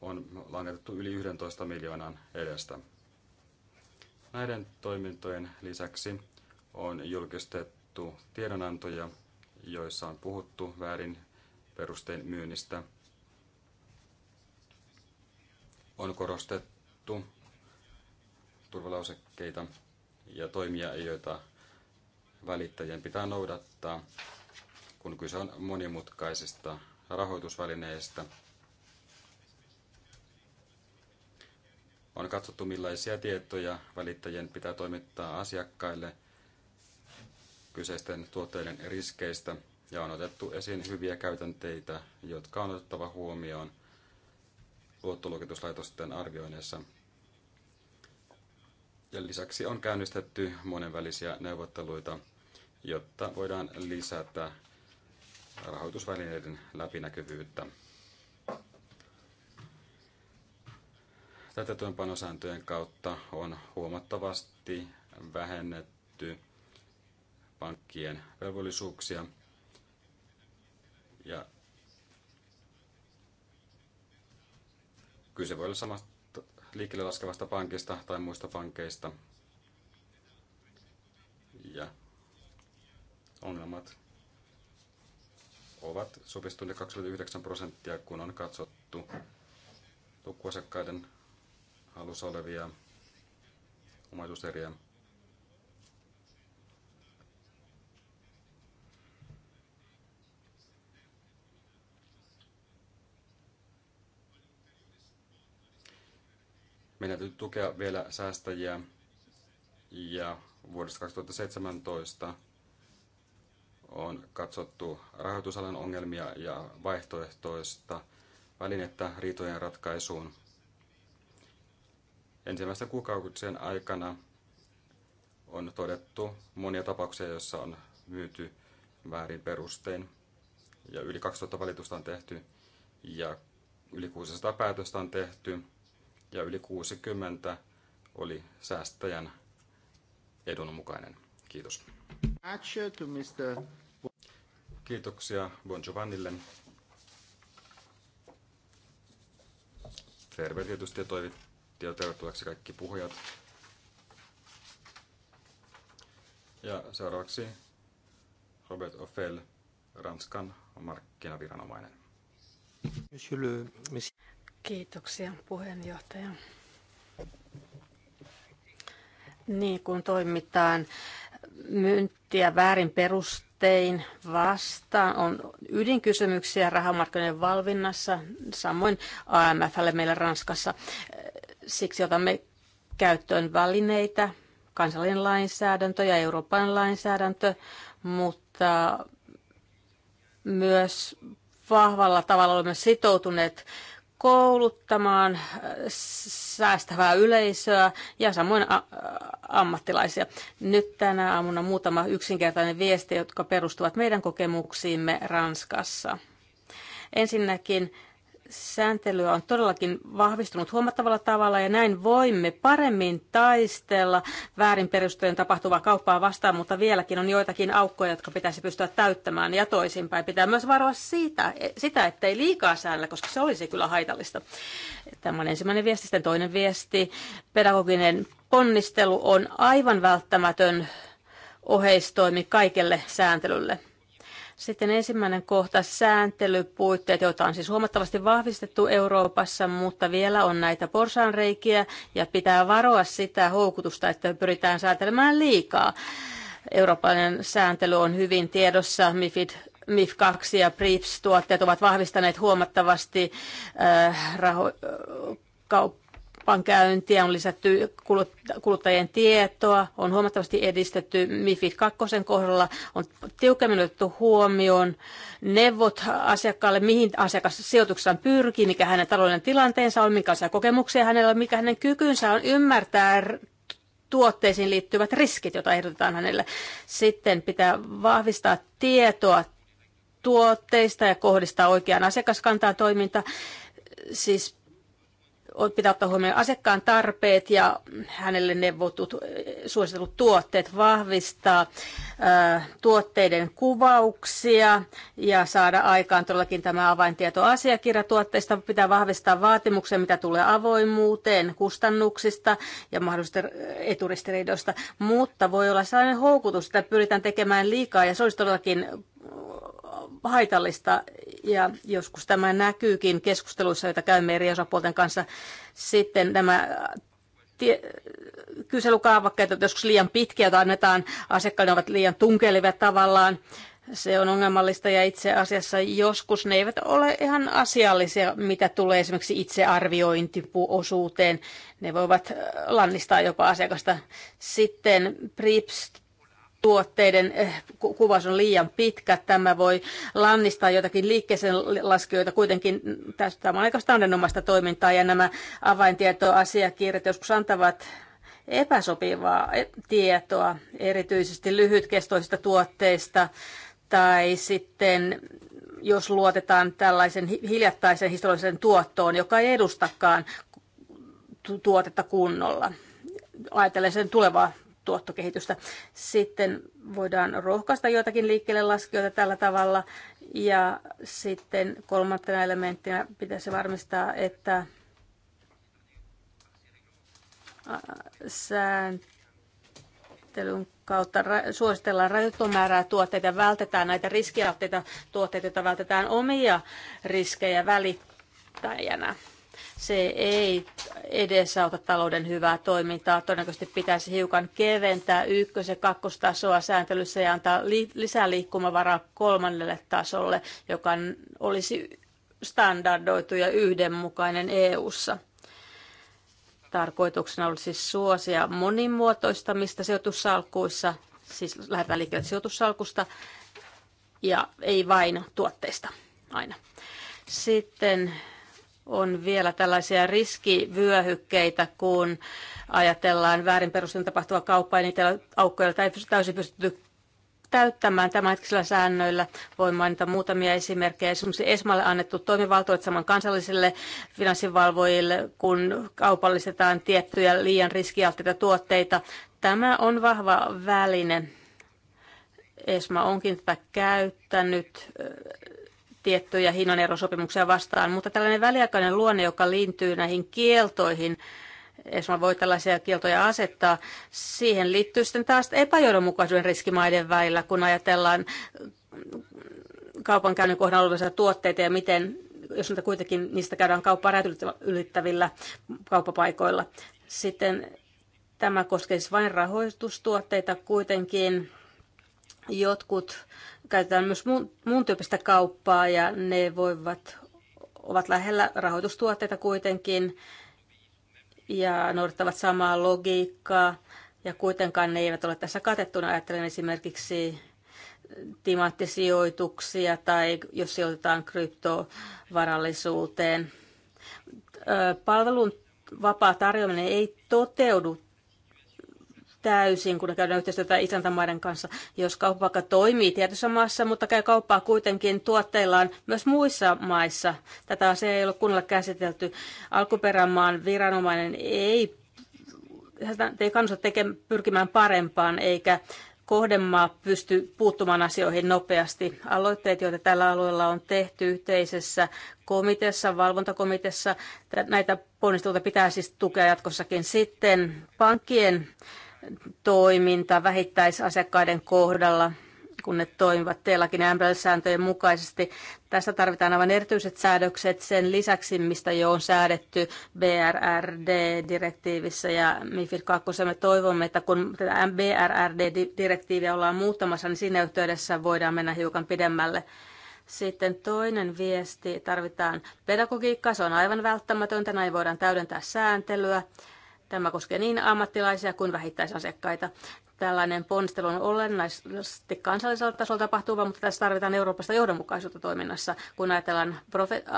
on langetettu yli 11 miljoonan edestä. Näiden toimintojen lisäksi on julkistettu tiedonantoja, joissa on puhuttu väärin perustein myynnistä. On korostettu turvalausekkeita ja toimia, joita välittäjien pitää noudattaa, kun kyse on monimutkaisista rahoitusvälineistä. On katsottu, millaisia tietoja välittäjien pitää toimittaa asiakkaille kyseisten tuotteiden riskeistä, ja on otettu esiin hyviä käytänteitä, jotka on otettava huomioon luottoluokituslaitosten arvioinneissa. Ja lisäksi on käynnistetty monenvälisiä neuvotteluita jotta voidaan lisätä rahoitusvälineiden läpinäkyvyyttä. Tätä työnpanosääntöjen kautta on huomattavasti vähennetty pankkien velvollisuuksia ja kyse voi olla samasta liikkeelle laskevasta pankista tai muista pankeista. Ja ongelmat ovat supistuneet 29 prosenttia, kun on katsottu tukkuasakkaiden halussa olevia omaisuuseriä. Meidän täytyy tukea vielä säästäjiä ja vuodesta 2017 on katsottu rahoitusalan ongelmia ja vaihtoehtoista välinettä riitojen ratkaisuun. Ensimmäisten kuukautisen aikana on todettu monia tapauksia, joissa on myyty väärin perustein ja yli 2000 valitusta on tehty ja yli 600 päätöstä on tehty ja yli 60 oli säästäjän edun mukainen. Kiitos. Kiitoksia Bon Giovannille. Terve tietysti ja toivotti ja tervetulleeksi kaikki puhujat. Ja seuraavaksi Robert Offel, Ranskan markkinaviranomainen. Kiitoksia puheenjohtaja. Niin kuin toimitaan myyntiä väärin perustein vastaan on ydinkysymyksiä rahamarkkinoiden valvinnassa, samoin AMFlle meillä Ranskassa. Siksi otamme käyttöön välineitä, kansallinen lainsäädäntö ja Euroopan lainsäädäntö, mutta myös vahvalla tavalla olemme sitoutuneet kouluttamaan äh, säästävää yleisöä ja samoin äh, ammattilaisia. Nyt tänä aamuna muutama yksinkertainen viesti, jotka perustuvat meidän kokemuksiimme Ranskassa. Ensinnäkin sääntelyä on todellakin vahvistunut huomattavalla tavalla ja näin voimme paremmin taistella väärin perustojen tapahtuvaa kauppaa vastaan, mutta vieläkin on joitakin aukkoja, jotka pitäisi pystyä täyttämään ja toisinpäin. Pitää myös varoa siitä, sitä, ettei liikaa säännellä, koska se olisi kyllä haitallista. Tämä on ensimmäinen viesti, sitten toinen viesti. Pedagoginen ponnistelu on aivan välttämätön oheistoimi kaikelle sääntelylle sitten ensimmäinen kohta, sääntelypuitteet, joita on siis huomattavasti vahvistettu Euroopassa, mutta vielä on näitä porsaanreikiä ja pitää varoa sitä houkutusta, että pyritään sääntelemään liikaa. Eurooppalainen sääntely on hyvin tiedossa, MIFID MIF 2 ja PRIPS-tuotteet ovat vahvistaneet huomattavasti äh, raho- kaup- kauppankäyntiä, on lisätty kuluttajien tietoa, on huomattavasti edistetty MIFID 2 kohdalla, on tiukemmin otettu huomioon neuvot asiakkaalle, mihin asiakas sijoituksessaan pyrkii, mikä hänen talouden tilanteensa on, minkälaisia kokemuksia hänellä, mikä hänen kykynsä on ymmärtää tuotteisiin liittyvät riskit, joita ehdotetaan hänelle. Sitten pitää vahvistaa tietoa tuotteista ja kohdistaa oikeaan asiakaskantaan toiminta. Siis pitää ottaa huomioon asiakkaan tarpeet ja hänelle neuvotut eh, suositellut tuotteet, vahvistaa eh, tuotteiden kuvauksia ja saada aikaan todellakin tämä avaintietoasiakirja tuotteista. Pitää vahvistaa vaatimuksia, mitä tulee avoimuuteen, kustannuksista ja mahdollisista eturistiriidoista, mutta voi olla sellainen houkutus, että pyritään tekemään liikaa ja se olisi todellakin haitallista ja joskus tämä näkyykin keskusteluissa, joita käymme eri osapuolten kanssa. Sitten nämä tie- kyselykaavakkeet ovat joskus liian pitkiä, joita annetaan asiakkaille, ovat liian tunkelivia tavallaan. Se on ongelmallista ja itse asiassa joskus ne eivät ole ihan asiallisia, mitä tulee esimerkiksi itsearviointiosuuteen. Ne voivat lannistaa jopa asiakasta. Sitten PRIPS tuotteiden eh, kuvaus on liian pitkä. Tämä voi lannistaa jotakin liikkeeseen laskijoita. Kuitenkin tästä on aika standardinomaista toimintaa ja nämä avaintietoasiakirjat joskus antavat epäsopivaa eh, tietoa, erityisesti lyhytkestoisista tuotteista tai sitten jos luotetaan tällaisen hiljattaisen historiallisen tuottoon, joka ei edustakaan tuotetta kunnolla. Ajatellen sen tulevaa tuottokehitystä. Sitten voidaan rohkaista joitakin liikkeelle laskijoita tällä tavalla. Ja sitten kolmantena elementtinä pitäisi varmistaa, että sääntelyn kautta suositellaan rajoittua määrää tuotteita ja vältetään näitä riskialtteita tuotteita, joita vältetään omia riskejä välittäjänä. Se ei edesauta talouden hyvää toimintaa. Todennäköisesti pitäisi hiukan keventää ykkös- ja kakkostasoa sääntelyssä ja antaa li- lisää liikkumavaraa kolmannelle tasolle, joka olisi standardoitu ja yhdenmukainen EU:ssa. Tarkoituksena olisi siis suosia monimuotoistamista sijoitussalkuissa, siis lähdetään liikkeelle sijoitussalkusta ja ei vain tuotteista aina. Sitten on vielä tällaisia riskivyöhykkeitä, kun ajatellaan väärin perustein tapahtuvaa kauppaa, ja niitä aukkoja täysin pystytty täyttämään tämänhetkisillä säännöillä. Voin mainita muutamia esimerkkejä. Esimerkiksi Esmalle annettu toimivaltuudet saman kansallisille finanssivalvojille, kun kaupallistetaan tiettyjä liian riskialttiita tuotteita. Tämä on vahva väline. Esma onkin tätä käyttänyt tiettyjä hinnanerosopimuksia vastaan, mutta tällainen väliaikainen luonne, joka liittyy näihin kieltoihin, ESMA voi tällaisia kieltoja asettaa. Siihen liittyy sitten taas epäjohdonmukaisuuden riskimaiden välillä, kun ajatellaan kaupankäynnin kohdalla olevia tuotteita ja miten, jos niitä kuitenkin niistä käydään kauppaa ylittävillä kauppapaikoilla. Sitten tämä koskee siis vain rahoitustuotteita kuitenkin. Jotkut käytetään myös muun, muun tyyppistä kauppaa ja ne voivat, ovat lähellä rahoitustuotteita kuitenkin ja noudattavat samaa logiikkaa ja kuitenkaan ne eivät ole tässä katettuna. Ajattelen esimerkiksi timanttisijoituksia tai jos sijoitetaan kryptovarallisuuteen. Palvelun vapaa tarjoaminen ei toteudu täysin, kun käydään yhteistyötä isäntämaiden kanssa. Jos kauppa toimii tietyssä maassa, mutta käy kauppaa kuitenkin tuotteillaan myös muissa maissa. Tätä asiaa ei ole kunnolla käsitelty. Alkuperämaan viranomainen ei, ei kannusta teke, pyrkimään parempaan, eikä kohdemaa pysty puuttumaan asioihin nopeasti. Aloitteet, joita tällä alueella on tehty yhteisessä komiteassa, valvontakomiteassa, näitä ponnisteluita pitää siis tukea jatkossakin. Sitten pankkien toiminta vähittäisasiakkaiden kohdalla, kun ne toimivat teilläkin NBR-sääntöjen mukaisesti. Tässä tarvitaan aivan erityiset säädökset sen lisäksi, mistä jo on säädetty BRRD-direktiivissä ja MIFID 2. Me toivomme, että kun tätä BRRD-direktiiviä ollaan muuttamassa, niin siinä yhteydessä voidaan mennä hiukan pidemmälle. Sitten toinen viesti, tarvitaan pedagogiikkaa, se on aivan välttämätöntä, näin voidaan täydentää sääntelyä. Tämä koskee niin ammattilaisia kuin vähittäisasiakkaita. Tällainen ponnistelu on olennaisesti kansallisella tasolla tapahtuva, mutta tässä tarvitaan Euroopasta johdonmukaisuutta toiminnassa. Kun ajatellaan profe-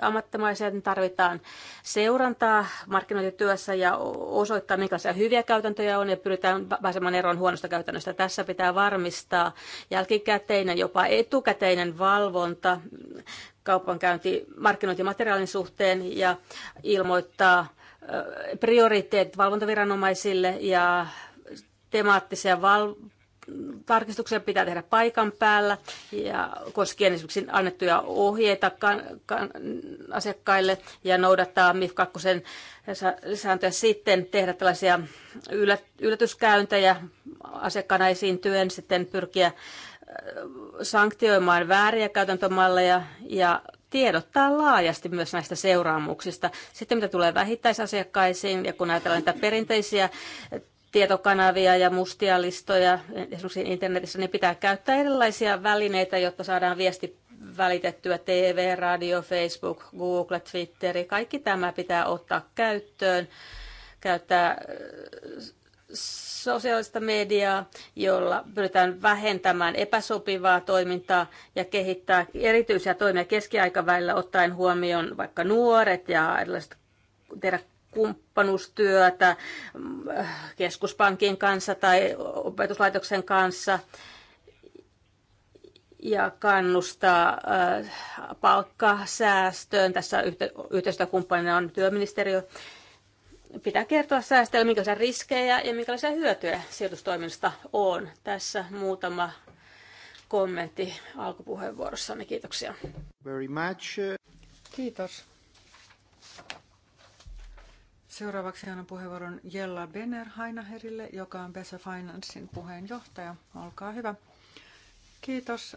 ammattimaisia, niin tarvitaan seurantaa markkinointityössä ja osoittaa, minkälaisia hyviä käytäntöjä on ja pyritään pääsemään eroon huonosta käytännöstä. Tässä pitää varmistaa jälkikäteinen, jopa etukäteinen valvonta kaupankäynti markkinointimateriaalin suhteen ja ilmoittaa prioriteetit valvontaviranomaisille ja temaattisia val- tarkistuksia pitää tehdä paikan päällä ja koskien esimerkiksi annettuja ohjeita kan, kan, asiakkaille ja noudattaa MIF 2 sääntöjä sitten tehdä tällaisia yllät, yllätyskäyntejä asiakkaana esiintyen, sitten pyrkiä sanktioimaan vääriä käytäntömalleja ja tiedottaa laajasti myös näistä seuraamuksista. Sitten mitä tulee vähittäisasiakkaisiin ja kun ajatellaan niitä perinteisiä tietokanavia ja mustia listoja esimerkiksi internetissä, niin pitää käyttää erilaisia välineitä, jotta saadaan viesti välitettyä TV, radio, Facebook, Google, Twitteri. Kaikki tämä pitää ottaa käyttöön, käyttää sosiaalista mediaa, jolla pyritään vähentämään epäsopivaa toimintaa ja kehittää erityisiä toimia keskiaikavälillä ottaen huomioon vaikka nuoret ja erilaiset tehdä kumppanuustyötä keskuspankin kanssa tai opetuslaitoksen kanssa ja kannustaa äh, palkkasäästöön. Tässä yhteistyökumppanina on työministeriö pitää kertoa säästäjille, minkälaisia riskejä ja minkälaisia hyötyjä sijoitustoiminnasta on. Tässä muutama kommentti alkupuheenvuorossanne. Kiitoksia. Very much. Kiitos. Seuraavaksi annan puheenvuoron Jella Benner Hainaherille, joka on Besa Financein puheenjohtaja. Olkaa hyvä. Kiitos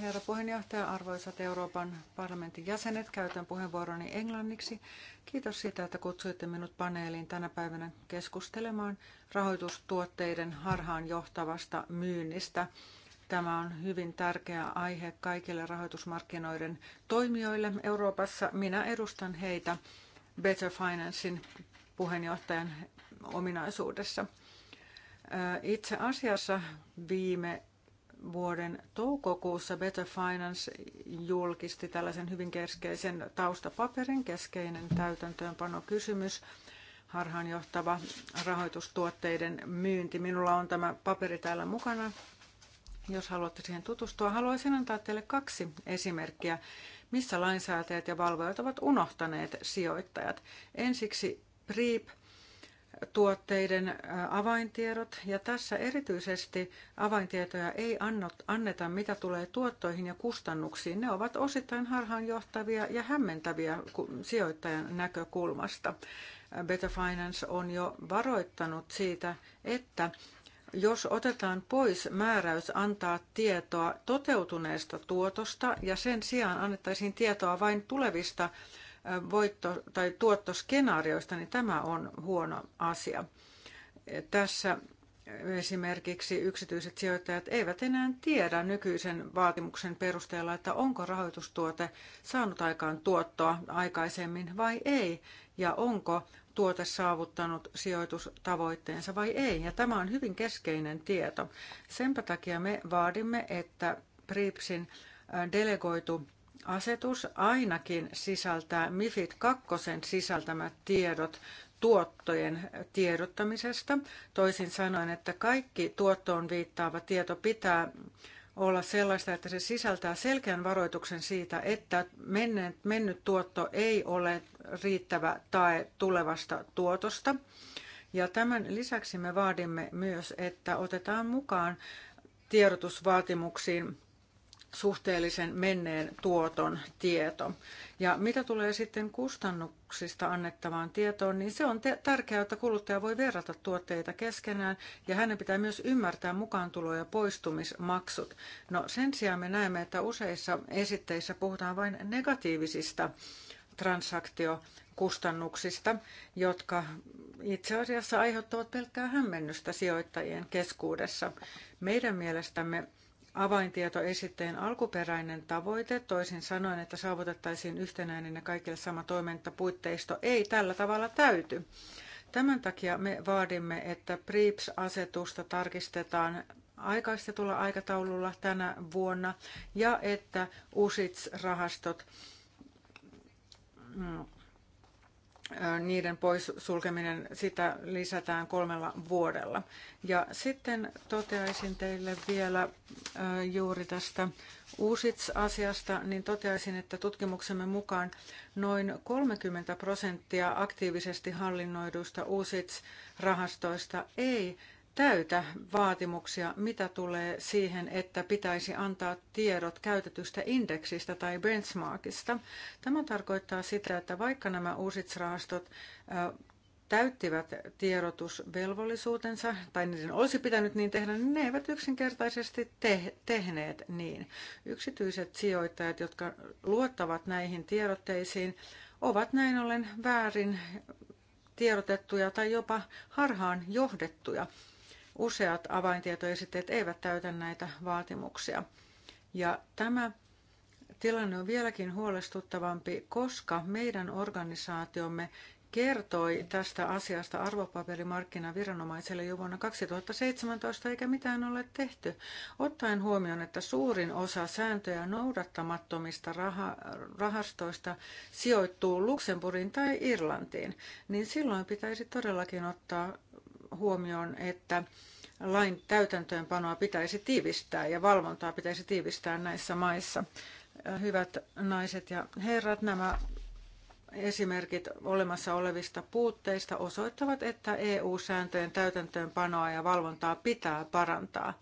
Herra puheenjohtaja, arvoisat Euroopan parlamentin jäsenet, käytän puheenvuoroni englanniksi. Kiitos siitä, että kutsuitte minut paneeliin tänä päivänä keskustelemaan rahoitustuotteiden harhaan johtavasta myynnistä. Tämä on hyvin tärkeä aihe kaikille rahoitusmarkkinoiden toimijoille Euroopassa. Minä edustan heitä Better Financein puheenjohtajan ominaisuudessa. Itse asiassa viime vuoden toukokuussa Better Finance julkisti tällaisen hyvin keskeisen taustapaperin, keskeinen täytäntöönpanokysymys, harhaanjohtava rahoitustuotteiden myynti. Minulla on tämä paperi täällä mukana, jos haluatte siihen tutustua. Haluaisin antaa teille kaksi esimerkkiä, missä lainsäätäjät ja valvojat ovat unohtaneet sijoittajat. Ensiksi PREEP – tuotteiden avaintiedot. Ja tässä erityisesti avaintietoja ei anneta, mitä tulee tuottoihin ja kustannuksiin. Ne ovat osittain harhaanjohtavia ja hämmentäviä sijoittajan näkökulmasta. Better Finance on jo varoittanut siitä, että jos otetaan pois määräys antaa tietoa toteutuneesta tuotosta ja sen sijaan annettaisiin tietoa vain tulevista voitto- tai tuottoskenaarioista, niin tämä on huono asia. Tässä esimerkiksi yksityiset sijoittajat eivät enää tiedä nykyisen vaatimuksen perusteella, että onko rahoitustuote saanut aikaan tuottoa aikaisemmin vai ei, ja onko tuote saavuttanut sijoitustavoitteensa vai ei. Ja tämä on hyvin keskeinen tieto. Senpä takia me vaadimme, että PRIPSin delegoitu Asetus ainakin sisältää MIFID 2 sisältämät tiedot tuottojen tiedottamisesta. Toisin sanoen, että kaikki tuottoon viittaava tieto pitää olla sellaista, että se sisältää selkeän varoituksen siitä, että mennyt tuotto ei ole riittävä tae tulevasta tuotosta. Ja tämän lisäksi me vaadimme myös, että otetaan mukaan tiedotusvaatimuksiin suhteellisen menneen tuoton tieto. Ja mitä tulee sitten kustannuksista annettavaan tietoon, niin se on tärkeää, että kuluttaja voi verrata tuotteita keskenään ja hänen pitää myös ymmärtää mukaantulo- ja poistumismaksut. No sen sijaan me näemme, että useissa esitteissä puhutaan vain negatiivisista transaktiokustannuksista, jotka itse asiassa aiheuttavat pelkkää hämmennystä sijoittajien keskuudessa. Meidän mielestämme avaintietoesitteen alkuperäinen tavoite, toisin sanoen, että saavutettaisiin yhtenäinen ja kaikille sama toimintapuitteisto, ei tällä tavalla täyty. Tämän takia me vaadimme, että PRIPS-asetusta tarkistetaan aikaistetulla aikataululla tänä vuonna ja että USITS-rahastot mm, niiden pois sulkeminen, sitä lisätään kolmella vuodella. Ja sitten toteaisin teille vielä juuri tästä uusits-asiasta, niin toteaisin, että tutkimuksemme mukaan noin 30 prosenttia aktiivisesti hallinnoiduista uusits-rahastoista ei täytä vaatimuksia, mitä tulee siihen, että pitäisi antaa tiedot käytetystä indeksistä tai benchmarkista. Tämä tarkoittaa sitä, että vaikka nämä uusit rahastot täyttivät tiedotusvelvollisuutensa, tai niiden olisi pitänyt niin tehdä, niin ne eivät yksinkertaisesti te- tehneet niin. Yksityiset sijoittajat, jotka luottavat näihin tiedotteisiin, ovat näin ollen väärin tiedotettuja tai jopa harhaan johdettuja useat avaintietoesitteet eivät täytä näitä vaatimuksia. Ja tämä tilanne on vieläkin huolestuttavampi, koska meidän organisaatiomme kertoi tästä asiasta arvopaperimarkkinaviranomaiselle jo vuonna 2017 eikä mitään ole tehty, ottaen huomioon, että suurin osa sääntöjä noudattamattomista raha- rahastoista sijoittuu Luxemburgin tai Irlantiin, niin silloin pitäisi todellakin ottaa huomioon, että lain täytäntöönpanoa pitäisi tiivistää ja valvontaa pitäisi tiivistää näissä maissa. Hyvät naiset ja herrat, nämä esimerkit olemassa olevista puutteista osoittavat, että EU-sääntöjen täytäntöönpanoa ja valvontaa pitää parantaa.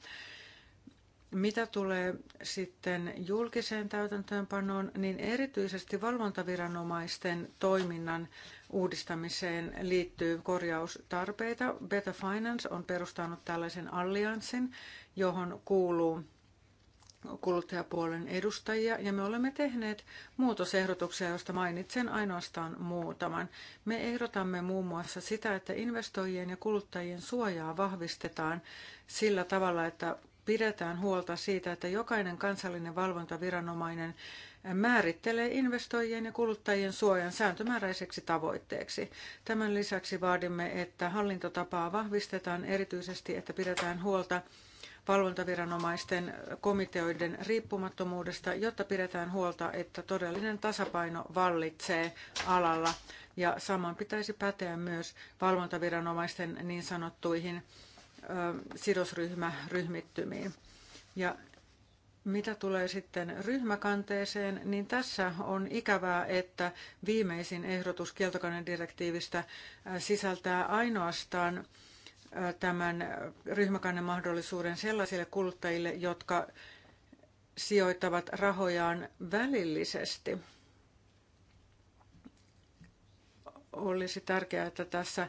Mitä tulee sitten julkiseen täytäntöönpanoon, niin erityisesti valvontaviranomaisten toiminnan uudistamiseen liittyy korjaustarpeita. Better Finance on perustanut tällaisen allianssin, johon kuuluu kuluttajapuolen edustajia ja me olemme tehneet muutosehdotuksia, joista mainitsen ainoastaan muutaman. Me ehdotamme muun muassa sitä, että investoijien ja kuluttajien suojaa vahvistetaan sillä tavalla, että pidetään huolta siitä, että jokainen kansallinen valvontaviranomainen määrittelee investoijien ja kuluttajien suojan sääntömääräiseksi tavoitteeksi. Tämän lisäksi vaadimme, että hallintotapaa vahvistetaan erityisesti, että pidetään huolta valvontaviranomaisten komiteoiden riippumattomuudesta, jotta pidetään huolta, että todellinen tasapaino vallitsee alalla. Ja saman pitäisi päteä myös valvontaviranomaisten niin sanottuihin sidosryhmäryhmittymiin. Ja mitä tulee sitten ryhmäkanteeseen, niin tässä on ikävää, että viimeisin ehdotus kieltokannen direktiivistä äh, sisältää ainoastaan äh, tämän ryhmäkannen mahdollisuuden sellaisille kuluttajille, jotka sijoittavat rahojaan välillisesti. Olisi tärkeää, että tässä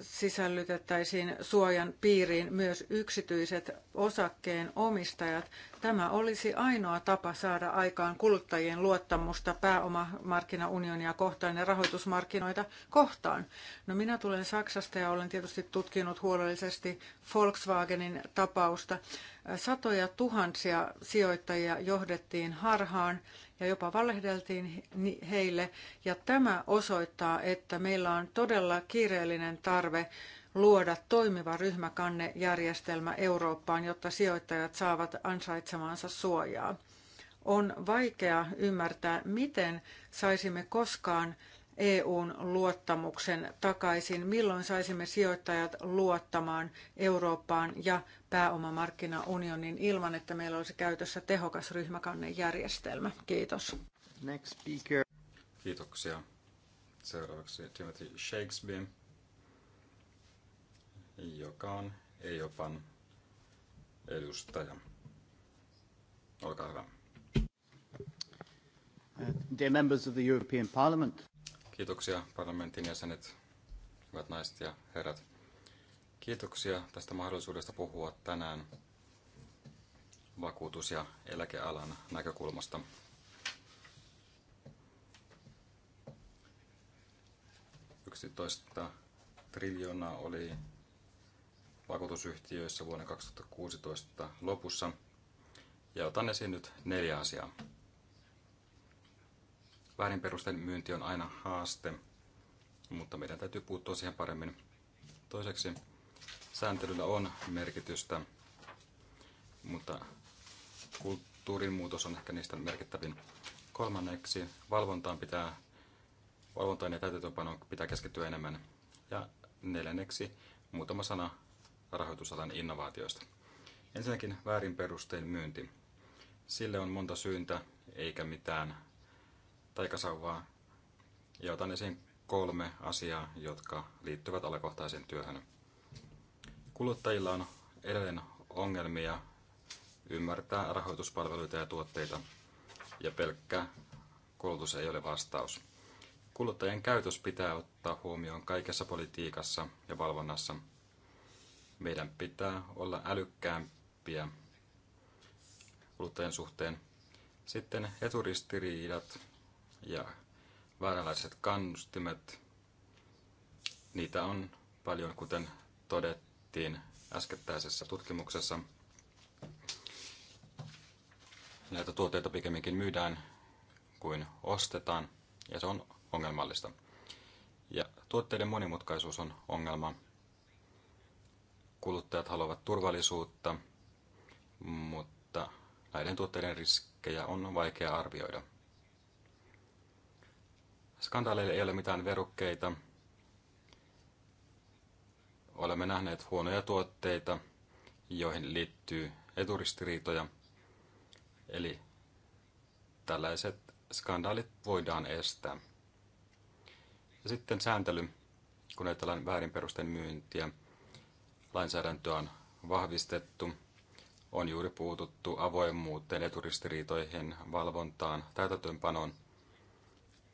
sisällytettäisiin suojan piiriin myös yksityiset osakkeen omistajat. Tämä olisi ainoa tapa saada aikaan kuluttajien luottamusta pääomamarkkinaunionia kohtaan ja rahoitusmarkkinoita kohtaan. No minä tulen Saksasta ja olen tietysti tutkinut huolellisesti Volkswagenin tapausta. Satoja tuhansia sijoittajia johdettiin harhaan ja jopa valehdeltiin heille. Ja tämä osoittaa, että meillä on todella kiireellinen tarve luoda toimiva ryhmäkannejärjestelmä Eurooppaan, jotta sijoittajat saavat ansaitsemaansa suojaa. On vaikea ymmärtää, miten saisimme koskaan EUn luottamuksen takaisin, milloin saisimme sijoittajat luottamaan Eurooppaan ja pääomamarkkinaunionin ilman, että meillä olisi käytössä tehokas ryhmäkannejärjestelmä. Kiitos. Next speaker. Kiitoksia. Seuraavaksi Timothy Shakespeare, joka on EIOPan edustaja. Olkaa hyvä. Dear members of the European Parliament. Kiitoksia parlamentin jäsenet, hyvät naiset ja herrat. Kiitoksia tästä mahdollisuudesta puhua tänään vakuutus- ja eläkealan näkökulmasta. Yksitoista triljoonaa oli vakuutusyhtiöissä vuonna 2016 lopussa. Ja otan esiin nyt neljä asiaa. Väärin perusten myynti on aina haaste, mutta meidän täytyy puuttua siihen paremmin. Toiseksi sääntelyllä on merkitystä, mutta kulttuurin muutos on ehkä niistä merkittävin. Kolmanneksi valvontaan pitää valvontaan ja täytäntöönpanoon pitää keskittyä enemmän. Ja neljänneksi muutama sana rahoitusalan innovaatioista. Ensinnäkin väärin perustein myynti. Sille on monta syyntä eikä mitään taikasauvaa. Ja otan esiin kolme asiaa, jotka liittyvät alakohtaiseen työhön. Kuluttajilla on edelleen ongelmia ymmärtää rahoituspalveluita ja tuotteita, ja pelkkä koulutus ei ole vastaus. Kuluttajien käytös pitää ottaa huomioon kaikessa politiikassa ja valvonnassa. Meidän pitää olla älykkäämpiä kuluttajien suhteen. Sitten eturistiriidat ja vääränlaiset kannustimet. Niitä on paljon, kuten todettu todettiin äskettäisessä tutkimuksessa. Näitä tuotteita pikemminkin myydään kuin ostetaan, ja se on ongelmallista. Ja tuotteiden monimutkaisuus on ongelma. Kuluttajat haluavat turvallisuutta, mutta näiden tuotteiden riskejä on vaikea arvioida. Skandaaleille ei ole mitään verukkeita, olemme nähneet huonoja tuotteita, joihin liittyy eturistiriitoja. Eli tällaiset skandaalit voidaan estää. Ja sitten sääntely, kun ajatellaan väärin perusten myyntiä. Lainsäädäntöä on vahvistettu, on juuri puututtu avoimuuteen, eturistiriitoihin, valvontaan, täytäntöönpanoon.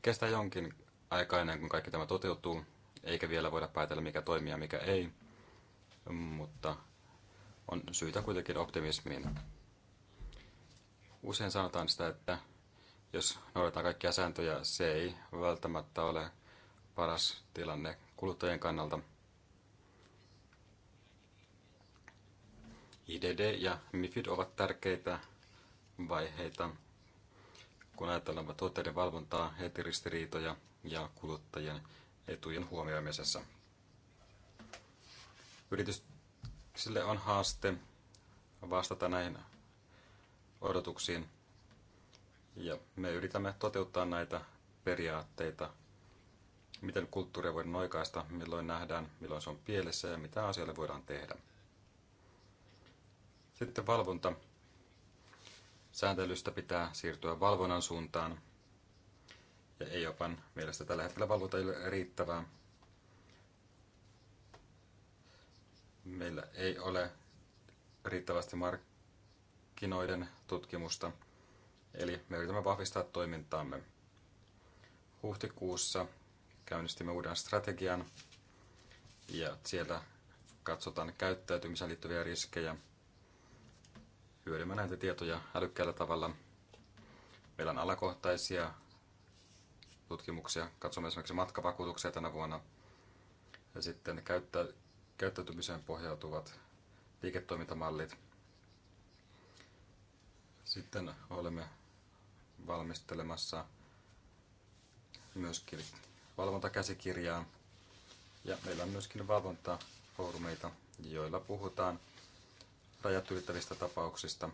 Kestää jonkin aikaa ennen kuin kaikki tämä toteutuu, eikä vielä voida päätellä mikä toimii ja mikä ei, mutta on syytä kuitenkin optimismiin. Usein sanotaan sitä, että jos noudatetaan kaikkia sääntöjä, se ei välttämättä ole paras tilanne kuluttajien kannalta. IDD ja MIFID ovat tärkeitä vaiheita, kun ajatellaan tuotteiden valvontaa, ristiriitoja ja kuluttajien etujen huomioimisessa. Yrityksille on haaste vastata näihin odotuksiin ja me yritämme toteuttaa näitä periaatteita, miten kulttuuria voidaan oikaista, milloin nähdään, milloin se on pielessä ja mitä asialle voidaan tehdä. Sitten valvonta. Sääntelystä pitää siirtyä valvonnan suuntaan ja jopa mielestä tällä hetkellä valuuta ei ole riittävää. Meillä ei ole riittävästi markkinoiden tutkimusta, eli me yritämme vahvistaa toimintaamme. Huhtikuussa käynnistimme uuden strategian ja siellä katsotaan käyttäytymiseen liittyviä riskejä. Hyödymme näitä tietoja älykkäällä tavalla. Meillä on alakohtaisia tutkimuksia. Katsomme esimerkiksi matkavakuutuksia tänä vuonna. Ja sitten käyttä, käyttäytymiseen pohjautuvat liiketoimintamallit. Sitten olemme valmistelemassa myöskin valvontakäsikirjaa. Ja meillä on myöskin valvontafoorumeita, joilla puhutaan rajat ylittävistä tapauksista.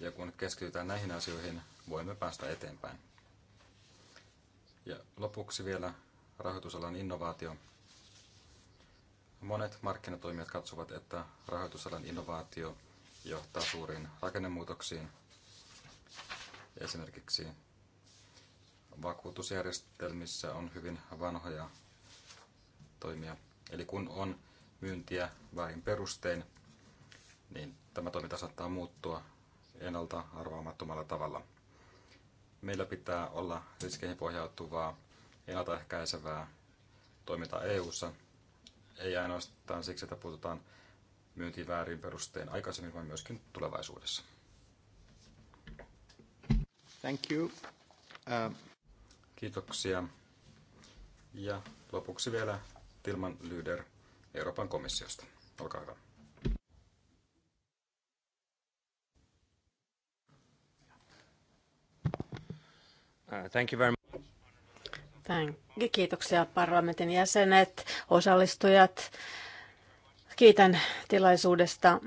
Ja kun keskitytään näihin asioihin, voimme päästä eteenpäin. Ja lopuksi vielä rahoitusalan innovaatio. Monet markkinatoimijat katsovat, että rahoitusalan innovaatio johtaa suuriin rakennemuutoksiin. Esimerkiksi vakuutusjärjestelmissä on hyvin vanhoja toimia. Eli kun on myyntiä väärin perustein, niin tämä toiminta saattaa muuttua ennalta arvaamattomalla tavalla. Meillä pitää olla riskeihin pohjautuvaa ennaltaehkäisevää toimintaa EU-ssa, ei ainoastaan siksi, että puututaan myyntiin väärin perustein aikaisemmin, vaan myöskin tulevaisuudessa. Thank you. Uh... Kiitoksia. Ja lopuksi vielä Tilman Lyder Euroopan komissiosta. Olkaa hyvä. Uh, thank you very much. Thank. Kiitoksia parlamentin jäsenet, osallistujat. Kiitän tilaisuudesta,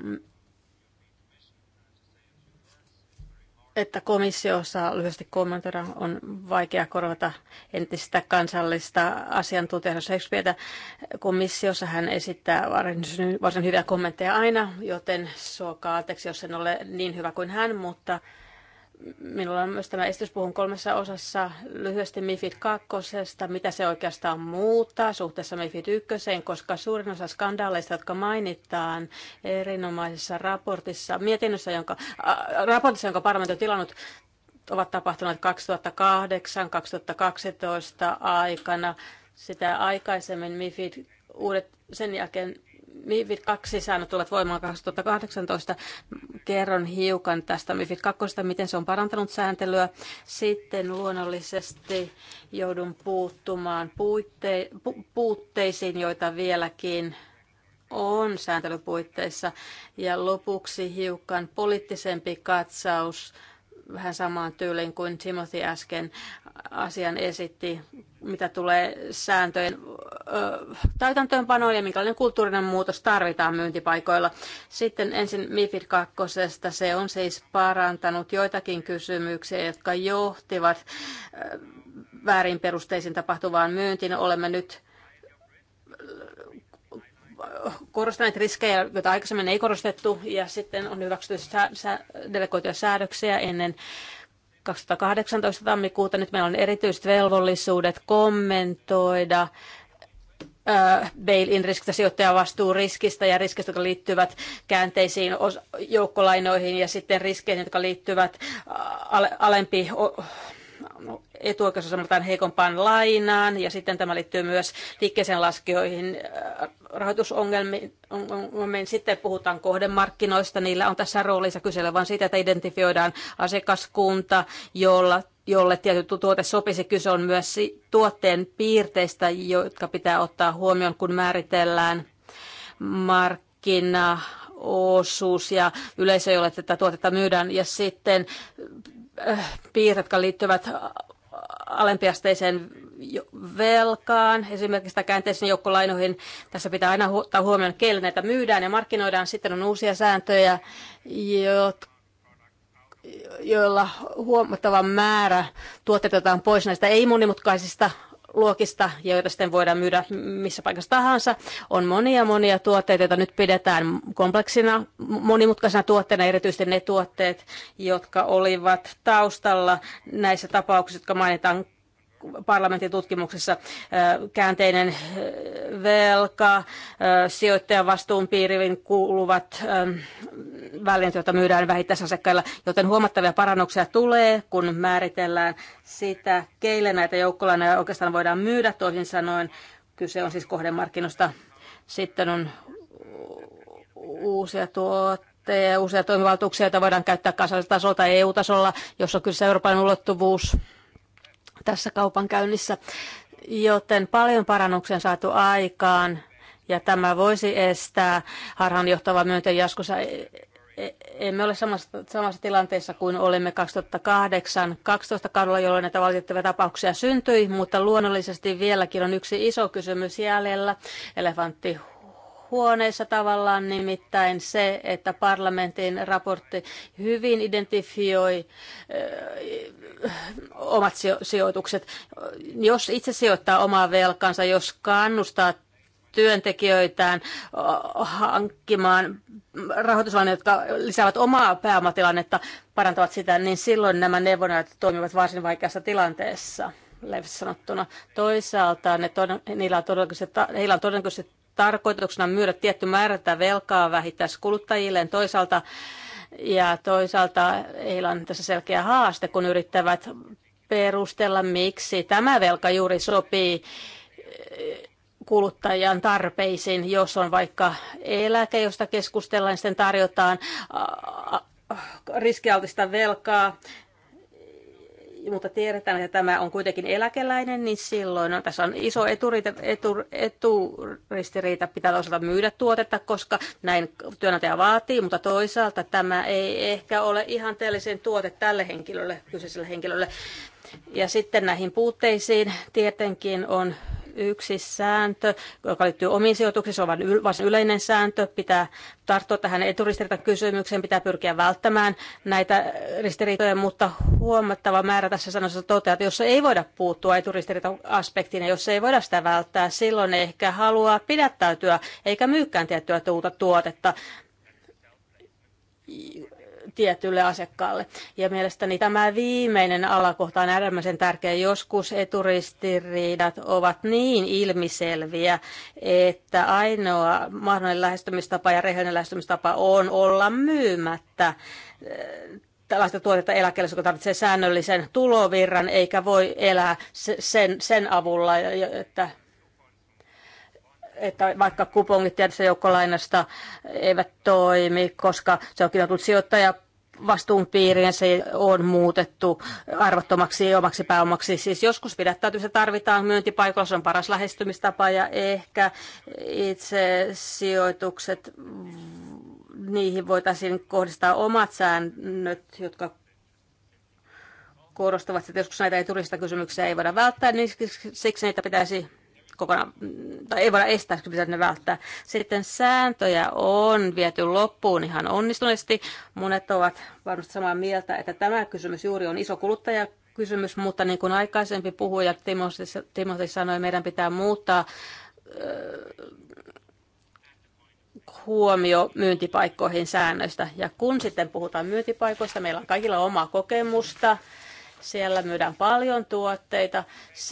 että komissio saa lyhyesti kommentoida. On vaikea korvata entistä kansallista asiantuntijaa Shakespearetä. Komissiossa hän esittää varsin hyviä kommentteja aina, joten suokaa anteeksi, jos en ole niin hyvä kuin hän, mutta Minulla on myös tämä esitys, puhun kolmessa osassa lyhyesti MIFID 2, mitä se oikeastaan muuttaa suhteessa MIFID 1, koska suurin osa skandaaleista, jotka mainitaan erinomaisessa raportissa, mietinnössä, jonka, ä, raportissa, jonka parlamentti on tilannut, ovat tapahtuneet 2008-2012 aikana. Sitä aikaisemmin MIFID uudet sen jälkeen MIFID 2 säännöt tulevat voimaan 2018. Kerron hiukan tästä MIFID 2, miten se on parantanut sääntelyä. Sitten luonnollisesti joudun puuttumaan puitte- pu- puutteisiin, joita vieläkin on sääntelypuitteissa. Ja lopuksi hiukan poliittisempi katsaus vähän samaan tyyliin kuin Timothy äsken asian esitti, mitä tulee sääntöjen täytäntöönpanoon ja minkälainen kulttuurinen muutos tarvitaan myyntipaikoilla. Sitten ensin MIFID 2. Se on siis parantanut joitakin kysymyksiä, jotka johtivat väärin perusteisiin tapahtuvaan myyntiin. Olemme nyt korostaneet riskejä, joita aikaisemmin ei korostettu, ja sitten on hyväksytty sää, sää, delegoituja säädöksiä ennen 2018 tammikuuta. Nyt meillä on erityiset velvollisuudet kommentoida bail-in riskistä, vastuu riskistä ja riskistä, jotka liittyvät käänteisiin joukkolainoihin ja sitten riskeihin, jotka liittyvät alempi etuoikeus annetaan heikompaan lainaan ja sitten tämä liittyy myös liikkeeseen laskijoihin äh, rahoitusongelmiin. Sitten puhutaan kohdemarkkinoista, niillä on tässä roolissa kysellä vain siitä, että identifioidaan asiakaskunta, jolla jolle tietty tuote sopisi. Kyse on myös tuotteen piirteistä, jotka pitää ottaa huomioon, kun määritellään markkinaosuus ja yleisö, jolle tätä tuotetta myydään, ja sitten äh, piirteet, jotka liittyvät alempiasteiseen velkaan, esimerkiksi käänteisiin joukkolainoihin. Tässä pitää aina ottaa huomioon, keille näitä myydään ja markkinoidaan. Sitten on uusia sääntöjä, jotka joilla huomattava määrä tuotetaan pois näistä ei-monimutkaisista luokista, joita sitten voidaan myydä missä paikassa tahansa. On monia monia tuotteita, joita nyt pidetään kompleksina, monimutkaisena tuotteena, erityisesti ne tuotteet, jotka olivat taustalla näissä tapauksissa, jotka mainitaan parlamentin tutkimuksessa käänteinen velka, sijoittajan vastuun piiriin kuuluvat välineet, joita myydään vähittäisasiakkailla, joten huomattavia parannuksia tulee, kun määritellään sitä, keille näitä joukkolainoja oikeastaan voidaan myydä. Toisin sanoen kyse on siis kohdemarkkinoista. Sitten on uusia tuotteita uusia toimivaltuuksia, joita voidaan käyttää kansallisella tasolla tai EU-tasolla, jossa on kyse Euroopan ulottuvuus tässä kaupankäynnissä, joten paljon parannuksen saatu aikaan ja tämä voisi estää harhaanjohtavaa myönteen jatkossa e, e, emme ole samassa, samassa tilanteessa kuin olimme 2008 12 kaudella, jolloin näitä valitettavia tapauksia syntyi, mutta luonnollisesti vieläkin on yksi iso kysymys jäljellä, elefantti huoneessa tavallaan nimittäin se, että parlamentin raportti hyvin identifioi äh, omat sijoitukset. Jos itse sijoittaa omaa velkansa, jos kannustaa työntekijöitään äh, hankkimaan rahoitusaineet, jotka lisäävät omaa pääomatilannetta, parantavat sitä, niin silloin nämä neuvonajat toimivat varsin vaikeassa tilanteessa levästi sanottuna. Toisaalta ne niillä on todennäköisesti, heillä on todennäköisesti tarkoituksena myydä tietty määrä tätä velkaa vähittäiskuluttajilleen toisaalta. Ja toisaalta heillä on tässä selkeä haaste, kun yrittävät perustella, miksi tämä velka juuri sopii eh, kuluttajan tarpeisiin, jos on vaikka eläke, josta keskustellaan, niin sitten tarjotaan riskialtista velkaa mutta tiedetään, että tämä on kuitenkin eläkeläinen, niin silloin no, tässä on iso eturiita, etur, eturistiriita. Pitää toisaalta myydä tuotetta, koska näin työnantaja vaatii, mutta toisaalta tämä ei ehkä ole ihan tällaisen tuote tälle henkilölle, kyseiselle henkilölle. Ja sitten näihin puutteisiin tietenkin on yksi sääntö, joka liittyy omiin sijoituksiin, se on vain yleinen sääntö, pitää tarttua tähän eturistiriitakysymykseen, pitää pyrkiä välttämään näitä ristiriitoja, mutta huomattava määrä tässä sanossa toteaa, että jos ei voida puuttua eturistiriita-aspektiin ja jos ei voida sitä välttää, silloin ehkä haluaa pidättäytyä eikä myykään tiettyä tuuta tuotetta tietylle asiakkaalle. Ja mielestäni tämä viimeinen alakohta on äärimmäisen tärkeä. Joskus eturistiriidat ovat niin ilmiselviä, että ainoa mahdollinen lähestymistapa ja rehellinen lähestymistapa on olla myymättä eh, tällaista tuotetta eläkkeelle, joka tarvitsee säännöllisen tulovirran, eikä voi elää sen, sen avulla, että että vaikka kupongit tietystä joukkolainasta eivät toimi, koska se on kyllä tullut sijoittaja vastuun piiriin se on muutettu arvottomaksi omaksi pääomaksi. Siis joskus pidättäytymistä tarvitaan myyntipaikalla, se on paras lähestymistapa ja ehkä itse sijoitukset, niihin voitaisiin kohdistaa omat säännöt, jotka korostavat, että joskus näitä ei turista kysymyksiä ei voida välttää, niin siksi niitä pitäisi kokonaan, mm, tai ei voida estää, kun pitää ne välttää. Sitten sääntöjä on viety loppuun ihan onnistuneesti. Monet ovat varmasti samaa mieltä, että tämä kysymys juuri on iso kuluttaja kysymys, mutta niin kuin aikaisempi puhuja Timothy, sanoi, meidän pitää muuttaa huomio myyntipaikkoihin säännöistä. Ja kun sitten puhutaan myyntipaikoista, meillä on kaikilla omaa kokemusta siellä myydään paljon tuotteita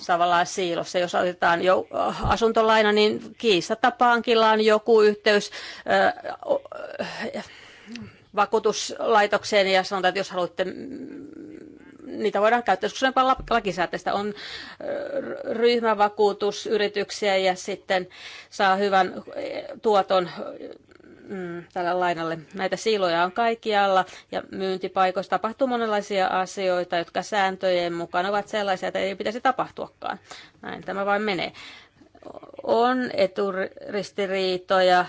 tavallaan siilossa. Jos otetaan jo äh, asuntolaina, niin kiistatta pankilla on joku yhteys äh, äh, vakuutuslaitokseen ja sanotaan, että jos haluatte mm, niitä voidaan käyttää. Joskus on lakisääteistä on ryhmävakuutusyrityksiä ja sitten saa hyvän tuoton mm, tälle lainalle. Näitä siiloja on kaikkialla ja myyntipaikoissa tapahtuu monenlaisia asioita, jotka sääntöjen mukaan ovat sellaisia, että ei pitäisi tapahtuakaan. Näin tämä vain menee. On eturistiriitoja,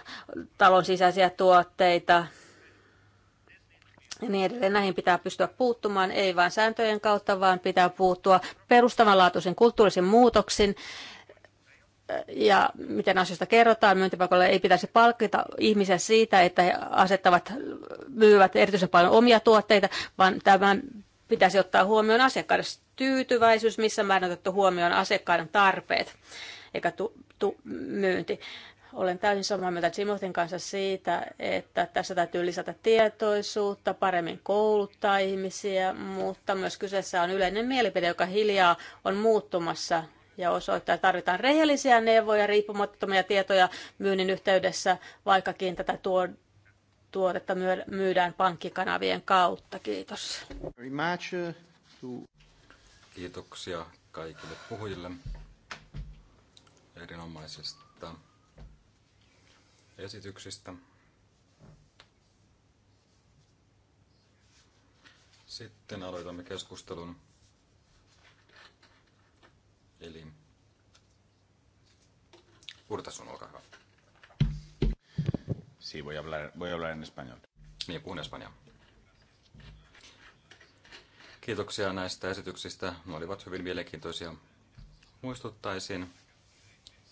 talon sisäisiä tuotteita, ja niin edelleen. Näihin pitää pystyä puuttumaan, ei vain sääntöjen kautta, vaan pitää puuttua perustavanlaatuisen kulttuurisen muutoksen ja miten asioista kerrotaan. Myyntipaikoilla ei pitäisi palkita ihmisiä siitä, että he asettavat, myyvät erityisen paljon omia tuotteita, vaan tämän pitäisi ottaa huomioon asiakkaiden tyytyväisyys, missä määrin otettu huomioon asiakkaiden tarpeet, eikä tu, tu, myynti. Olen täysin samaa mieltä Timothin kanssa siitä, että tässä täytyy lisätä tietoisuutta, paremmin kouluttaa ihmisiä, mutta myös kyseessä on yleinen mielipide, joka hiljaa on muuttumassa ja osoittaa, että tarvitaan rehellisiä neuvoja, riippumattomia tietoja myynnin yhteydessä, vaikkakin tätä tuo, tuotetta myydään pankkikanavien kautta. Kiitos. Uh, Kiitoksia kaikille puhujille erinomaisista esityksistä. Sitten aloitamme keskustelun. Eli sun, olkaa hyvä. Si, voy hablar, voy hablar en español. Niin, puhun espanjaa. Kiitoksia näistä esityksistä. Ne olivat hyvin mielenkiintoisia. Muistuttaisin,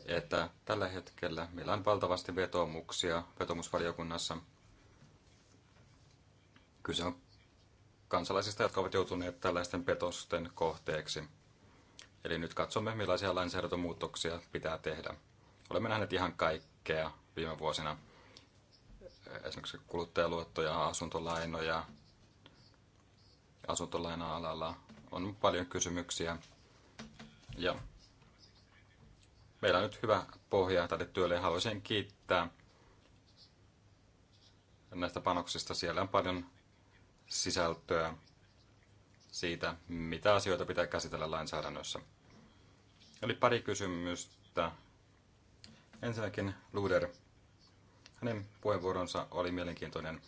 että tällä hetkellä meillä on valtavasti vetomuksia vetomusvaliokunnassa. Kyse on kansalaisista, jotka ovat joutuneet tällaisten petosten kohteeksi. Eli nyt katsomme, millaisia lainsäädäntömuutoksia pitää tehdä. Olemme nähneet ihan kaikkea viime vuosina. Esimerkiksi kuluttajaluottoja, asuntolainoja, asuntolaina-alalla on paljon kysymyksiä. Ja meillä on nyt hyvä pohja tälle työlle ja haluaisin kiittää näistä panoksista. Siellä on paljon sisältöä siitä, mitä asioita pitää käsitellä lainsäädännössä. Oli pari kysymystä. Ensinnäkin Luder. Hänen puheenvuoronsa oli mielenkiintoinen.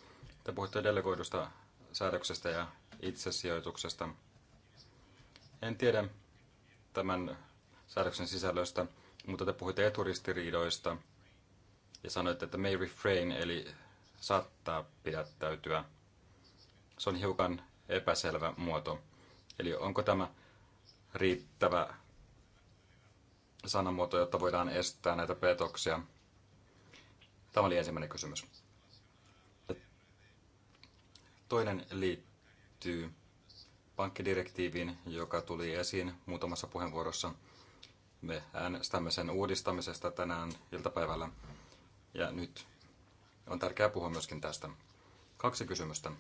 Te puhutte delegoidusta säädöksestä ja itsesijoituksesta. En tiedä tämän säädöksen sisällöstä, mutta te puhuitte eturistiriidoista ja sanoitte, että may refrain, eli saattaa pidättäytyä. Se on hiukan epäselvä muoto. Eli onko tämä riittävä sanamuoto, jotta voidaan estää näitä petoksia? Tämä oli ensimmäinen kysymys. Toinen liittyy pankkidirektiiviin, joka tuli esiin muutamassa puheenvuorossa. Me äänestämme sen uudistamisesta tänään iltapäivällä. Ja nyt on tärkeää puhua myöskin tästä. Kaksi kysymystä.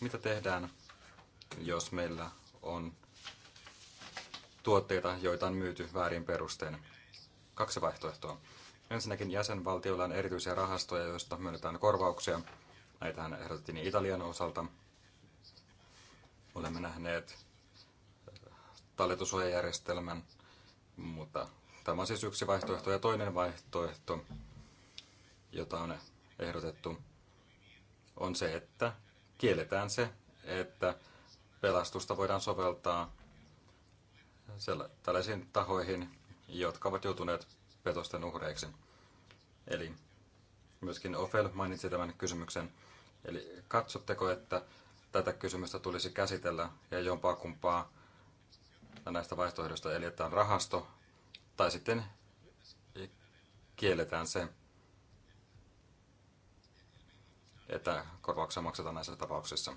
Mitä tehdään, jos meillä on tuotteita, joita on myyty väärin perustein? Kaksi vaihtoehtoa. Ensinnäkin jäsenvaltioilla on erityisiä rahastoja, joista myönnetään korvauksia. Näitähän ehdotettiin Italian osalta. Olemme nähneet talletusuojajärjestelmän, mutta tämä on siis yksi vaihtoehto. Ja toinen vaihtoehto, jota on ehdotettu, on se, että kielletään se, että pelastusta voidaan soveltaa tällaisiin tahoihin, jotka ovat joutuneet petosten uhreiksi. Eli myöskin Ofel mainitsi tämän kysymyksen. Eli katsotteko, että tätä kysymystä tulisi käsitellä ja jompaa kumpaa näistä vaihtoehdoista, eli että on rahasto, tai sitten kielletään se, että korvauksia maksetaan näissä tapauksissa.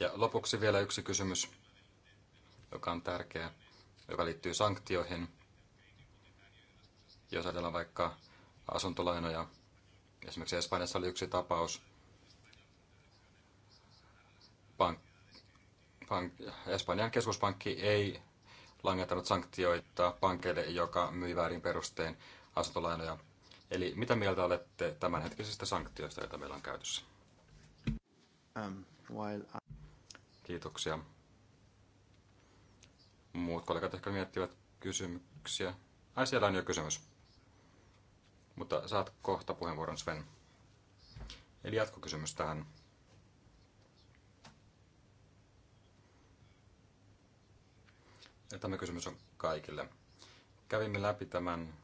Ja lopuksi vielä yksi kysymys, joka on tärkeä, joka liittyy sanktioihin. Jos ajatellaan vaikka asuntolainoja, esimerkiksi Espanjassa oli yksi tapaus, pank, pank, Espanjan keskuspankki ei langetanut sanktioita pankeille, joka myi väärin perustein asuntolainoja. Eli mitä mieltä olette tämänhetkisistä sanktioista, joita meillä on käytössä? Um, while I... Kiitoksia. Muut kollegat ehkä miettivät kysymyksiä. Ai siellä on jo kysymys. Mutta saat kohta puheenvuoron Sven. Eli jatkokysymys tähän. Ja tämä kysymys on kaikille. Kävimme läpi tämän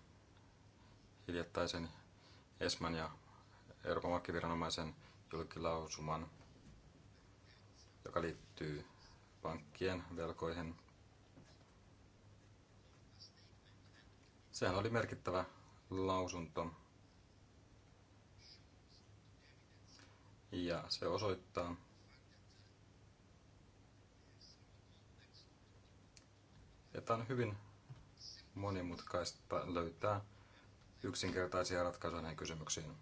hiljattaisen ESMAN ja Euroopan markkiviranomaisen julkilausuman, joka liittyy pankkien velkoihin. Sehän oli merkittävä lausunto. Ja se osoittaa, että on hyvin monimutkaista löytää yksinkertaisia ratkaisuja näihin kysymyksiin.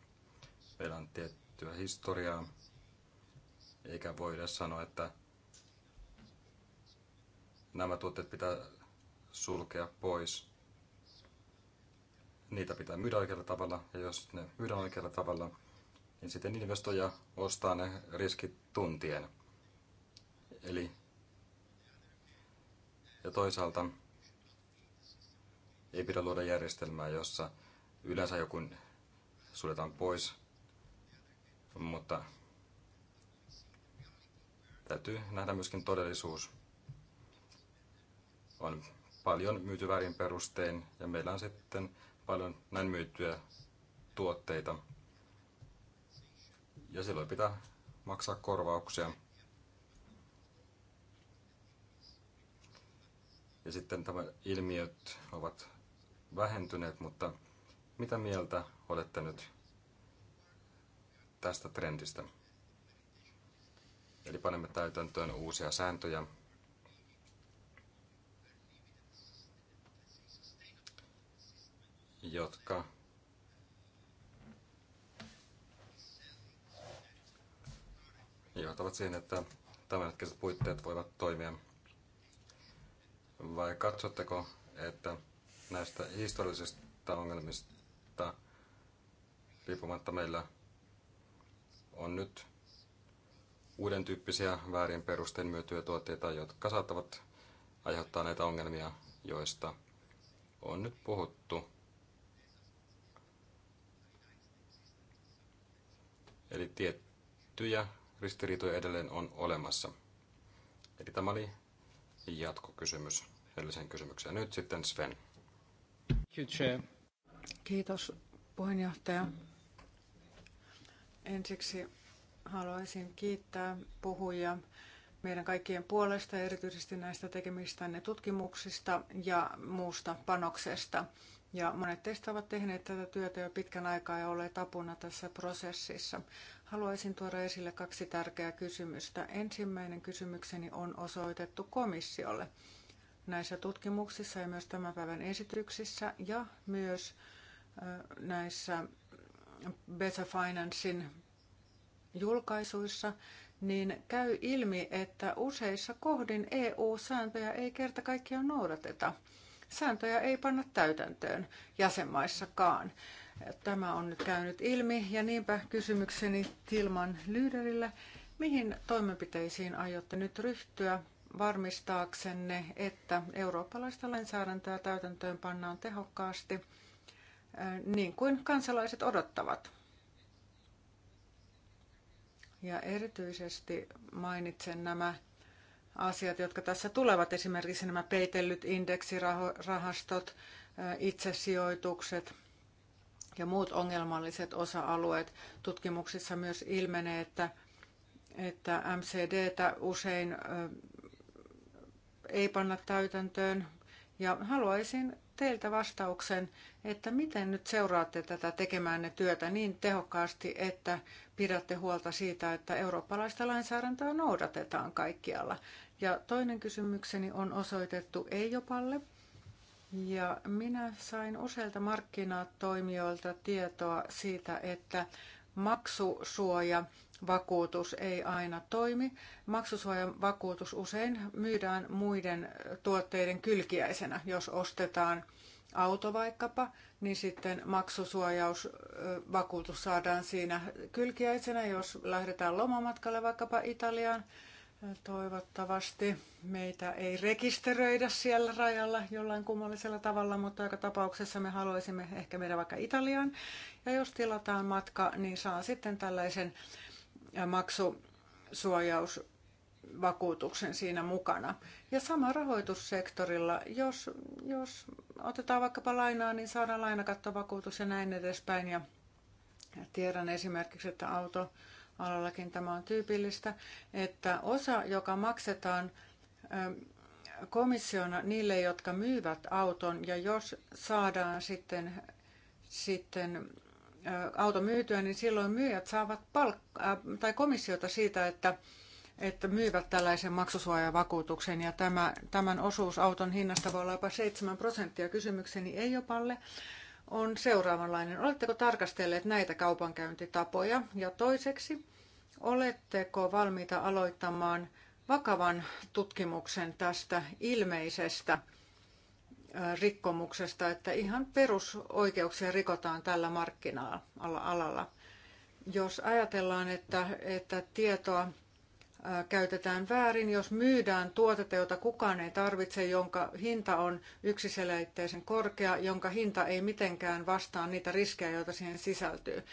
Meillä on tiettyä historiaa, eikä voida sanoa, että nämä tuotteet pitää sulkea pois. Niitä pitää myydä oikealla tavalla, ja jos ne myydään oikealla tavalla, niin sitten investoija ostaa ne riskit tuntien. Eli ja toisaalta ei pidä luoda järjestelmää, jossa yleensä joku suljetaan pois, mutta täytyy nähdä myöskin todellisuus. On paljon myyty väärin perustein ja meillä on sitten paljon näin myytyjä tuotteita. Ja silloin pitää maksaa korvauksia. Ja sitten tämä ilmiöt ovat vähentyneet, mutta mitä mieltä olette nyt tästä trendistä? Eli panemme täytäntöön uusia sääntöjä. jotka johtavat siihen, että tämänhetkiset puitteet voivat toimia. Vai katsotteko, että näistä historiallisista ongelmista että riippumatta meillä on nyt uuden tyyppisiä väärin perusten myötyjä tuotteita, jotka saattavat aiheuttaa näitä ongelmia, joista on nyt puhuttu. Eli tiettyjä ristiriitoja edelleen on olemassa. Eli tämä oli jatkokysymys edelliseen kysymykseen. Nyt sitten Sven. Kiitos. Kiitos puheenjohtaja. Ensiksi haluaisin kiittää puhujia meidän kaikkien puolesta, erityisesti näistä tekemistänne tutkimuksista ja muusta panoksesta. Ja monet teistä ovat tehneet tätä työtä jo pitkän aikaa ja olleet apuna tässä prosessissa. Haluaisin tuoda esille kaksi tärkeää kysymystä. Ensimmäinen kysymykseni on osoitettu komissiolle. Näissä tutkimuksissa ja myös tämän päivän esityksissä ja myös näissä Better Financein julkaisuissa, niin käy ilmi, että useissa kohdin EU-sääntöjä ei kerta kaikkiaan noudateta. Sääntöjä ei panna täytäntöön jäsenmaissakaan. Tämä on nyt käynyt ilmi ja niinpä kysymykseni Tilman Lyyderille. Mihin toimenpiteisiin aiotte nyt ryhtyä varmistaaksenne, että eurooppalaista lainsäädäntöä täytäntöön pannaan tehokkaasti – niin kuin kansalaiset odottavat. Ja erityisesti mainitsen nämä asiat, jotka tässä tulevat, esimerkiksi nämä peitellyt indeksirahastot, itsesijoitukset ja muut ongelmalliset osa-alueet. Tutkimuksissa myös ilmenee, että, että MCDtä usein ei panna täytäntöön. Ja haluaisin teiltä vastauksen, että miten nyt seuraatte tätä tekemäänne työtä niin tehokkaasti, että pidätte huolta siitä, että eurooppalaista lainsäädäntöä noudatetaan kaikkialla. Ja toinen kysymykseni on osoitettu Eijopalle. Ja minä sain useilta markkinatoimijoilta tietoa siitä, että maksusuoja vakuutus ei aina toimi. Maksusuojan vakuutus usein myydään muiden tuotteiden kylkiäisenä. Jos ostetaan auto vaikkapa, niin sitten maksusuojausvakuutus saadaan siinä kylkiäisenä, jos lähdetään lomamatkalle vaikkapa Italiaan. Toivottavasti meitä ei rekisteröidä siellä rajalla jollain kummallisella tavalla, mutta joka tapauksessa me haluaisimme ehkä meidän vaikka Italiaan. Ja jos tilataan matka, niin saa sitten tällaisen maksusuojausvakuutuksen vakuutuksen siinä mukana. Ja sama rahoitussektorilla, jos, jos otetaan vaikkapa lainaa, niin saadaan lainakattovakuutus ja näin edespäin. Ja tiedän esimerkiksi, että auto alallakin tämä on tyypillistä, että osa, joka maksetaan komissiona niille, jotka myyvät auton, ja jos saadaan sitten, sitten auto myytyä, niin silloin myyjät saavat palkkaa äh, tai komissiota siitä, että, että myyvät tällaisen maksusuojavakuutuksen ja tämä, tämän osuus auton hinnasta voi olla jopa 7 prosenttia. Kysymykseni ei jopalle on seuraavanlainen. Oletteko tarkastelleet näitä kaupankäyntitapoja? Ja toiseksi, oletteko valmiita aloittamaan vakavan tutkimuksen tästä ilmeisestä rikkomuksesta, että ihan perusoikeuksia rikotaan tällä markkina-alalla. Jos ajatellaan, että, että tietoa käytetään väärin, jos myydään tuotetta, jota kukaan ei tarvitse, jonka hinta on yksiselitteisen korkea, jonka hinta ei mitenkään vastaa niitä riskejä, joita siihen sisältyy.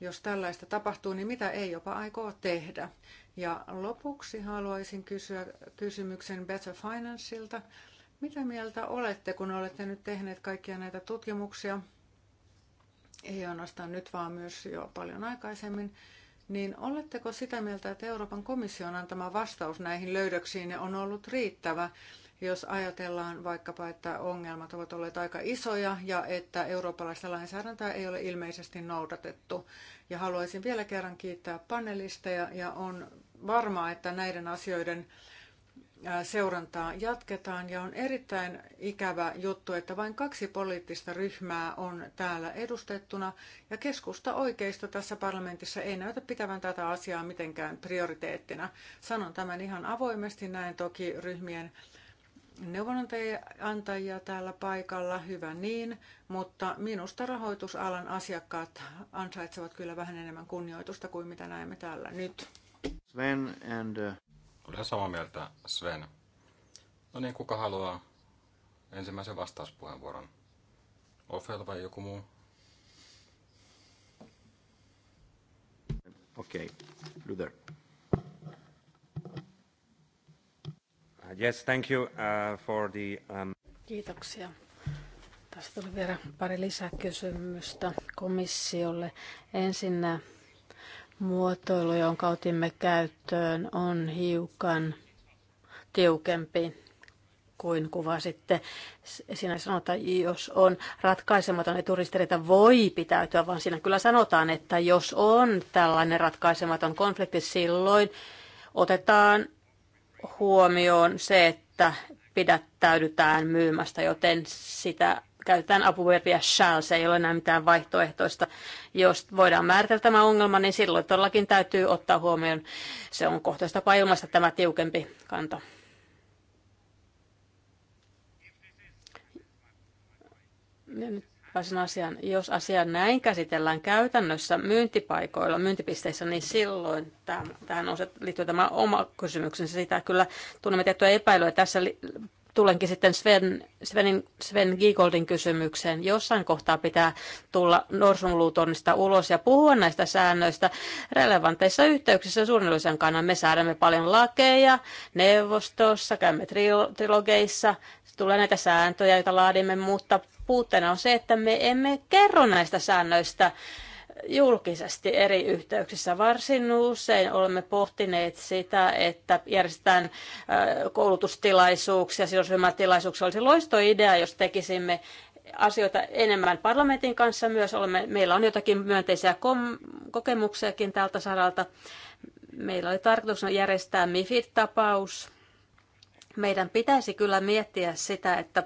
Jos tällaista tapahtuu, niin mitä ei jopa aikoo tehdä? Ja lopuksi haluaisin kysyä kysymyksen Better Financeilta. Mitä mieltä olette, kun olette nyt tehneet kaikkia näitä tutkimuksia, ei ainoastaan nyt, vaan myös jo paljon aikaisemmin, niin oletteko sitä mieltä, että Euroopan komission antama vastaus näihin löydöksiin on ollut riittävä, jos ajatellaan vaikkapa, että ongelmat ovat olleet aika isoja ja että eurooppalaista lainsäädäntöä ei ole ilmeisesti noudatettu. Ja haluaisin vielä kerran kiittää panelisteja ja on varmaa, että näiden asioiden seurantaa jatketaan ja on erittäin ikävä juttu, että vain kaksi poliittista ryhmää on täällä edustettuna ja keskusta oikeisto tässä parlamentissa ei näytä pitävän tätä asiaa mitenkään prioriteettina. Sanon tämän ihan avoimesti, näen toki ryhmien neuvonantajia täällä paikalla, hyvä niin, mutta minusta rahoitusalan asiakkaat ansaitsevat kyllä vähän enemmän kunnioitusta kuin mitä näemme täällä nyt. Sven and, uh, olen samaa mieltä, Sven. No niin, kuka haluaa ensimmäisen vastauspuheenvuoron? Ofel vai joku muu? Okei, okay. Luther. Uh, yes, thank you uh, for the... Um... Kiitoksia. Tästä tuli vielä pari lisäkysymystä komissiolle. Ensinnä muotoilu, jonka otimme käyttöön, on hiukan tiukempi kuin kuva. Sitten Siinä sanotaan, että jos on ratkaisematon eturistiriita, voi pitäytyä, vaan siinä kyllä sanotaan, että jos on tällainen ratkaisematon konflikti, silloin otetaan huomioon se, että pidättäydytään myymästä, joten sitä käytetään apuverbiä shall, se ei ole enää mitään vaihtoehtoista. Jos voidaan määritellä tämä ongelma, niin silloin todellakin täytyy ottaa huomioon, se on kohtaista ilmaista tämä tiukempi kanta. nyt asian, jos asia näin käsitellään käytännössä myyntipaikoilla, myyntipisteissä, niin silloin tähän on se, liittyy tämä oma kysymyksensä. Sitä kyllä tunnemme tiettyä epäilyä tässä tulenkin sitten Sven, Svenin, Sven Giegoldin kysymykseen. Jossain kohtaa pitää tulla norsunluutonnista ulos ja puhua näistä säännöistä relevanteissa yhteyksissä suunnilleen kannan. Me säädämme paljon lakeja neuvostossa, käymme trilogeissa, tulee näitä sääntöjä, joita laadimme, mutta puutteena on se, että me emme kerro näistä säännöistä julkisesti eri yhteyksissä. Varsin usein olemme pohtineet sitä, että järjestetään koulutustilaisuuksia, sidosryhmätilaisuuksia. Olisi idea, jos tekisimme asioita enemmän parlamentin kanssa myös. Olemme, meillä on jotakin myönteisiä kom- kokemuksiakin tältä saralta. Meillä oli tarkoitus järjestää MIFID-tapaus. Meidän pitäisi kyllä miettiä sitä, että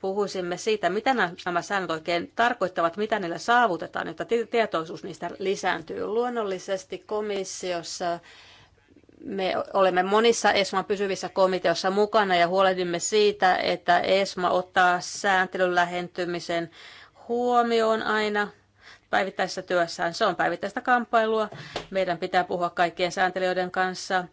puhuisimme siitä, mitä nämä säännöt oikein tarkoittavat, mitä niillä saavutetaan, jotta tietoisuus niistä lisääntyy. Luonnollisesti komissiossa me olemme monissa ESMAn pysyvissä komiteoissa mukana ja huolehdimme siitä, että ESMA ottaa sääntelyn lähentymisen huomioon aina päivittäisessä työssään. Se on päivittäistä kamppailua. Meidän pitää puhua kaikkien sääntelijöiden kanssa,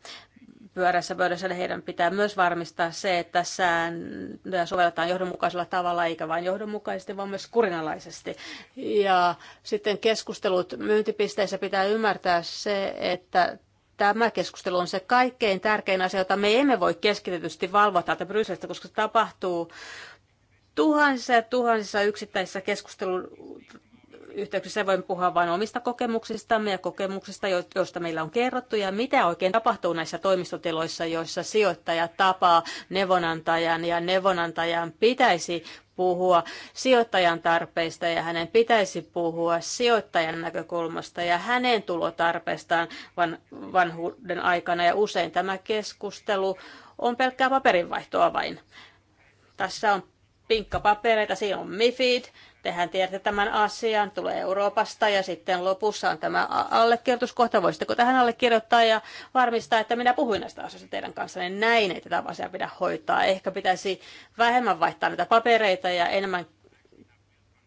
pyörässä pöydässä, niin heidän pitää myös varmistaa se, että sääntöjä sovelletaan johdonmukaisella tavalla, eikä vain johdonmukaisesti, vaan myös kurinalaisesti. Ja sitten keskustelut myyntipisteissä pitää ymmärtää se, että tämä keskustelu on se kaikkein tärkein asia, jota me emme voi keskitetysti valvoa täältä Brysselistä, koska se tapahtuu tuhansissa ja tuhansissa yksittäisissä keskustelun yhteyksissä voimme puhua vain omista kokemuksistamme ja kokemuksista, joista meillä on kerrottu, ja mitä oikein tapahtuu näissä toimistotiloissa, joissa sijoittaja tapaa neuvonantajan, ja neuvonantajan pitäisi puhua sijoittajan tarpeista ja hänen pitäisi puhua sijoittajan näkökulmasta ja hänen tulotarpeestaan vanhuuden aikana. Ja usein tämä keskustelu on pelkkää paperinvaihtoa vain. Tässä on papereita, siinä on MIFID, hän tiedätte tämän asian, tulee Euroopasta ja sitten lopussa on tämä allekirjoituskohta. Voisitteko tähän allekirjoittaa ja varmistaa, että minä puhuin näistä asioista teidän kanssa, niin näin ei tätä asiaa pidä hoitaa. Ehkä pitäisi vähemmän vaihtaa näitä papereita ja enemmän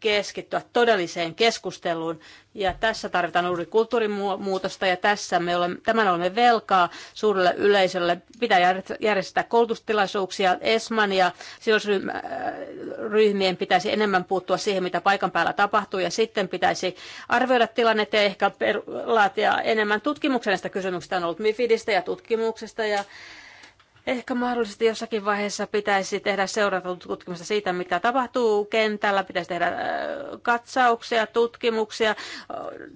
keskittyä todelliseen keskusteluun. Ja tässä tarvitaan uuden kulttuurimuutosta ja tässä me olemme, tämän olemme velkaa suurelle yleisölle. Pitää järjestää koulutustilaisuuksia. ESMAN ja sidosryhmien äh, pitäisi enemmän puuttua siihen, mitä paikan päällä tapahtuu. Ja sitten pitäisi arvioida tilannetta ja ehkä laatia enemmän tutkimuksen näistä kysymyksistä. On ollut MIFIDistä ja tutkimuksesta ja Ehkä mahdollisesti jossakin vaiheessa pitäisi tehdä seurantatutkimusta siitä, mitä tapahtuu kentällä. Pitäisi tehdä äh, katsauksia, tutkimuksia, äh,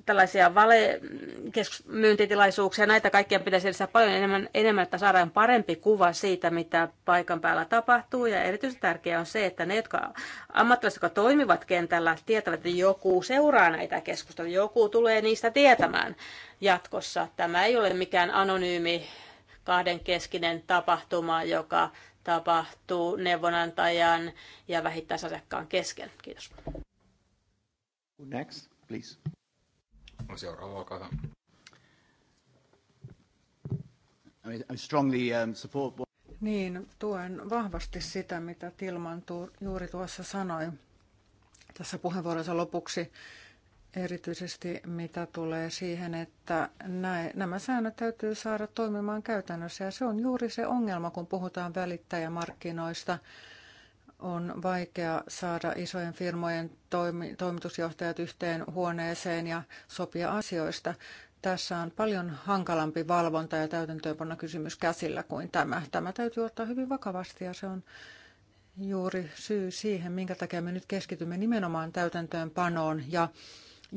tällaisia valemyyntitilaisuuksia. Näitä kaikkia pitäisi edistää paljon enemmän, enemmän, että saadaan parempi kuva siitä, mitä paikan päällä tapahtuu. Ja erityisen tärkeää on se, että ne, jotka ammattilaiset, jotka toimivat kentällä, tietävät, että joku seuraa näitä keskusteluja, joku tulee niistä tietämään jatkossa. Tämä ei ole mikään anonyymi kahdenkeskinen tapahtuma, joka tapahtuu neuvonantajan ja vähittäisasiakkaan kesken. Kiitos. Next, please. No, seuraava, olkaa hyvä. I strongly um, support niin, tuen vahvasti sitä, mitä Tilman juuri tuossa sanoi tässä puheenvuorossa lopuksi. Erityisesti mitä tulee siihen, että nämä säännöt täytyy saada toimimaan käytännössä. Ja se on juuri se ongelma, kun puhutaan välittäjämarkkinoista. On vaikea saada isojen firmojen toimi, toimitusjohtajat yhteen huoneeseen ja sopia asioista. Tässä on paljon hankalampi valvonta ja täytäntöönpanna kysymys käsillä kuin tämä. Tämä täytyy ottaa hyvin vakavasti ja se on juuri syy siihen, minkä takia me nyt keskitymme nimenomaan täytäntöönpanoon ja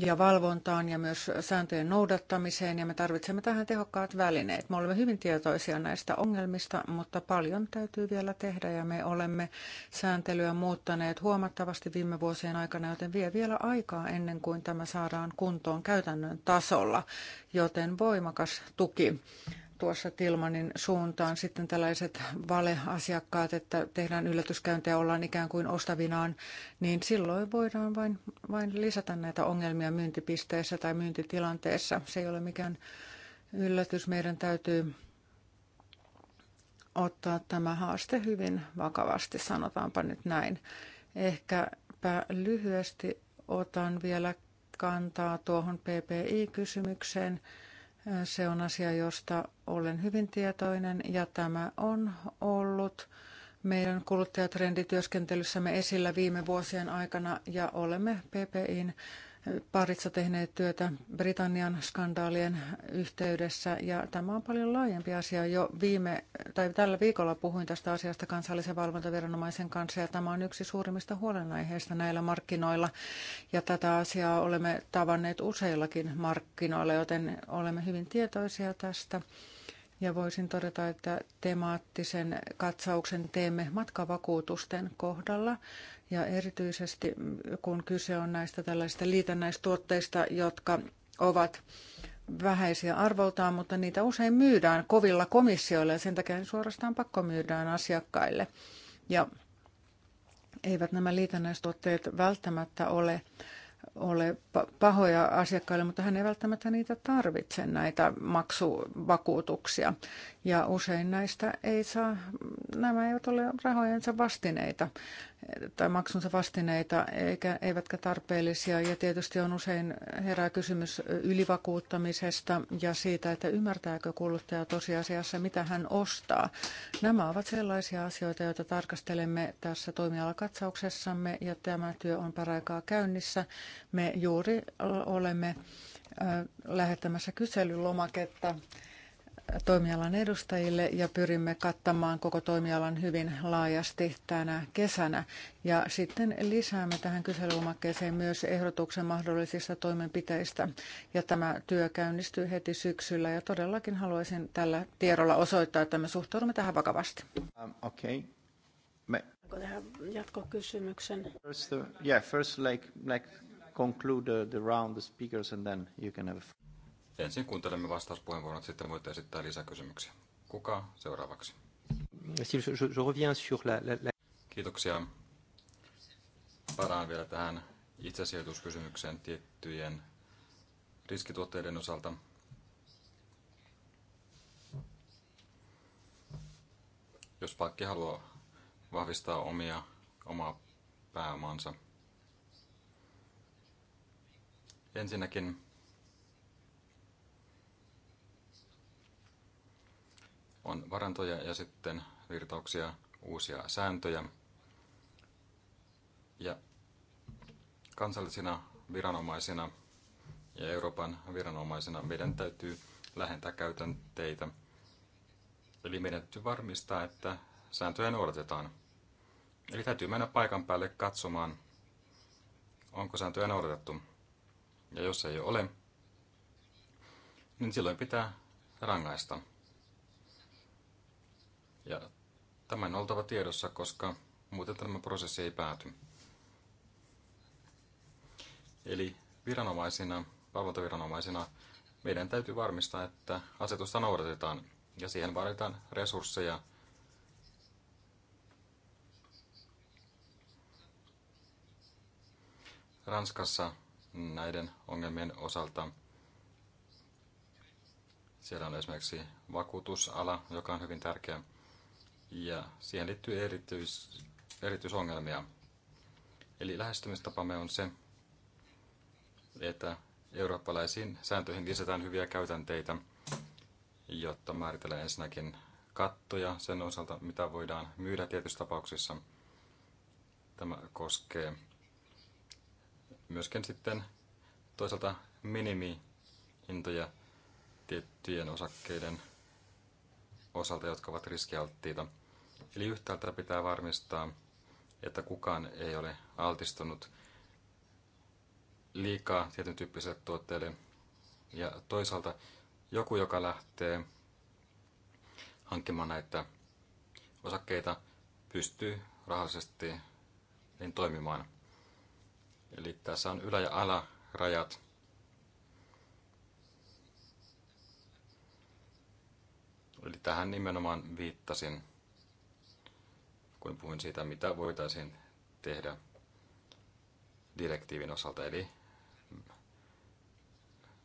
ja valvontaan ja myös sääntöjen noudattamiseen ja me tarvitsemme tähän tehokkaat välineet. Me olemme hyvin tietoisia näistä ongelmista, mutta paljon täytyy vielä tehdä ja me olemme sääntelyä muuttaneet huomattavasti viime vuosien aikana, joten vie vielä aikaa ennen kuin tämä saadaan kuntoon käytännön tasolla, joten voimakas tuki tuossa Tilmanin suuntaan sitten tällaiset valeasiakkaat, että tehdään yllätyskäyntejä, ollaan ikään kuin ostavinaan, niin silloin voidaan vain, vain lisätä näitä ongelmia myyntipisteessä tai myyntitilanteessa. Se ei ole mikään yllätys. Meidän täytyy ottaa tämä haaste hyvin vakavasti, sanotaanpa nyt näin. Ehkäpä lyhyesti otan vielä kantaa tuohon PPI-kysymykseen. Se on asia, josta olen hyvin tietoinen ja tämä on ollut meidän kuluttajatrendityöskentelyssämme esillä viime vuosien aikana ja olemme PPIn parissa tehneet työtä Britannian skandaalien yhteydessä ja tämä on paljon laajempi asia. Jo viime tai tällä viikolla puhuin tästä asiasta kansallisen valvontaviranomaisen kanssa ja tämä on yksi suurimmista huolenaiheista näillä markkinoilla ja tätä asiaa olemme tavanneet useillakin markkinoilla, joten olemme hyvin tietoisia tästä. Ja voisin todeta, että temaattisen katsauksen teemme matkavakuutusten kohdalla ja erityisesti kun kyse on näistä tällaisista liitännäistuotteista, jotka ovat vähäisiä arvoltaan, mutta niitä usein myydään kovilla komissioilla ja sen takia suorastaan pakko myydään asiakkaille. Ja eivät nämä liitännäistuotteet välttämättä ole ole pahoja asiakkaille, mutta hän ei välttämättä niitä tarvitse, näitä maksuvakuutuksia. Ja usein näistä ei saa, nämä eivät ole rahojensa vastineita tai maksunsa vastineita eikä, eivätkä tarpeellisia. Ja tietysti on usein herää kysymys ylivakuuttamisesta ja siitä, että ymmärtääkö kuluttaja tosiasiassa, mitä hän ostaa. Nämä ovat sellaisia asioita, joita tarkastelemme tässä toimialakatsauksessamme ja tämä työ on paraikaa käynnissä. Me juuri olemme lähettämässä kyselylomaketta toimialan edustajille ja pyrimme kattamaan koko toimialan hyvin laajasti tänä kesänä. Ja sitten lisäämme tähän kyselylomakkeeseen myös ehdotuksen mahdollisista toimenpiteistä. Ja tämä työ käynnistyy heti syksyllä ja todellakin haluaisin tällä tiedolla osoittaa, että me suhtaudumme tähän vakavasti. Um, okay. Me... Onko tähän jatkokysymyksen? First, the, uh, yeah, first like, like conclude the, the round, the speakers, and then you can have a... Ensin kuuntelemme vastauspuheenvuorot, sitten voitte esittää lisäkysymyksiä. Kuka seuraavaksi? Kiitoksia. Paraan vielä tähän itsesijoituskysymykseen tiettyjen riskituotteiden osalta. Jos pankki haluaa vahvistaa omia, omaa pääomansa. Ensinnäkin on varantoja ja sitten virtauksia, uusia sääntöjä. Ja kansallisina viranomaisina ja Euroopan viranomaisina meidän täytyy lähentää käytänteitä. Eli meidän täytyy varmistaa, että sääntöjä noudatetaan. Eli täytyy mennä paikan päälle katsomaan, onko sääntöjä noudatettu. Ja jos ei ole, niin silloin pitää rangaista. Ja tämän oltava tiedossa, koska muuten tämä prosessi ei pääty. Eli viranomaisina, valvontaviranomaisina, meidän täytyy varmistaa, että asetusta noudatetaan ja siihen vaaditaan resursseja. Ranskassa näiden ongelmien osalta siellä on esimerkiksi vakuutusala, joka on hyvin tärkeä ja siihen liittyy erityis, erityisongelmia. Eli lähestymistapamme on se, että eurooppalaisiin sääntöihin lisätään hyviä käytänteitä, jotta määritellään ensinnäkin kattoja sen osalta, mitä voidaan myydä tietyissä tapauksissa. Tämä koskee myöskin sitten toisaalta minimihintoja tiettyjen osakkeiden osalta, jotka ovat riskialttiita. Eli yhtäältä pitää varmistaa, että kukaan ei ole altistunut liikaa tietyn tyyppiselle tuotteille. Ja toisaalta joku, joka lähtee hankkimaan näitä osakkeita, pystyy rahallisesti niin toimimaan. Eli tässä on ylä- ja alarajat, Eli tähän nimenomaan viittasin, kun puhuin siitä, mitä voitaisiin tehdä direktiivin osalta, eli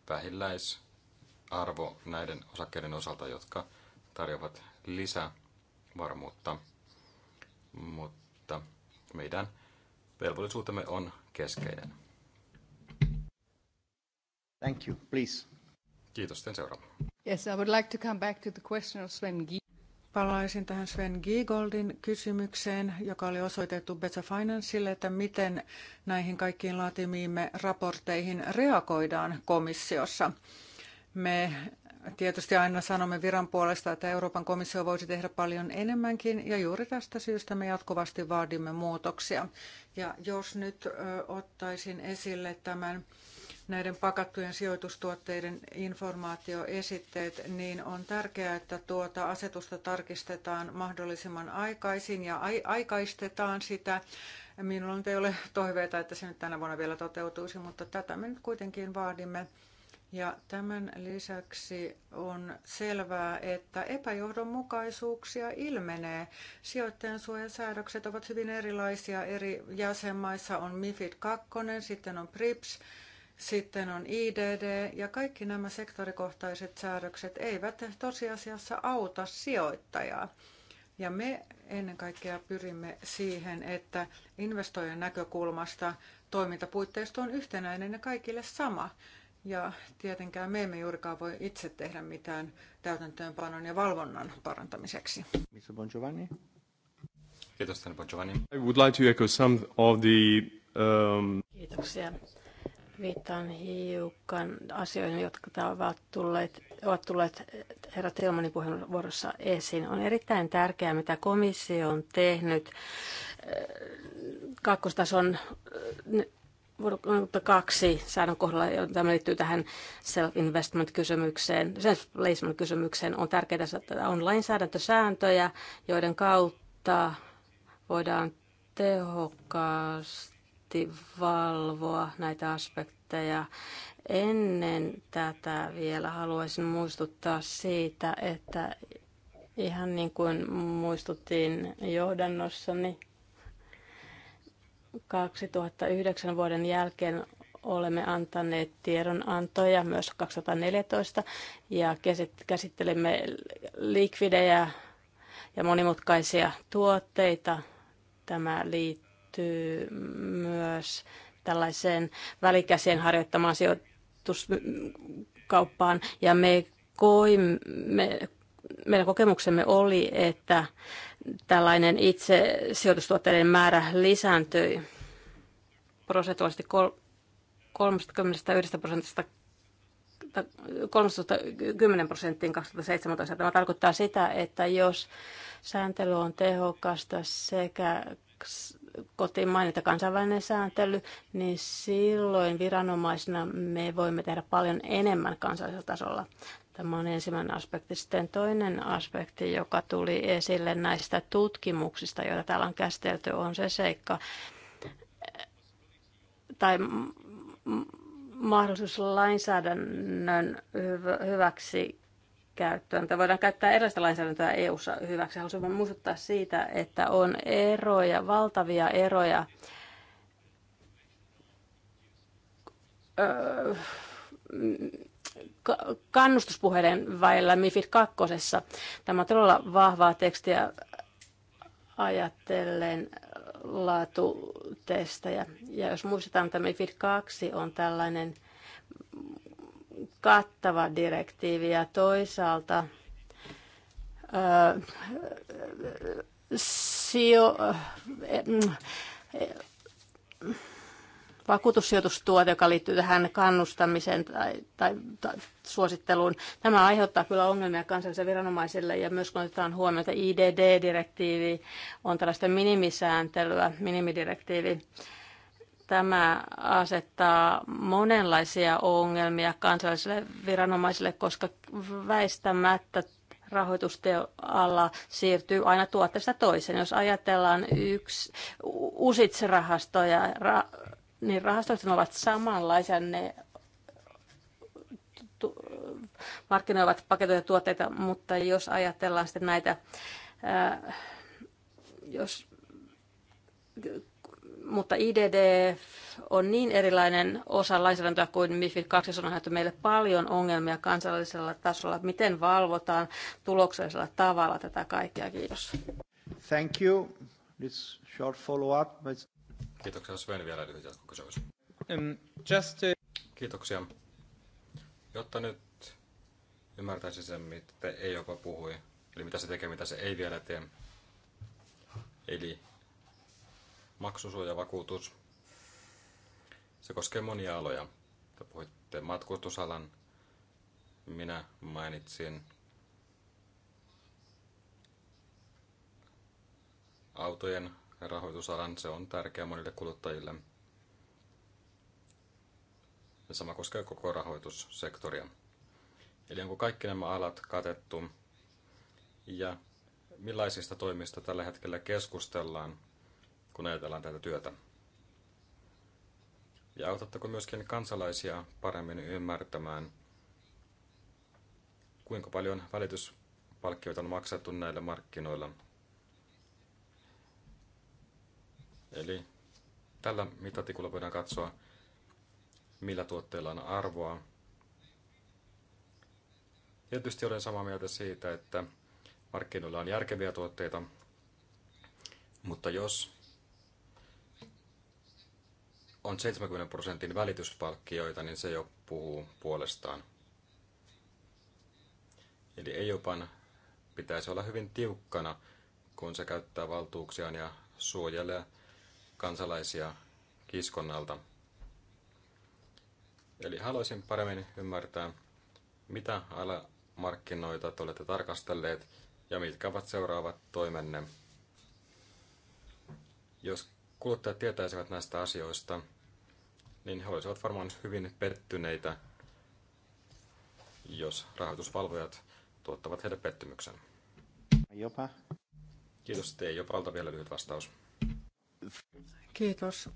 vähilläisarvo näiden osakkeiden osalta, jotka tarjoavat lisävarmuutta, mutta meidän velvollisuutemme on keskeinen. Thank you. Please. Kiitos, sitten seuraava. Yes, I would like to come back to the question of Sven G. Palaisin tähän Sven Giegoldin kysymykseen, joka oli osoitettu Betsa Financeille, että miten näihin kaikkiin laatimiimme raportteihin reagoidaan komissiossa. Me tietysti aina sanomme viran puolesta, että Euroopan komissio voisi tehdä paljon enemmänkin, ja juuri tästä syystä me jatkuvasti vaadimme muutoksia. Ja jos nyt ottaisin esille tämän näiden pakattujen sijoitustuotteiden informaatioesitteet, niin on tärkeää, että tuota asetusta tarkistetaan mahdollisimman aikaisin ja aikaistetaan sitä. Minulla nyt ei ole toiveita, että se nyt tänä vuonna vielä toteutuisi, mutta tätä me nyt kuitenkin vaadimme. Ja tämän lisäksi on selvää, että epäjohdonmukaisuuksia ilmenee. Sijoittajan suojasäädökset ovat hyvin erilaisia. Eri jäsenmaissa on MIFID 2, sitten on PRIPS sitten on IDD ja kaikki nämä sektorikohtaiset säädökset eivät tosiasiassa auta sijoittajaa. Ja me ennen kaikkea pyrimme siihen, että investoijan näkökulmasta toimintapuitteisto on yhtenäinen ja kaikille sama. Ja tietenkään me emme juurikaan voi itse tehdä mitään täytäntöönpanon ja valvonnan parantamiseksi. Mr. Bon Giovanni. Kiitos, Bon Giovanni. I would like to echo some of the... Um... Kiitoksia Viittaan hiukan asioihin, jotka ovat tulleet, ovat tulleet herra Tilmanin puheenvuorossa esiin. On erittäin tärkeää, mitä komissio on tehnyt eh, kakkostason eh, kaksi säännön kohdalla, tämä liittyy tähän self-investment-kysymykseen, self-placement-kysymykseen, on tärkeää, että on lainsäädäntösääntöjä, joiden kautta voidaan tehokkaasti piti valvoa näitä aspekteja. Ennen tätä vielä haluaisin muistuttaa siitä, että ihan niin kuin muistuttiin johdannossani 2009 vuoden jälkeen olemme antaneet tiedonantoja myös 2014 ja käsittelemme likvidejä ja monimutkaisia tuotteita. Tämä liittyy liittyy myös tällaiseen välikäsien harjoittamaan sijoituskauppaan. Ja me koimme, meidän kokemuksemme oli, että tällainen itse sijoitustuotteiden määrä lisääntyi prosentuaalisesti 31 prosentista 30 prosenttiin 2017. Tämä tarkoittaa sitä, että jos sääntely on tehokasta sekä kotimainen ja kansainvälinen sääntely, niin silloin viranomaisina me voimme tehdä paljon enemmän kansallisella tasolla. Tämä on ensimmäinen aspekti. Sitten toinen aspekti, joka tuli esille näistä tutkimuksista, joita täällä on käsitelty, on se seikka, tai mahdollisuus lainsäädännön hyväksi käyttöön, tämä voidaan käyttää erilaista lainsäädäntöä EU-ssa hyväksi. Haluaisin vain muistuttaa siitä, että on eroja, valtavia eroja öö, kannustuspuheiden välillä MIFID 2. Tämä on todella vahvaa tekstiä ajatellen laatutestejä. Ja jos muistetaan, että MIFID 2 on tällainen kattava direktiivi ja toisaalta öö, sijo, vakuutussijoitustuote, joka liittyy tähän kannustamiseen tai, tai, tai suositteluun. Tämä aiheuttaa kyllä ongelmia kansallisille viranomaisille ja myös kun otetaan huomioon, että IDD-direktiivi on tällaista minimisääntelyä, minimidirektiivi, Tämä asettaa monenlaisia ongelmia kansallisille viranomaisille, koska väistämättä rahoitusteolla siirtyy aina tuotteesta toiseen. Jos ajatellaan yksi usitsrahastoja, ra, niin rahastot ovat samanlaisia, ne tu, markkinoivat paketoja tuotteita, mutta jos ajatellaan sitten näitä, ää, jos mutta IDD on niin erilainen osa lainsäädäntöä kuin MIFID 2 on aiheuttanut meille paljon ongelmia kansallisella tasolla. Miten valvotaan tuloksellisella tavalla tätä kaikkea? Kiitos. Thank you. This short follow-up. Kiitoksia Sven vielä lyhyt jatkokysymys. Um, just to... Kiitoksia. Jotta nyt ymmärtäisin sen, mitä ei jopa puhui, eli mitä se tekee, mitä se ei vielä tee. Eli maksusuojavakuutus. Se koskee monia aloja. Te puhuitte matkustusalan, minä mainitsin autojen rahoitusalan, se on tärkeä monille kuluttajille. Ja sama koskee koko rahoitussektoria. Eli onko kaikki nämä alat katettu ja millaisista toimista tällä hetkellä keskustellaan kun ajatellaan tätä työtä. Ja autatteko myöskin kansalaisia paremmin ymmärtämään, kuinka paljon välityspalkkioita on maksettu näillä markkinoilla. Eli tällä mitatikulla voidaan katsoa, millä tuotteilla on arvoa. Tietysti olen samaa mieltä siitä, että markkinoilla on järkeviä tuotteita, mutta jos on 70 prosentin välityspalkkioita, niin se jo puhuu puolestaan. Eli EUPAN pitäisi olla hyvin tiukkana, kun se käyttää valtuuksiaan ja suojelee kansalaisia kiskonnalta. Eli haluaisin paremmin ymmärtää, mitä alamarkkinoita te olette tarkastelleet ja mitkä ovat seuraavat toimenne. Jos kuluttajat tietäisivät näistä asioista, niin he olisivat varmaan hyvin pettyneitä, jos rahoitusvalvojat tuottavat heille pettymyksen. Jopa. Kiitos Jopa Jopalta vielä lyhyt vastaus. Kiitos.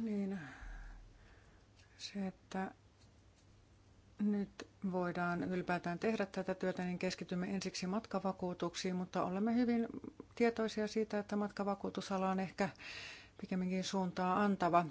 Niin, se, että nyt voidaan ylipäätään tehdä tätä työtä, niin keskitymme ensiksi matkavakuutuksiin, mutta olemme hyvin tietoisia siitä, että matkavakuutusala on ehkä pikemminkin suuntaa antava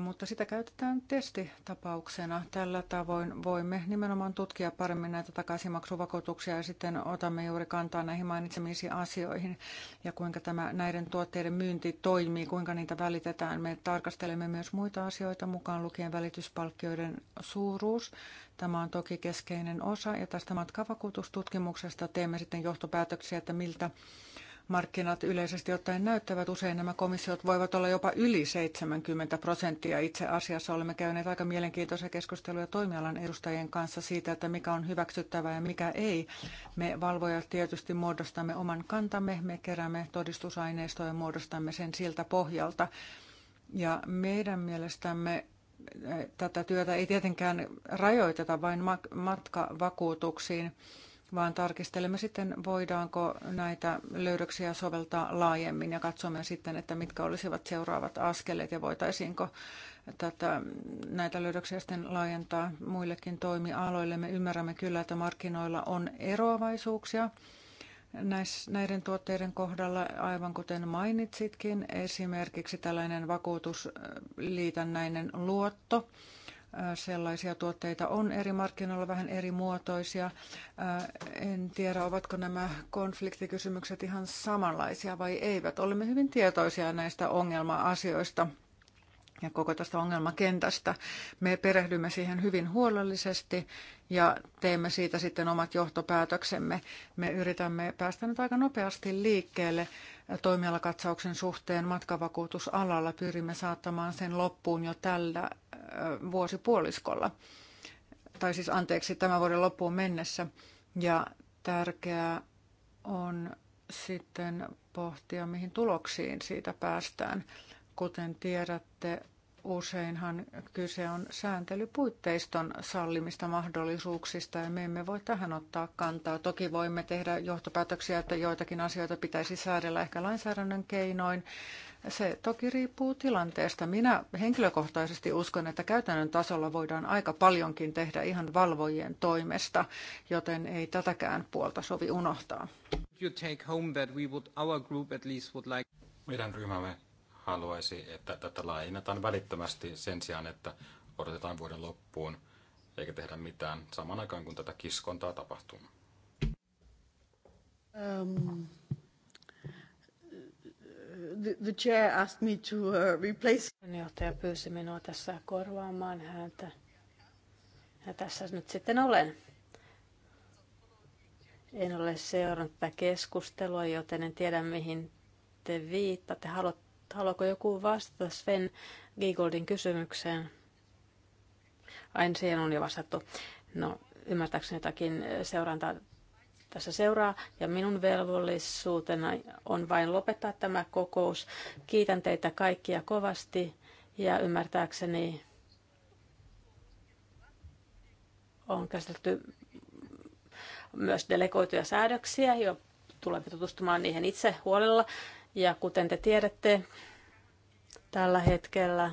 mutta sitä käytetään testitapauksena. Tällä tavoin voimme nimenomaan tutkia paremmin näitä takaisinmaksuvakuutuksia ja sitten otamme juuri kantaa näihin mainitsemisiin asioihin ja kuinka tämä näiden tuotteiden myynti toimii, kuinka niitä välitetään. Me tarkastelemme myös muita asioita mukaan lukien välityspalkkioiden suuruus. Tämä on toki keskeinen osa ja tästä matkavakuutustutkimuksesta teemme sitten johtopäätöksiä, että miltä markkinat yleisesti ottaen näyttävät. Usein nämä komissiot voivat olla jopa yli 70 prosenttia. Itse asiassa olemme käyneet aika mielenkiintoisia keskusteluja toimialan edustajien kanssa siitä, että mikä on hyväksyttävää ja mikä ei. Me valvojat tietysti muodostamme oman kantamme, me keräämme todistusaineistoa ja muodostamme sen siltä pohjalta. Ja meidän mielestämme eh, tätä työtä ei tietenkään rajoiteta vain matkavakuutuksiin vaan tarkistelemme sitten, voidaanko näitä löydöksiä soveltaa laajemmin ja katsomme sitten, että mitkä olisivat seuraavat askeleet ja voitaisiinko tätä, näitä löydöksiä sitten laajentaa muillekin toimialoille. Me ymmärrämme kyllä, että markkinoilla on eroavaisuuksia näis, näiden tuotteiden kohdalla, aivan kuten mainitsitkin, esimerkiksi tällainen vakuutusliitännäinen luotto – sellaisia tuotteita on eri markkinoilla vähän eri muotoisia. En tiedä, ovatko nämä konfliktikysymykset ihan samanlaisia vai eivät. Olemme hyvin tietoisia näistä ongelma-asioista ja koko tästä ongelmakentästä. Me perehdymme siihen hyvin huolellisesti ja teemme siitä sitten omat johtopäätöksemme. Me yritämme päästä nyt aika nopeasti liikkeelle toimialakatsauksen suhteen matkavakuutusalalla pyrimme saattamaan sen loppuun jo tällä vuosipuoliskolla, tai siis anteeksi tämän vuoden loppuun mennessä. Ja tärkeää on sitten pohtia, mihin tuloksiin siitä päästään. Kuten tiedätte, Useinhan kyse on sääntelypuitteiston sallimista mahdollisuuksista ja me emme voi tähän ottaa kantaa. Toki voimme tehdä johtopäätöksiä, että joitakin asioita pitäisi säädellä ehkä lainsäädännön keinoin. Se toki riippuu tilanteesta. Minä henkilökohtaisesti uskon, että käytännön tasolla voidaan aika paljonkin tehdä ihan valvojien toimesta, joten ei tätäkään puolta sovi unohtaa. Meidän ryhmämme haluaisi, että tätä laajennetaan välittömästi sen sijaan, että odotetaan vuoden loppuun eikä tehdä mitään saman aikaan, kun tätä kiskontaa tapahtuu. Um, the, the chair asked me to uh, replace... Johtaja pyysi minua tässä korvaamaan häntä. Ja tässä nyt sitten olen. En ole seurannut tätä keskustelua, joten en tiedä mihin te viittaatte. Haluatte Haluaako joku vastata Sven Giegoldin kysymykseen? Aina siihen on jo vastattu. No, ymmärtääkseni jotakin seurantaa tässä seuraa. Ja minun velvollisuutena on vain lopettaa tämä kokous. Kiitän teitä kaikkia kovasti ja ymmärtääkseni on käsitelty myös delegoituja säädöksiä, jo tulemme tutustumaan niihin itse huolella. Ja kuten te tiedätte, tällä hetkellä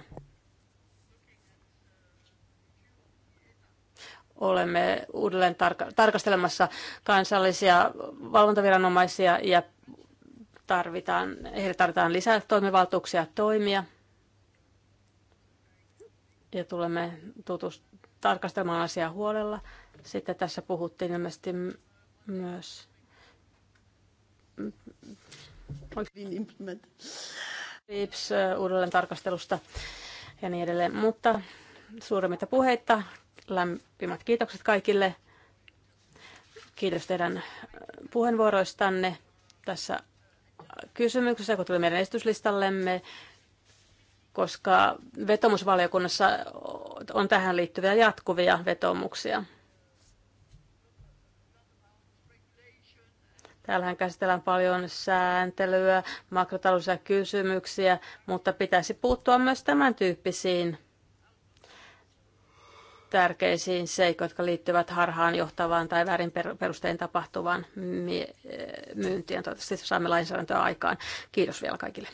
olemme uudelleen tarka- tarkastelemassa kansallisia valvontaviranomaisia ja tarvitaan, heille tarvitaan lisää toimivaltuuksia toimia. Ja tulemme tutust tarkastelemaan asiaa huolella. Sitten tässä puhuttiin ilmeisesti myös RIPS uudelleen tarkastelusta ja niin edelleen. Mutta suuremmita puheita. lämpimät kiitokset kaikille. Kiitos teidän puheenvuoroistanne tässä kysymyksessä, kun tuli meidän esityslistallemme, koska vetomusvaliokunnassa on tähän liittyviä jatkuvia vetomuksia. Täällähän käsitellään paljon sääntelyä, makrotaloudellisia kysymyksiä, mutta pitäisi puuttua myös tämän tyyppisiin tärkeisiin seikkoihin, jotka liittyvät harhaan johtavaan tai väärin perustein tapahtuvaan myyntiin. Toivottavasti saamme lainsäädäntöä aikaan. Kiitos vielä kaikille.